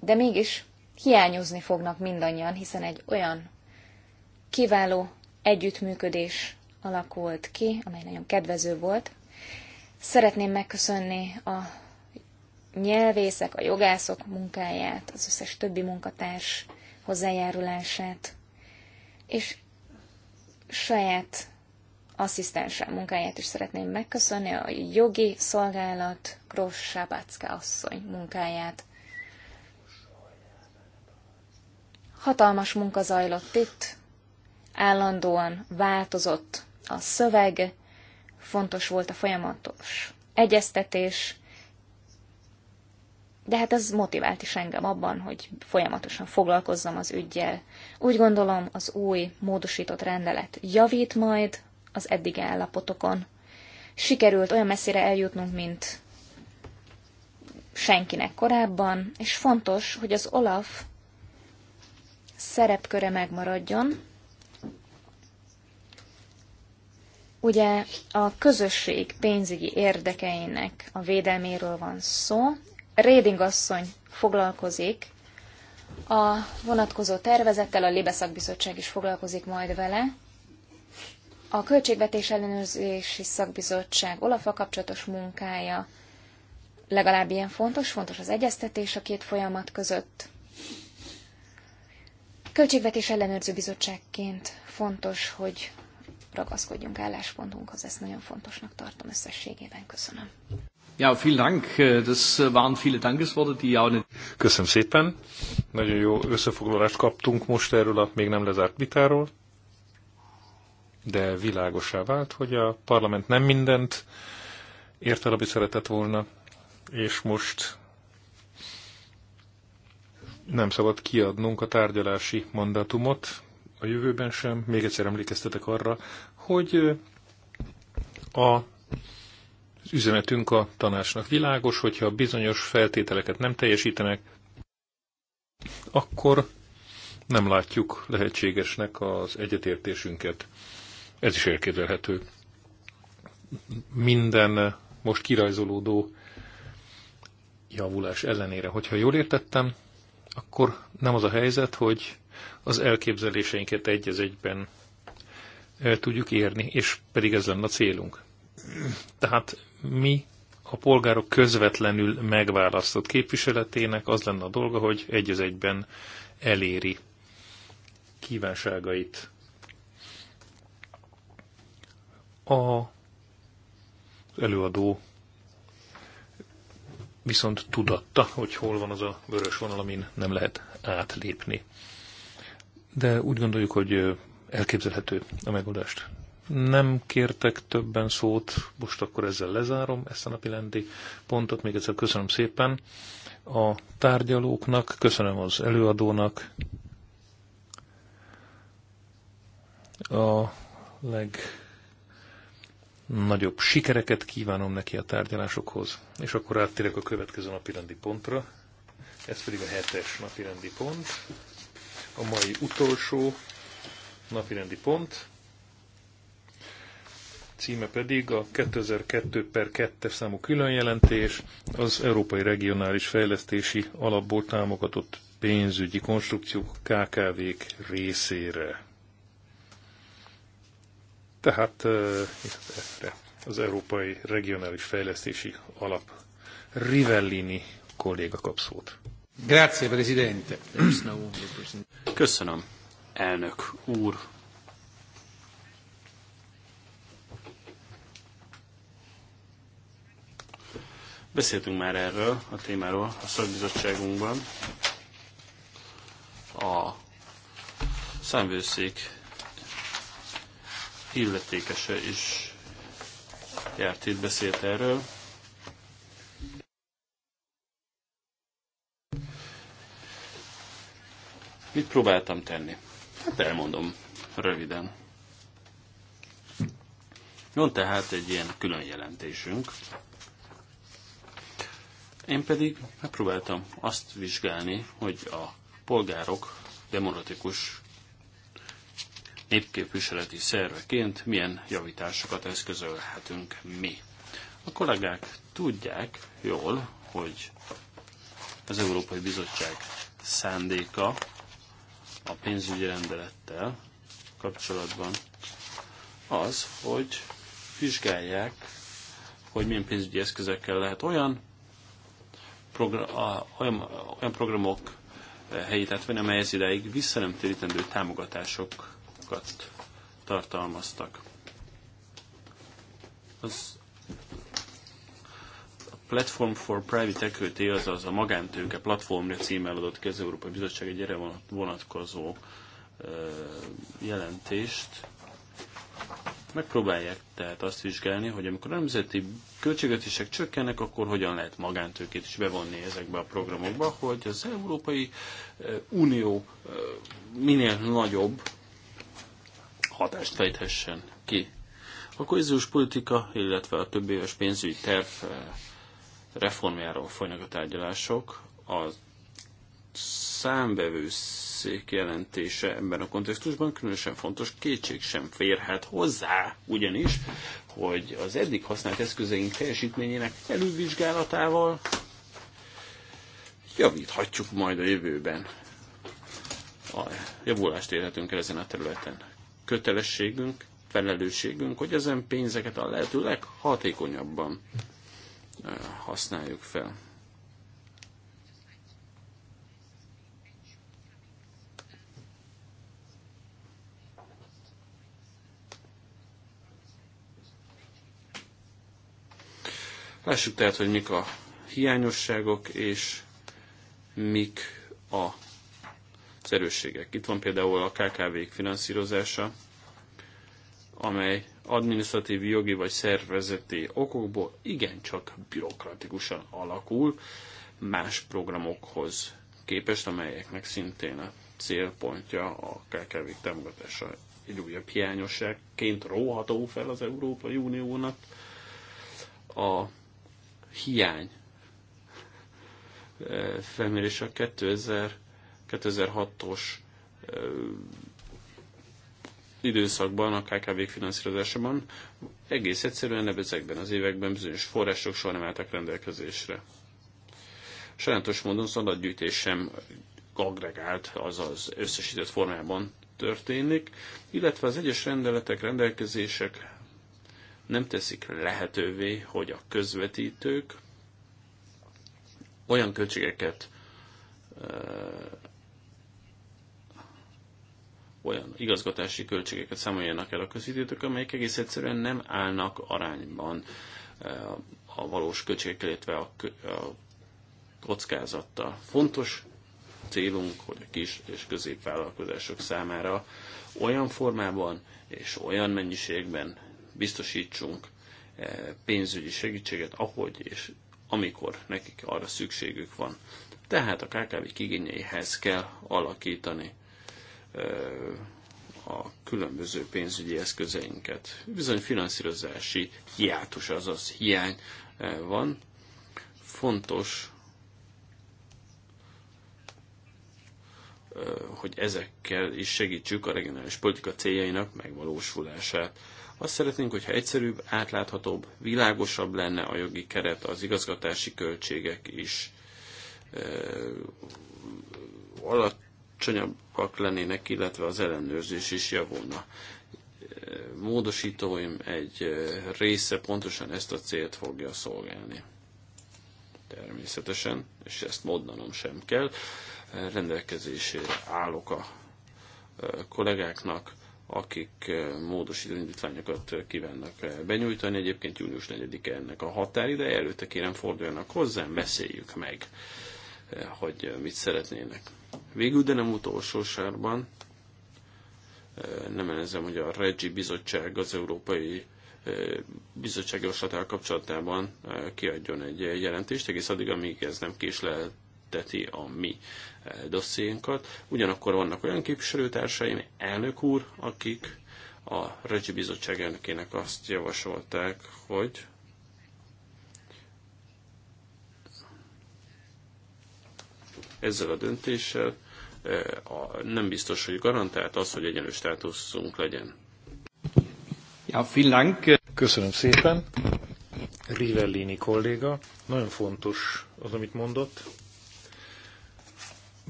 de mégis hiányozni fognak mindannyian, hiszen egy olyan kiváló együttműködés alakult ki, amely nagyon kedvező volt. Szeretném megköszönni a nyelvészek, a jogászok munkáját, az összes többi munkatárs hozzájárulását, és saját asszisztensem munkáját is szeretném megköszönni, a jogi szolgálat Gross Sábácka asszony munkáját. Hatalmas munka zajlott itt, állandóan változott a szöveg, fontos volt a folyamatos egyeztetés, de hát ez motivált is engem abban, hogy folyamatosan foglalkozzam az ügyjel. Úgy gondolom, az új, módosított rendelet javít majd az eddigi állapotokon. Sikerült olyan messzire eljutnunk, mint senkinek korábban, és fontos, hogy az Olaf szerepköre megmaradjon. Ugye a közösség pénzügyi érdekeinek a védelméről van szó, Réding asszony foglalkozik a vonatkozó tervezettel, a Libeszakbizottság is foglalkozik majd vele. A Költségvetés Ellenőrzési Szakbizottság Olafa kapcsolatos munkája legalább ilyen fontos, fontos az egyeztetés a két folyamat között. Költségvetés Ellenőrző Bizottságként fontos, hogy ragaszkodjunk álláspontunkhoz, ezt nagyon fontosnak tartom összességében. Köszönöm. Ja, vielen Dank. Äh, das äh, waren viele Dankesworte, die nicht... Köszönöm szépen. Nagyon jó összefoglalást kaptunk most erről a még nem lezárt vitáról, de világosá vált, hogy a parlament nem mindent ért el, szeretett volna, és most nem szabad kiadnunk a tárgyalási mandátumot a jövőben sem. Még egyszer emlékeztetek arra, hogy a az üzenetünk a tanácsnak világos, hogyha bizonyos feltételeket nem teljesítenek, akkor nem látjuk lehetségesnek az egyetértésünket. Ez is elképzelhető. Minden most kirajzolódó javulás ellenére, hogyha jól értettem, akkor nem az a helyzet, hogy az elképzeléseinket egy az egyben el tudjuk érni, és pedig ez lenne a célunk. Tehát mi a polgárok közvetlenül megválasztott képviseletének az lenne a dolga, hogy egy az egyben eléri kívánságait. A előadó viszont tudatta, hogy hol van az a vörös vonal, amin nem lehet átlépni. De úgy gondoljuk, hogy elképzelhető a megoldást nem kértek többen szót, most akkor ezzel lezárom ezt a lendi pontot. Még egyszer köszönöm szépen a tárgyalóknak, köszönöm az előadónak, a legnagyobb sikereket kívánom neki a tárgyalásokhoz. És akkor áttérek a következő napirendi pontra, ez pedig a hetes napirendi pont, a mai utolsó napirendi pont címe pedig a 2002 per 2 számú különjelentés, az Európai Regionális Fejlesztési Alapból támogatott pénzügyi konstrukciók KKV-k részére. Tehát az Európai Regionális Fejlesztési Alap Rivellini kolléga kap szót. Grazie, Presidente. Köszönöm, elnök úr. Beszéltünk már erről a témáról a szakbizottságunkban. A számvőszék illetékese is járt itt, beszélt erről. Mit próbáltam tenni? Hát elmondom röviden. Van tehát egy ilyen külön jelentésünk, én pedig megpróbáltam azt vizsgálni, hogy a polgárok demokratikus népképviseleti szerveként milyen javításokat eszközölhetünk mi. A kollégák tudják jól, hogy az Európai Bizottság szándéka a pénzügyi rendelettel kapcsolatban az, hogy vizsgálják, hogy milyen pénzügyi eszközekkel lehet olyan program, a, olyan, programok eh, helyét átvenni, amely ez ideig vissza nem térítendő támogatásokat tartalmaztak. Az a Platform for Private Equity, azaz a magántőke platformja címmel adott ki az Európai Bizottság egy erre vonatkozó eh, jelentést Megpróbálják tehát azt vizsgálni, hogy amikor a nemzeti költségvetések csökkennek, akkor hogyan lehet magántőkét is bevonni ezekbe a programokba, hogy az Európai eh, Unió eh, minél nagyobb hatást fejthessen ki. A kohéziós politika, illetve a több éves pénzügyi terv eh, reformjáról folynak a tárgyalások. A számbevő cikk jelentése ebben a kontextusban különösen fontos, kétség sem férhet hozzá, ugyanis, hogy az eddig használt eszközeink teljesítményének elővizsgálatával javíthatjuk majd a jövőben. A javulást érhetünk el ezen a területen. Kötelességünk, felelősségünk, hogy ezen pénzeket a lehető leghatékonyabban eh, használjuk fel. Lássuk tehát, hogy mik a hiányosságok, és mik a erősségek. Itt van például a KKV-k finanszírozása, amely adminisztratív, jogi vagy szervezeti okokból igencsak bürokratikusan alakul más programokhoz képest, amelyeknek szintén a célpontja a kkv támogatása egy újabb hiányosságként róható fel az Európai Uniónak. A hiány felmérés a 2006-os időszakban, a kkv finanszírozásában egész egyszerűen ezekben az években bizonyos források soha nem álltak rendelkezésre. Sajnálatos módon az adatgyűjtés sem agregált, azaz összesített formában történik, illetve az egyes rendeletek, rendelkezések nem teszik lehetővé, hogy a közvetítők olyan költségeket olyan igazgatási költségeket számoljanak el a közvetítők, amelyek egész egyszerűen nem állnak arányban a valós költségek, illetve a kockázattal. Fontos célunk, hogy a kis és középvállalkozások számára olyan formában és olyan mennyiségben biztosítsunk eh, pénzügyi segítséget, ahogy és amikor nekik arra szükségük van. Tehát a KKV igényeihez kell alakítani eh, a különböző pénzügyi eszközeinket. Bizony finanszírozási hiátus, azaz hiány eh, van. Fontos, hogy ezekkel is segítsük a regionális politika céljainak megvalósulását. Azt szeretnénk, hogyha egyszerűbb, átláthatóbb, világosabb lenne a jogi keret, az igazgatási költségek is e, alacsonyabbak lennének, illetve az ellenőrzés is javulna. Módosítóim egy része pontosan ezt a célt fogja szolgálni. Természetesen, és ezt mondanom sem kell, rendelkezésére állok a kollégáknak, akik eh, módosító indítványokat kívánnak eh, benyújtani. Egyébként június 4-e ennek a határideje. Előtte kérem forduljanak hozzám, beszéljük meg, eh, hogy mit szeretnének. Végül, de nem utolsó sárban, nem ezem, hogy a Regi Bizottság az Európai Bizottság javaslatával kapcsolatában kiadjon egy jelentést, egész addig, amíg ez nem késlelt teti a mi eh, dossziénkat. Ugyanakkor vannak olyan képviselőtársaim, elnök úr, akik a Regi Bizottság elnökének azt javasolták, hogy ezzel a döntéssel eh, nem biztos, hogy garantált az, hogy egyenlő státuszunk legyen. Ja, vielen Dank. Köszönöm szépen. Rivellini kolléga, nagyon fontos az, amit mondott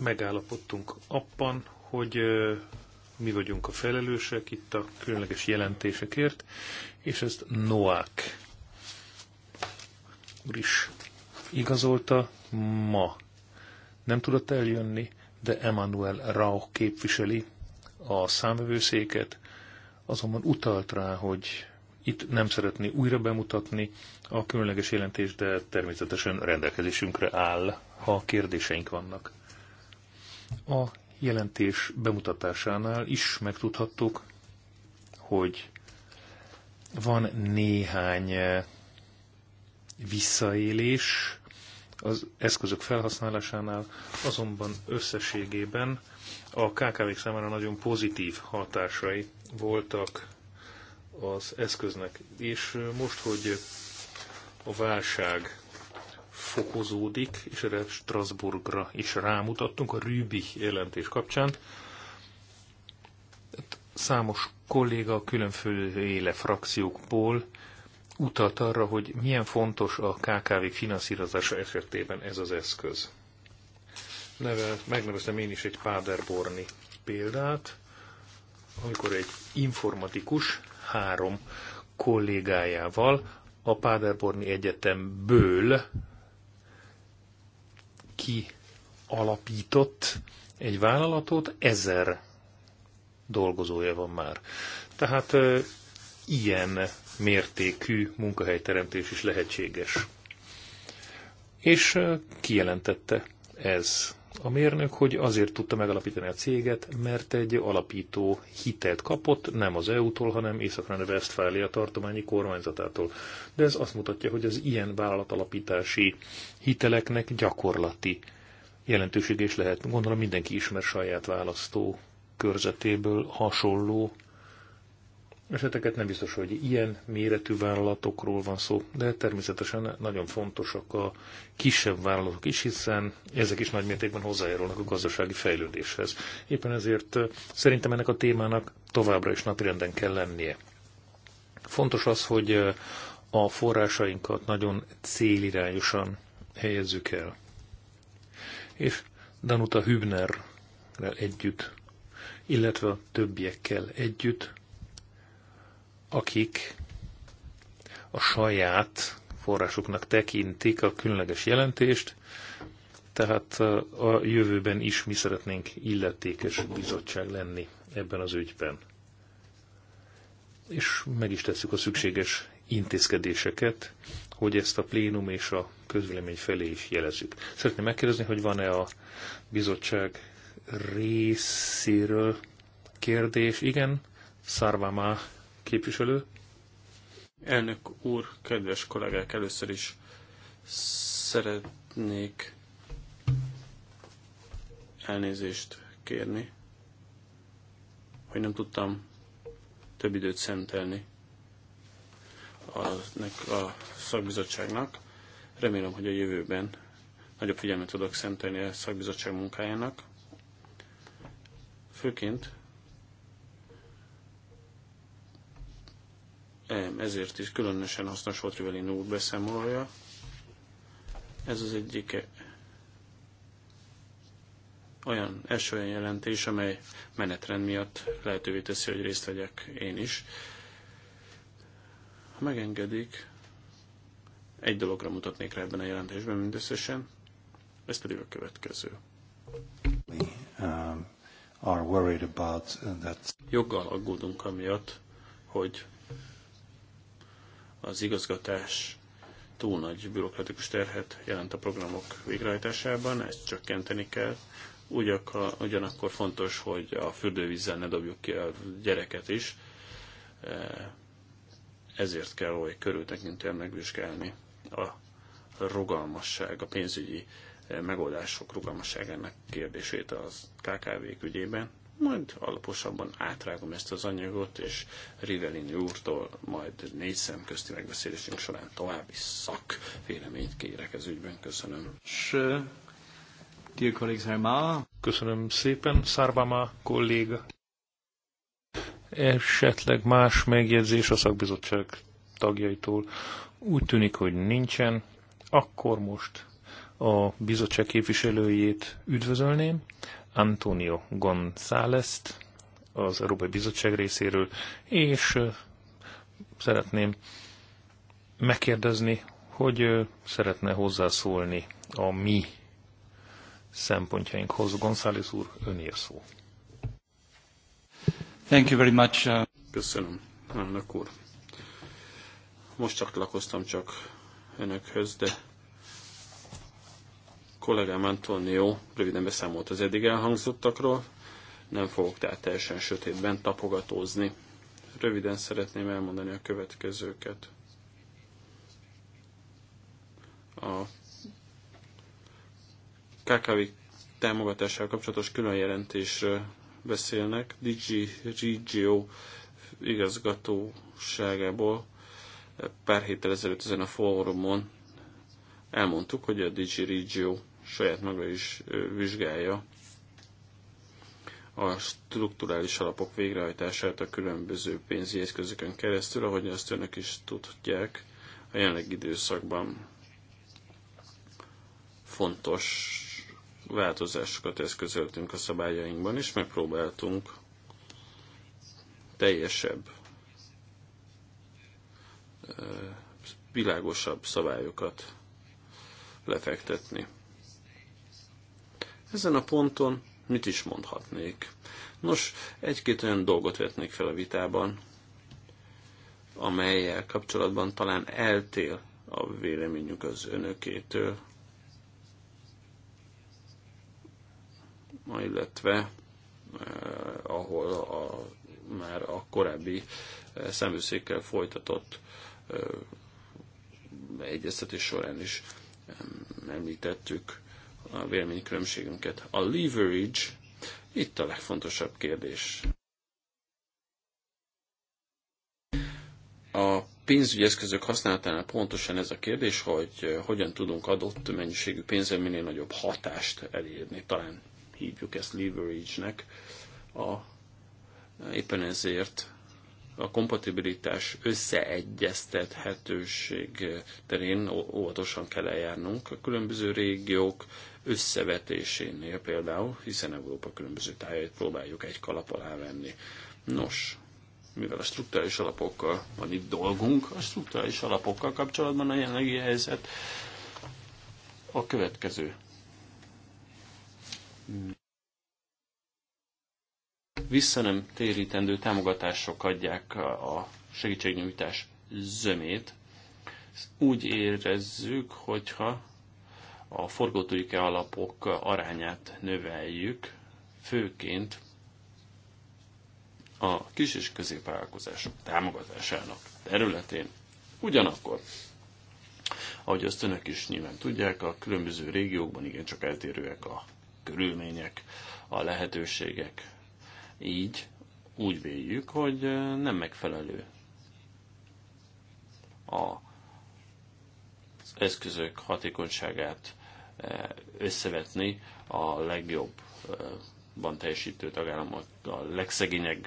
megállapodtunk abban, hogy mi vagyunk a felelősek itt a különleges jelentésekért, és ezt Noák úr is igazolta ma. Nem tudott eljönni, de Emmanuel Rauch képviseli a számvevőszéket, azonban utalt rá, hogy itt nem szeretné újra bemutatni a különleges jelentést, de természetesen rendelkezésünkre áll, ha kérdéseink vannak. A jelentés bemutatásánál is megtudhattuk, hogy van néhány eh, visszaélés az eszközök felhasználásánál, azonban összességében a kkv számára nagyon pozitív hatásai voltak az eszköznek. És eh, most, hogy a válság fokozódik, és erre Strasbourgra is rámutattunk a Rübi jelentés kapcsán. Számos kolléga a különféle frakciókból utalt arra, hogy milyen fontos a KKV finanszírozása esetében ez az eszköz. Neve, megneveztem én is egy páderborni példát, amikor egy informatikus három kollégájával a páderborni Egyetemből ki alapított egy vállalatot, ezer dolgozója van már. Tehát ilyen mértékű munkahelyteremtés is lehetséges. És kijelentette ez a mérnök, hogy azért tudta megalapítani a céget, mert egy alapító hitelt kapott, nem az EU-tól, hanem észak westfália tartományi kormányzatától. De ez azt mutatja, hogy az ilyen vállalatalapítási hiteleknek gyakorlati jelentőség is lehet. Gondolom mindenki ismer saját választó körzetéből hasonló eseteket nem biztos, hogy ilyen méretű vállalatokról van szó, de természetesen nagyon fontosak a kisebb vállalatok is, hiszen ezek is nagymértékben hozzájárulnak a gazdasági fejlődéshez. Éppen ezért szerintem ennek a témának továbbra is napirenden kell lennie. Fontos az, hogy a forrásainkat nagyon célirányosan helyezzük el. És Danuta Hübnerrel együtt, illetve a többiekkel együtt akik a saját forrásuknak tekintik a különleges jelentést, tehát a jövőben is mi szeretnénk illetékes bizottság lenni ebben az ügyben. És meg is tesszük a szükséges intézkedéseket, hogy ezt a plénum és a közvélemény felé is jelezzük. Szeretném megkérdezni, hogy van-e a bizottság részéről kérdés. Igen, Szárvámá képviselő. Elnök úr, kedves kollégák, először is szeretnék elnézést kérni, hogy nem tudtam több időt szentelni a, a szakbizottságnak. Remélem, hogy a jövőben nagyobb figyelmet tudok szentelni a szakbizottság munkájának. Főként ezért is különösen hasznos volt Rivelin úr beszámolója. Ez az egyik e- olyan első olyan jelentés, amely menetrend miatt lehetővé teszi, hogy részt vegyek én is. Ha megengedik, egy dologra mutatnék rá ebben a jelentésben mindösszesen, ez pedig a következő. Um, uh, Joggal aggódunk amiatt, hogy az igazgatás túl nagy bürokratikus terhet jelent a programok végrehajtásában, ezt csökkenteni kell. Ugyanakkor fontos, hogy a fürdővízzel ne dobjuk ki a gyereket is, e, ezért kell oly körültekintően megvizsgálni a rugalmasság, a pénzügyi e, megoldások rugalmasságának kérdését az KKV-k ügyében majd alaposabban átrágom ezt az anyagot, és Rivelin úrtól majd négy szem közti megbeszélésünk során további szak véleményt kérek ez ügyben. Köszönöm. Köszönöm szépen, Szárbama kolléga. Esetleg más megjegyzés a szakbizottság tagjaitól. Úgy tűnik, hogy nincsen. Akkor most a bizottság képviselőjét üdvözölném, Antonio gonzález az Európai Bizottság részéről, és szeretném megkérdezni, hogy szeretne hozzászólni a mi szempontjainkhoz. González úr, önél szó. Thank you very much. Uh, Köszönöm, elnök úr. Most csatlakoztam csak önökhöz, de kollégám Antonio röviden beszámolt az eddig elhangzottakról, nem fogok tehát teljesen sötétben tapogatózni. Röviden szeretném elmondani a következőket. A KKV támogatással kapcsolatos külön jelentésről beszélnek. Digi Regio igazgatóságából pár héttel ezelőtt ezen a fórumon elmondtuk, hogy a Digi Regio saját maga is vizsgálja a strukturális alapok végrehajtását a különböző pénzi eszközökön keresztül, ahogy azt önök is tudják, a jelenlegi időszakban fontos változásokat eszközöltünk a szabályainkban, és megpróbáltunk teljesebb, világosabb szabályokat lefektetni. Ezen a ponton mit is mondhatnék? Nos, egy-két olyan dolgot vetnék fel a vitában, amelyel kapcsolatban talán eltél a véleményük az önökétől, illetve eh, ahol a, már a korábbi eh, szemüszékkel folytatott eh, egyeztetés során is eh, említettük a véleménykülönbségünket. A leverage itt a legfontosabb kérdés. A pénzügyi eszközök használatánál pontosan ez a kérdés, hogy eh, hogyan tudunk adott mennyiségű pénzzel minél nagyobb hatást elérni. Talán hívjuk ezt leverage-nek. A, éppen ezért a kompatibilitás összeegyeztethetőség terén óvatosan kell eljárnunk. A különböző régiók, összevetésénél például, hiszen Európa különböző tájait próbáljuk egy kalap alá venni. Nos, mivel a struktúrális alapokkal van itt dolgunk, a struktúrális alapokkal kapcsolatban a jelenlegi helyzet a következő. Vissza nem térítendő támogatások adják a segítségnyújtás zömét. Úgy érezzük, hogyha a forgótőke alapok arányát növeljük, főként a kis és középvállalkozások támogatásának területén. Ugyanakkor, ahogy azt önök is nyilván tudják, a különböző régiókban igencsak eltérőek a körülmények, a lehetőségek. Így úgy véljük, hogy nem megfelelő a eszközök hatékonyságát Eh, összevetni a legjobban teljesítő tagállamok, a legszegényebb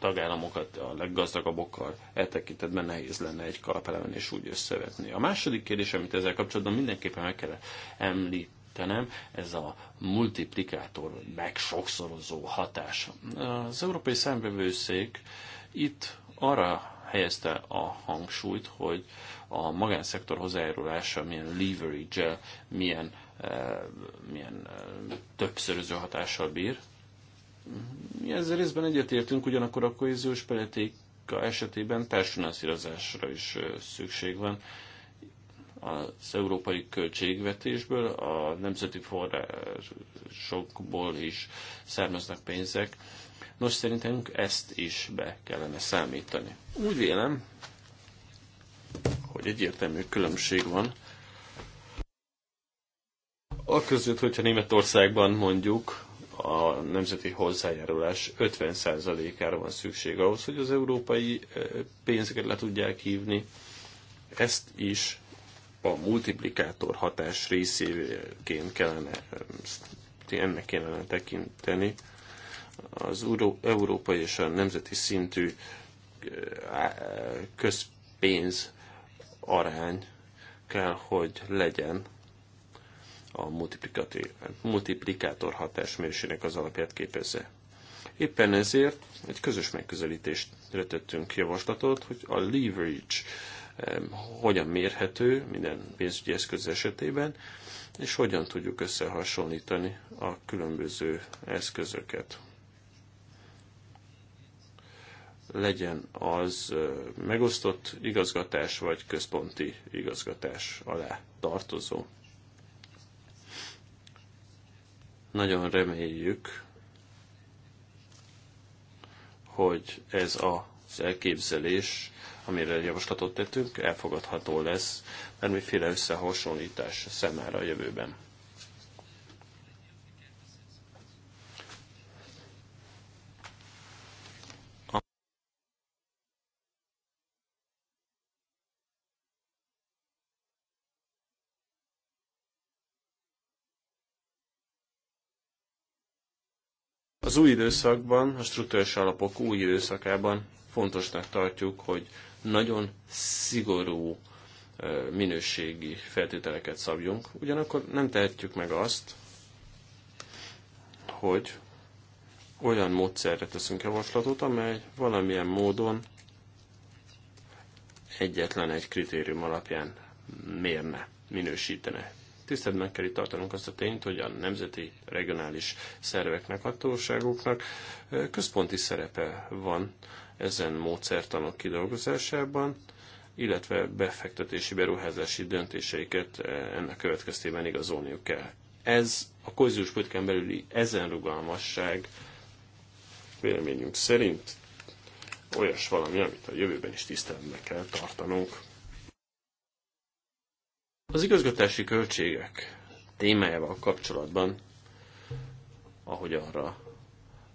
tagállamokat a leggazdagabbokkal eltekintetben nehéz lenne egy kalapelemen és úgy összevetni. A második kérdés, amit ezzel kapcsolatban mindenképpen meg kell említenem, ez a multiplikátor sokszorozó hatás. Az Európai Számbevőszék itt arra helyezte a hangsúlyt, hogy a magánszektor hozzájárulása milyen leverage milyen milyen többszöröző hatással bír. Mi ezzel részben egyetértünk, ugyanakkor a kohéziós politika esetében társfinanszírozásra is szükség van. Az európai költségvetésből, a nemzeti forrásokból is származnak pénzek. Nos, szerintünk ezt is be kellene számítani. Úgy vélem, hogy egyértelmű különbség van a között, hogyha Németországban mondjuk a nemzeti hozzájárulás 50%-ára van szükség ahhoz, hogy az európai pénzeket le tudják hívni, ezt is a multiplikátor hatás részéként kellene, ennek kellene tekinteni. Az európai és a nemzeti szintű közpénz arány kell, hogy legyen a multiplikátor hatás mérésének az alapját képezze. Éppen ezért egy közös megközelítést tettünk javaslatot, hogy a leverage hogyan mérhető minden pénzügyi eszköz esetében, és hogyan tudjuk összehasonlítani a különböző eszközöket. Legyen az megosztott igazgatás vagy központi igazgatás alá tartozó Nagyon reméljük, hogy ez az elképzelés, amire javaslatot tettünk, elfogadható lesz miféle összehasonlítás szemára a jövőben. Az új időszakban, a struktúrás alapok új időszakában fontosnak tartjuk, hogy nagyon szigorú minőségi feltételeket szabjunk. Ugyanakkor nem tehetjük meg azt, hogy olyan módszerre teszünk javaslatot, amely valamilyen módon egyetlen egy kritérium alapján mérne, minősítene Tiszteletben kell itt tartanunk azt a tényt, hogy a nemzeti regionális szerveknek, hatóságoknak központi szerepe van ezen módszertanok kidolgozásában, illetve befektetési beruházási döntéseiket ennek következtében igazolniuk kell. Ez a kohéziós politikán belüli ezen rugalmasság véleményünk szerint olyas valami, amit a jövőben is tiszteletben kell tartanunk. Az igazgatási költségek témájával kapcsolatban, ahogy arra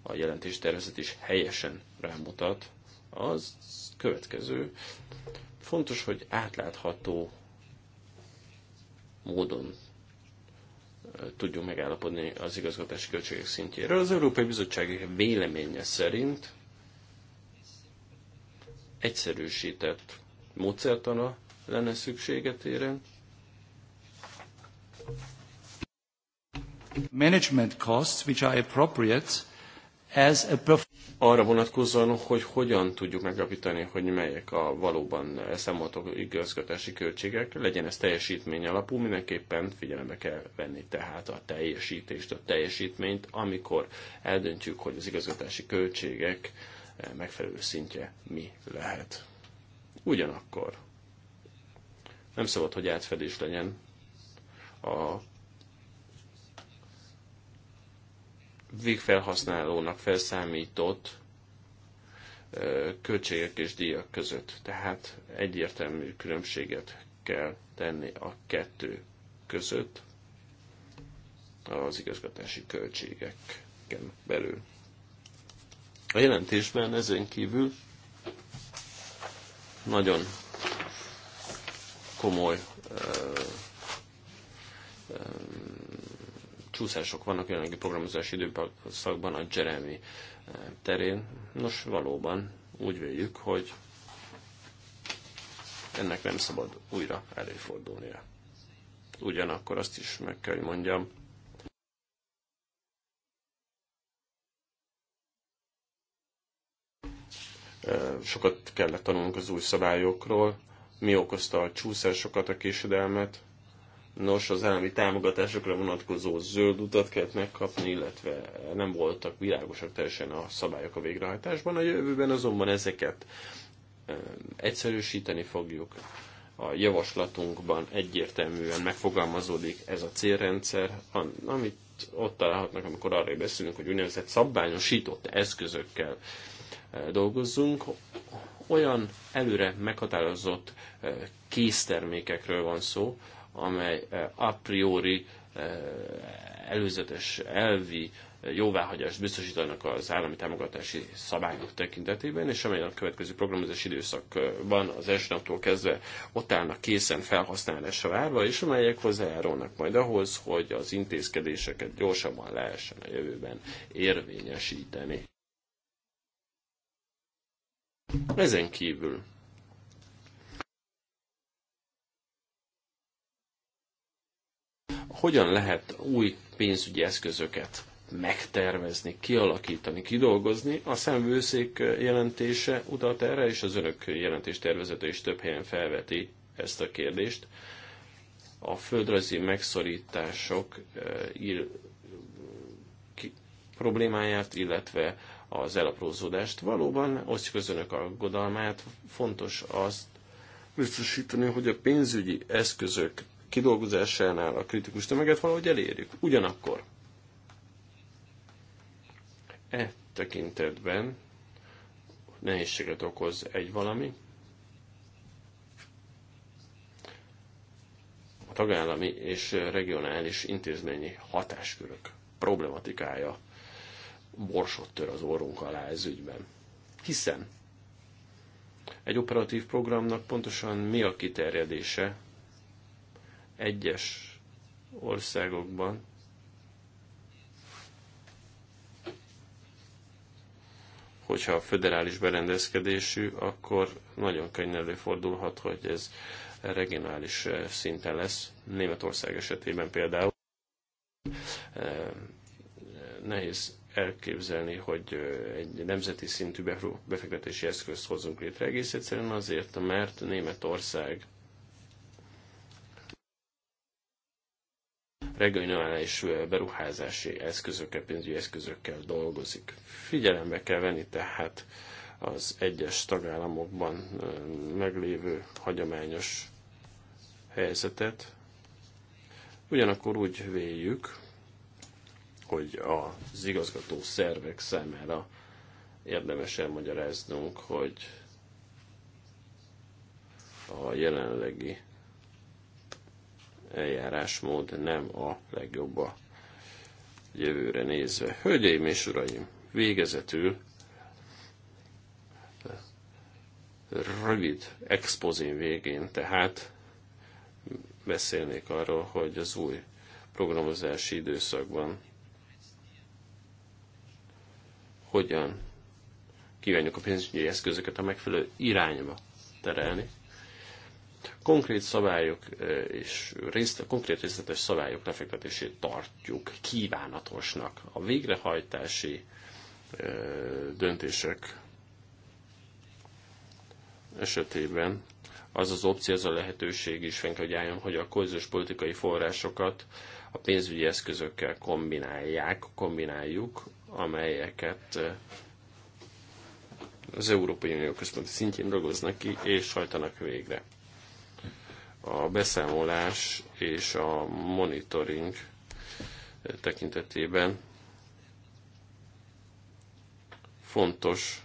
a tervezet is helyesen rámutat, az következő. Fontos, hogy átlátható módon tudjunk megállapodni az igazgatási költségek szintjéről. Az Európai Bizottság véleménye szerint egyszerűsített módszertana lenne szükségetéren, Management costs, which are appropriate as a arra vonatkozóan, hogy hogyan tudjuk megállapítani, hogy melyek a valóban elszámolható igazgatási költségek, legyen ez teljesítmény alapú, mindenképpen figyelembe kell venni tehát a teljesítést, a teljesítményt, amikor eldöntjük, hogy az igazgatási költségek eh, megfelelő szintje mi lehet. Ugyanakkor nem szabad, hogy átfedés legyen a végfelhasználónak felszámított költségek és díjak között. Tehát egyértelmű különbséget kell tenni a kettő között az igazgatási költségeken belül. A jelentésben ezen kívül nagyon komoly csúszások vannak a jelenlegi programozási időszakban a Jeremy eh, terén. Nos, valóban úgy véljük, hogy ennek nem szabad újra előfordulnia. Ugyanakkor azt is meg kell, hogy mondjam, eh, sokat kellett tanulnunk az új szabályokról, mi okozta a csúszásokat, a késedelmet, Nos, az állami támogatásokra vonatkozó zöld utat kellett megkapni, illetve nem voltak világosak teljesen a szabályok a végrehajtásban. A jövőben azonban ezeket egyszerűsíteni fogjuk. A javaslatunkban egyértelműen megfogalmazódik ez a célrendszer, amit ott találhatnak, amikor arra beszélünk, hogy úgynevezett szabványosított eszközökkel dolgozzunk. Olyan előre meghatározott késztermékekről van szó, amely eh, a priori eh, előzetes elvi eh, jóváhagyást biztosítanak az állami támogatási szabályok tekintetében, és amely a következő programozási időszakban az első naptól kezdve ott állnak készen felhasználásra várva, és amelyek hozzájárulnak majd ahhoz, hogy az intézkedéseket gyorsabban lehessen a jövőben érvényesíteni. Ezen kívül hogyan lehet új pénzügyi eszközöket megtervezni, kialakítani, kidolgozni. A szemvőszék jelentése utalt erre, és az önök jelentés tervezete is több helyen felveti ezt a kérdést. A földrajzi megszorítások eh, ill, ki, problémáját, illetve az elaprózódást. Valóban osztjuk az önök aggodalmát, fontos azt biztosítani, hogy a pénzügyi eszközök kidolgozásánál a kritikus tömeget valahogy elérjük. Ugyanakkor e tekintetben nehézséget okoz egy valami, a tagállami és regionális intézményi hatáskörök problematikája borsot tör az orrunk alá ez ügyben. Hiszen egy operatív programnak pontosan mi a kiterjedése egyes országokban hogyha a föderális berendezkedésű, akkor nagyon könnyen előfordulhat, hogy ez regionális eh, szinten lesz. Németország esetében például eh, eh, nehéz elképzelni, hogy egy nemzeti szintű befektetési eszközt hozzunk létre egész egyszerűen azért, mert Németország regionális beruházási eszközökkel, pénzügyi eszközökkel dolgozik. Figyelembe kell venni tehát az egyes tagállamokban meglévő hagyományos helyzetet. Ugyanakkor úgy véljük, hogy az igazgató szervek számára érdemes elmagyaráznunk, hogy a jelenlegi eljárásmód nem a legjobb a jövőre nézve. Hölgyeim és uraim, végezetül rövid expozin végén tehát beszélnék arról, hogy az új programozási időszakban hogyan kívánjuk a pénzügyi eszközöket a megfelelő irányba terelni. Konkrét szabályok eh, és részt, konkrét részletes szabályok lefektetését tartjuk kívánatosnak. A végrehajtási eh, döntések esetében az az opció, az a lehetőség is fenn hogy álljon, hogy a közös politikai forrásokat a pénzügyi eszközökkel kombinálják, kombináljuk, amelyeket eh, az Európai Unió központi szintjén dolgoznak ki és hajtanak végre a beszámolás és a monitoring tekintetében fontos,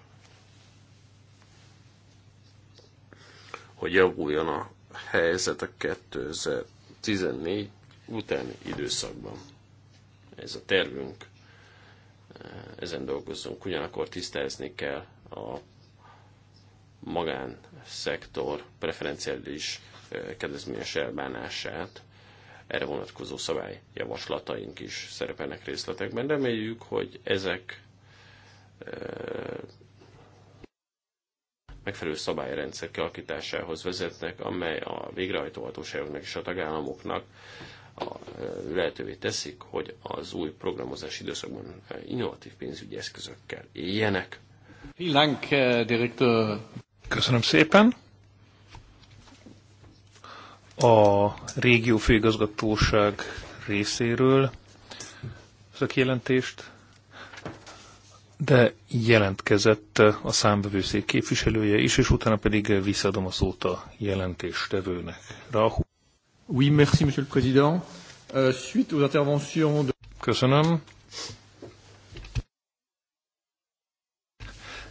hogy javuljon a helyzet a 2014 utáni időszakban. Ez a tervünk, ezen dolgozunk. Ugyanakkor tisztázni kell a magánszektor preferenciális eh, kedvezményes elbánását, erre vonatkozó szabályjavaslataink is szerepelnek részletekben. Reméljük, hogy ezek eh, megfelelő szabályrendszer kialakításához vezetnek, amely a végrehajtóhatóságoknak és a tagállamoknak a, eh, lehetővé teszik, hogy az új programozási időszakban innovatív pénzügyi eszközökkel éljenek. Vielen Dank, Direktor Köszönöm szépen. A régió főigazgatóság részéről ez a kijelentést, de jelentkezett a számbevőszék képviselője is, és utána pedig visszadom a szót a jelentéstevőnek. Rahu. Oui, merci, monsieur le président. Uh, suite aux interventions de... Köszönöm.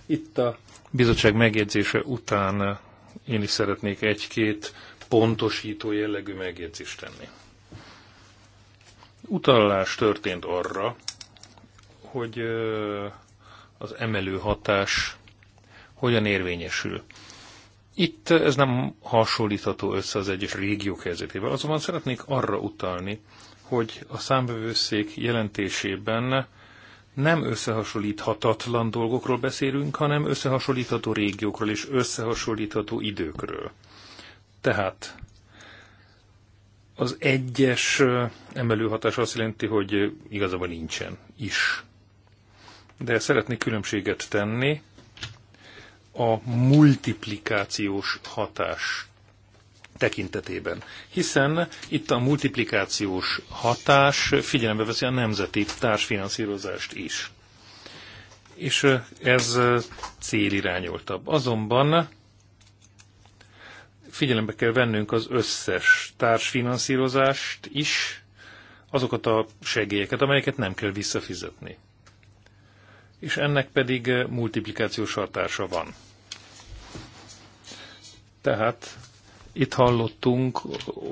Itt a bizottság megjegyzése után eh, én is szeretnék egy-két pontosító jellegű megjegyzést tenni. Utalás történt arra, hogy eh, az emelő hatás hogyan érvényesül. Itt ez nem hasonlítható össze az egyes régiók helyzetével, azonban szeretnék arra utalni, hogy a számbevőszék jelentésében nem összehasonlíthatatlan dolgokról beszélünk, hanem összehasonlítható régiókról és összehasonlítható időkről. Tehát az egyes emelőhatás azt jelenti, hogy igazából nincsen is. De szeretnék különbséget tenni a multiplikációs hatás tekintetében, hiszen itt a multiplikációs hatás figyelembe veszi a nemzeti társfinanszírozást is. És ez célirányoltabb. Azonban figyelembe kell vennünk az összes társfinanszírozást is, azokat a segélyeket, amelyeket nem kell visszafizetni. És ennek pedig multiplikációs hatása van. Tehát itt hallottunk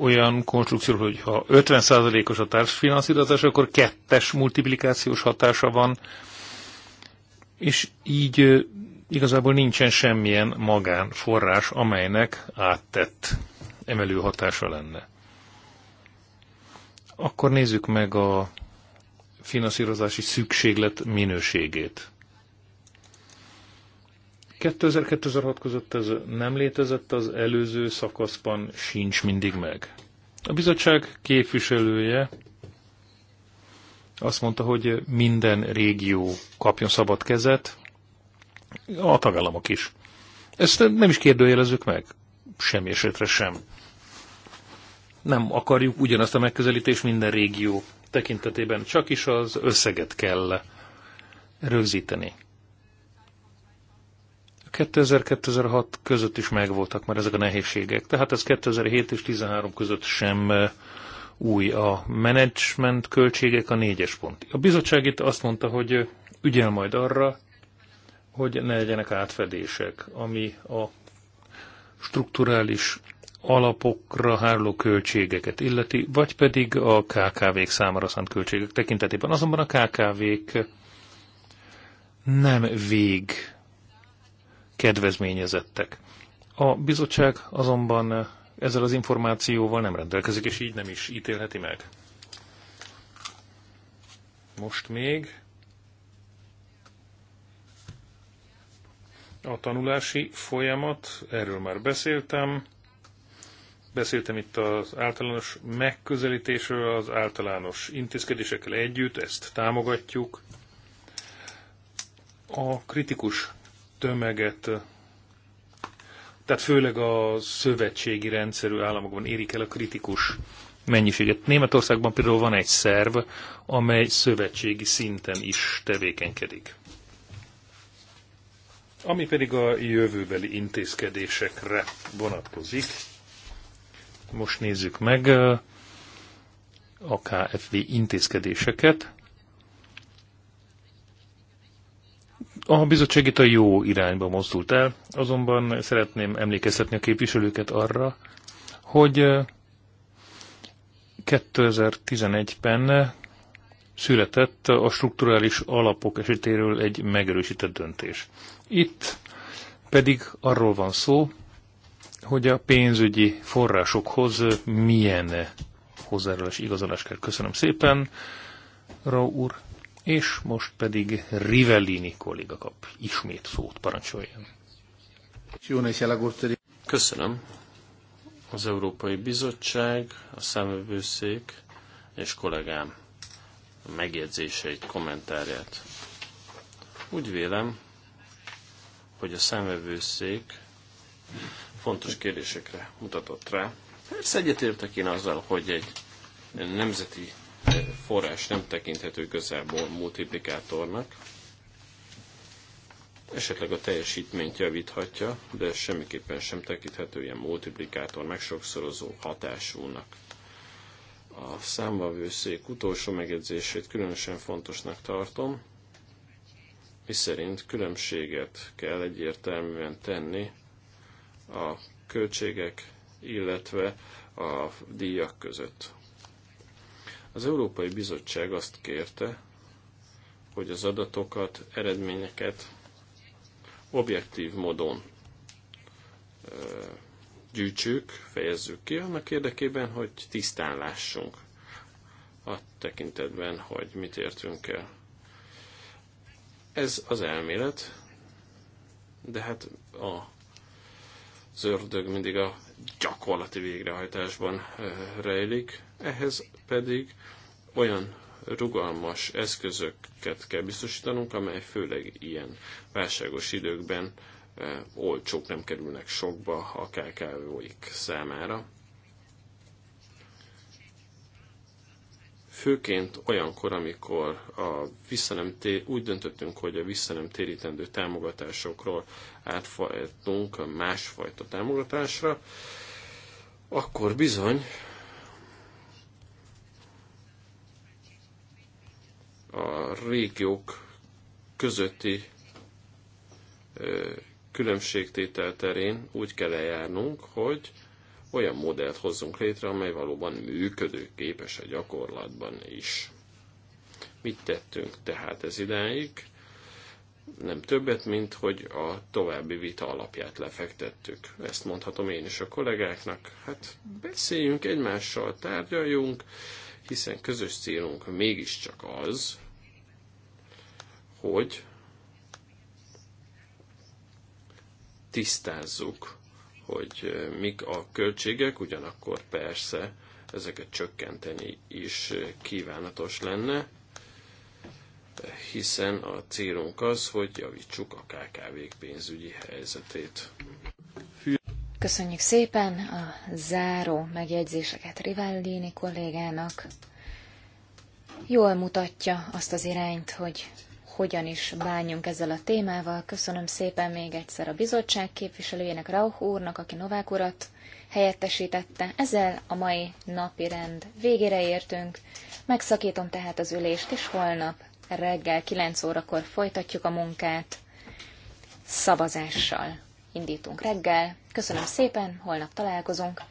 olyan konstrukcióról, hogy ha 50%-os a társfinanszírozás, akkor kettes multiplikációs hatása van, és így igazából nincsen semmilyen magánforrás, amelynek áttett emelő hatása lenne. Akkor nézzük meg a finanszírozási szükséglet minőségét. 2000-2006 között ez nem létezett, az előző szakaszban sincs mindig meg. A bizottság képviselője azt mondta, hogy minden régió kapjon szabad kezet, a tagállamok is. Ezt nem is kérdőjelezzük meg, semmi esetre sem. Nem akarjuk ugyanazt a megközelítést minden régió tekintetében, csak is az összeget kell rögzíteni. 2000-2006 között is megvoltak már ezek a nehézségek, tehát ez 2007 és 2013 között sem új a menedzsment költségek a négyes pont. A bizottság itt azt mondta, hogy ügyel majd arra, hogy ne legyenek átfedések, ami a strukturális alapokra hárló költségeket illeti, vagy pedig a KKV-k számára szánt költségek tekintetében. Azonban a KKV-k nem vég kedvezményezettek. A bizottság azonban ezzel az információval nem rendelkezik, és így nem is ítélheti meg. Most még a tanulási folyamat, erről már beszéltem. Beszéltem itt az általános megközelítésről, az általános intézkedésekkel együtt, ezt támogatjuk. A kritikus tömeget, tehát főleg a szövetségi rendszerű államokban érik el a kritikus mennyiséget. Németországban például van egy szerv, amely szövetségi szinten is tevékenykedik. Ami pedig a jövőbeli intézkedésekre vonatkozik, most nézzük meg a KFV intézkedéseket. A bizottság itt a jó irányba mozdult el, azonban szeretném emlékeztetni a képviselőket arra, hogy 2011-ben született a strukturális alapok esetéről egy megerősített döntés. Itt pedig arról van szó, hogy a pénzügyi forrásokhoz milyen hozzájárulási igazolást kell. Köszönöm szépen, Rau úr. És most pedig Rivellini kolléga kap ismét szót, parancsoljon. Köszönöm. Az Európai Bizottság, a szemövőszék és kollégám megjegyzéseit, kommentárját. Úgy vélem, hogy a számvevőszék fontos kérdésekre mutatott rá. Persze egyetértek én azzal, hogy egy nemzeti forrás nem tekinthető igazából multiplikátornak. Esetleg a teljesítményt javíthatja, de semmiképpen sem tekinthető ilyen multiplikátor, megsokszorozó hatásúnak. A számvavőszék utolsó megjegyzését különösen fontosnak tartom, miszerint különbséget kell egyértelműen tenni a költségek, illetve a díjak között. Az Európai Bizottság azt kérte, hogy az adatokat, eredményeket objektív módon gyűjtsük, fejezzük ki annak érdekében, hogy tisztán lássunk a tekintetben, hogy mit értünk el. Ez az elmélet, de hát a zördög ördög mindig a gyakorlati végrehajtásban rejlik. Ehhez pedig olyan rugalmas eszközöket kell biztosítanunk, amely főleg ilyen válságos időkben eh, olcsók nem kerülnek sokba a KKV-ik számára. Főként olyankor, amikor a visszanem tér, úgy döntöttünk, hogy a visszanem térítendő támogatásokról átfajtunk másfajta támogatásra, akkor bizony a régiók közötti különbségtétel terén úgy kell eljárnunk, hogy olyan modellt hozzunk létre, amely valóban működőképes a gyakorlatban is. Mit tettünk tehát ez idáig? Nem többet, mint hogy a további vita alapját lefektettük. Ezt mondhatom én is a kollégáknak. Hát beszéljünk egymással, tárgyaljunk, hiszen közös célunk mégiscsak az, hogy tisztázzuk, hogy mik a költségek, ugyanakkor persze ezeket csökkenteni is kívánatos lenne, hiszen a célunk az, hogy javítsuk a KKV-k pénzügyi helyzetét. Köszönjük szépen a záró megjegyzéseket Rivellini kollégának. Jól mutatja azt az irányt, hogy hogyan is bánjunk ezzel a témával. Köszönöm szépen még egyszer a bizottság képviselőjének, Rauch úrnak, aki Novák urat helyettesítette. Ezzel a mai napi rend végére értünk. Megszakítom tehát az ülést, és holnap reggel 9 órakor folytatjuk a munkát szavazással indítunk reggel. Köszönöm szépen, holnap találkozunk,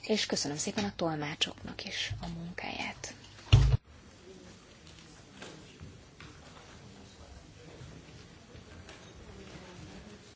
és köszönöm szépen a tolmácsoknak is a munkáját.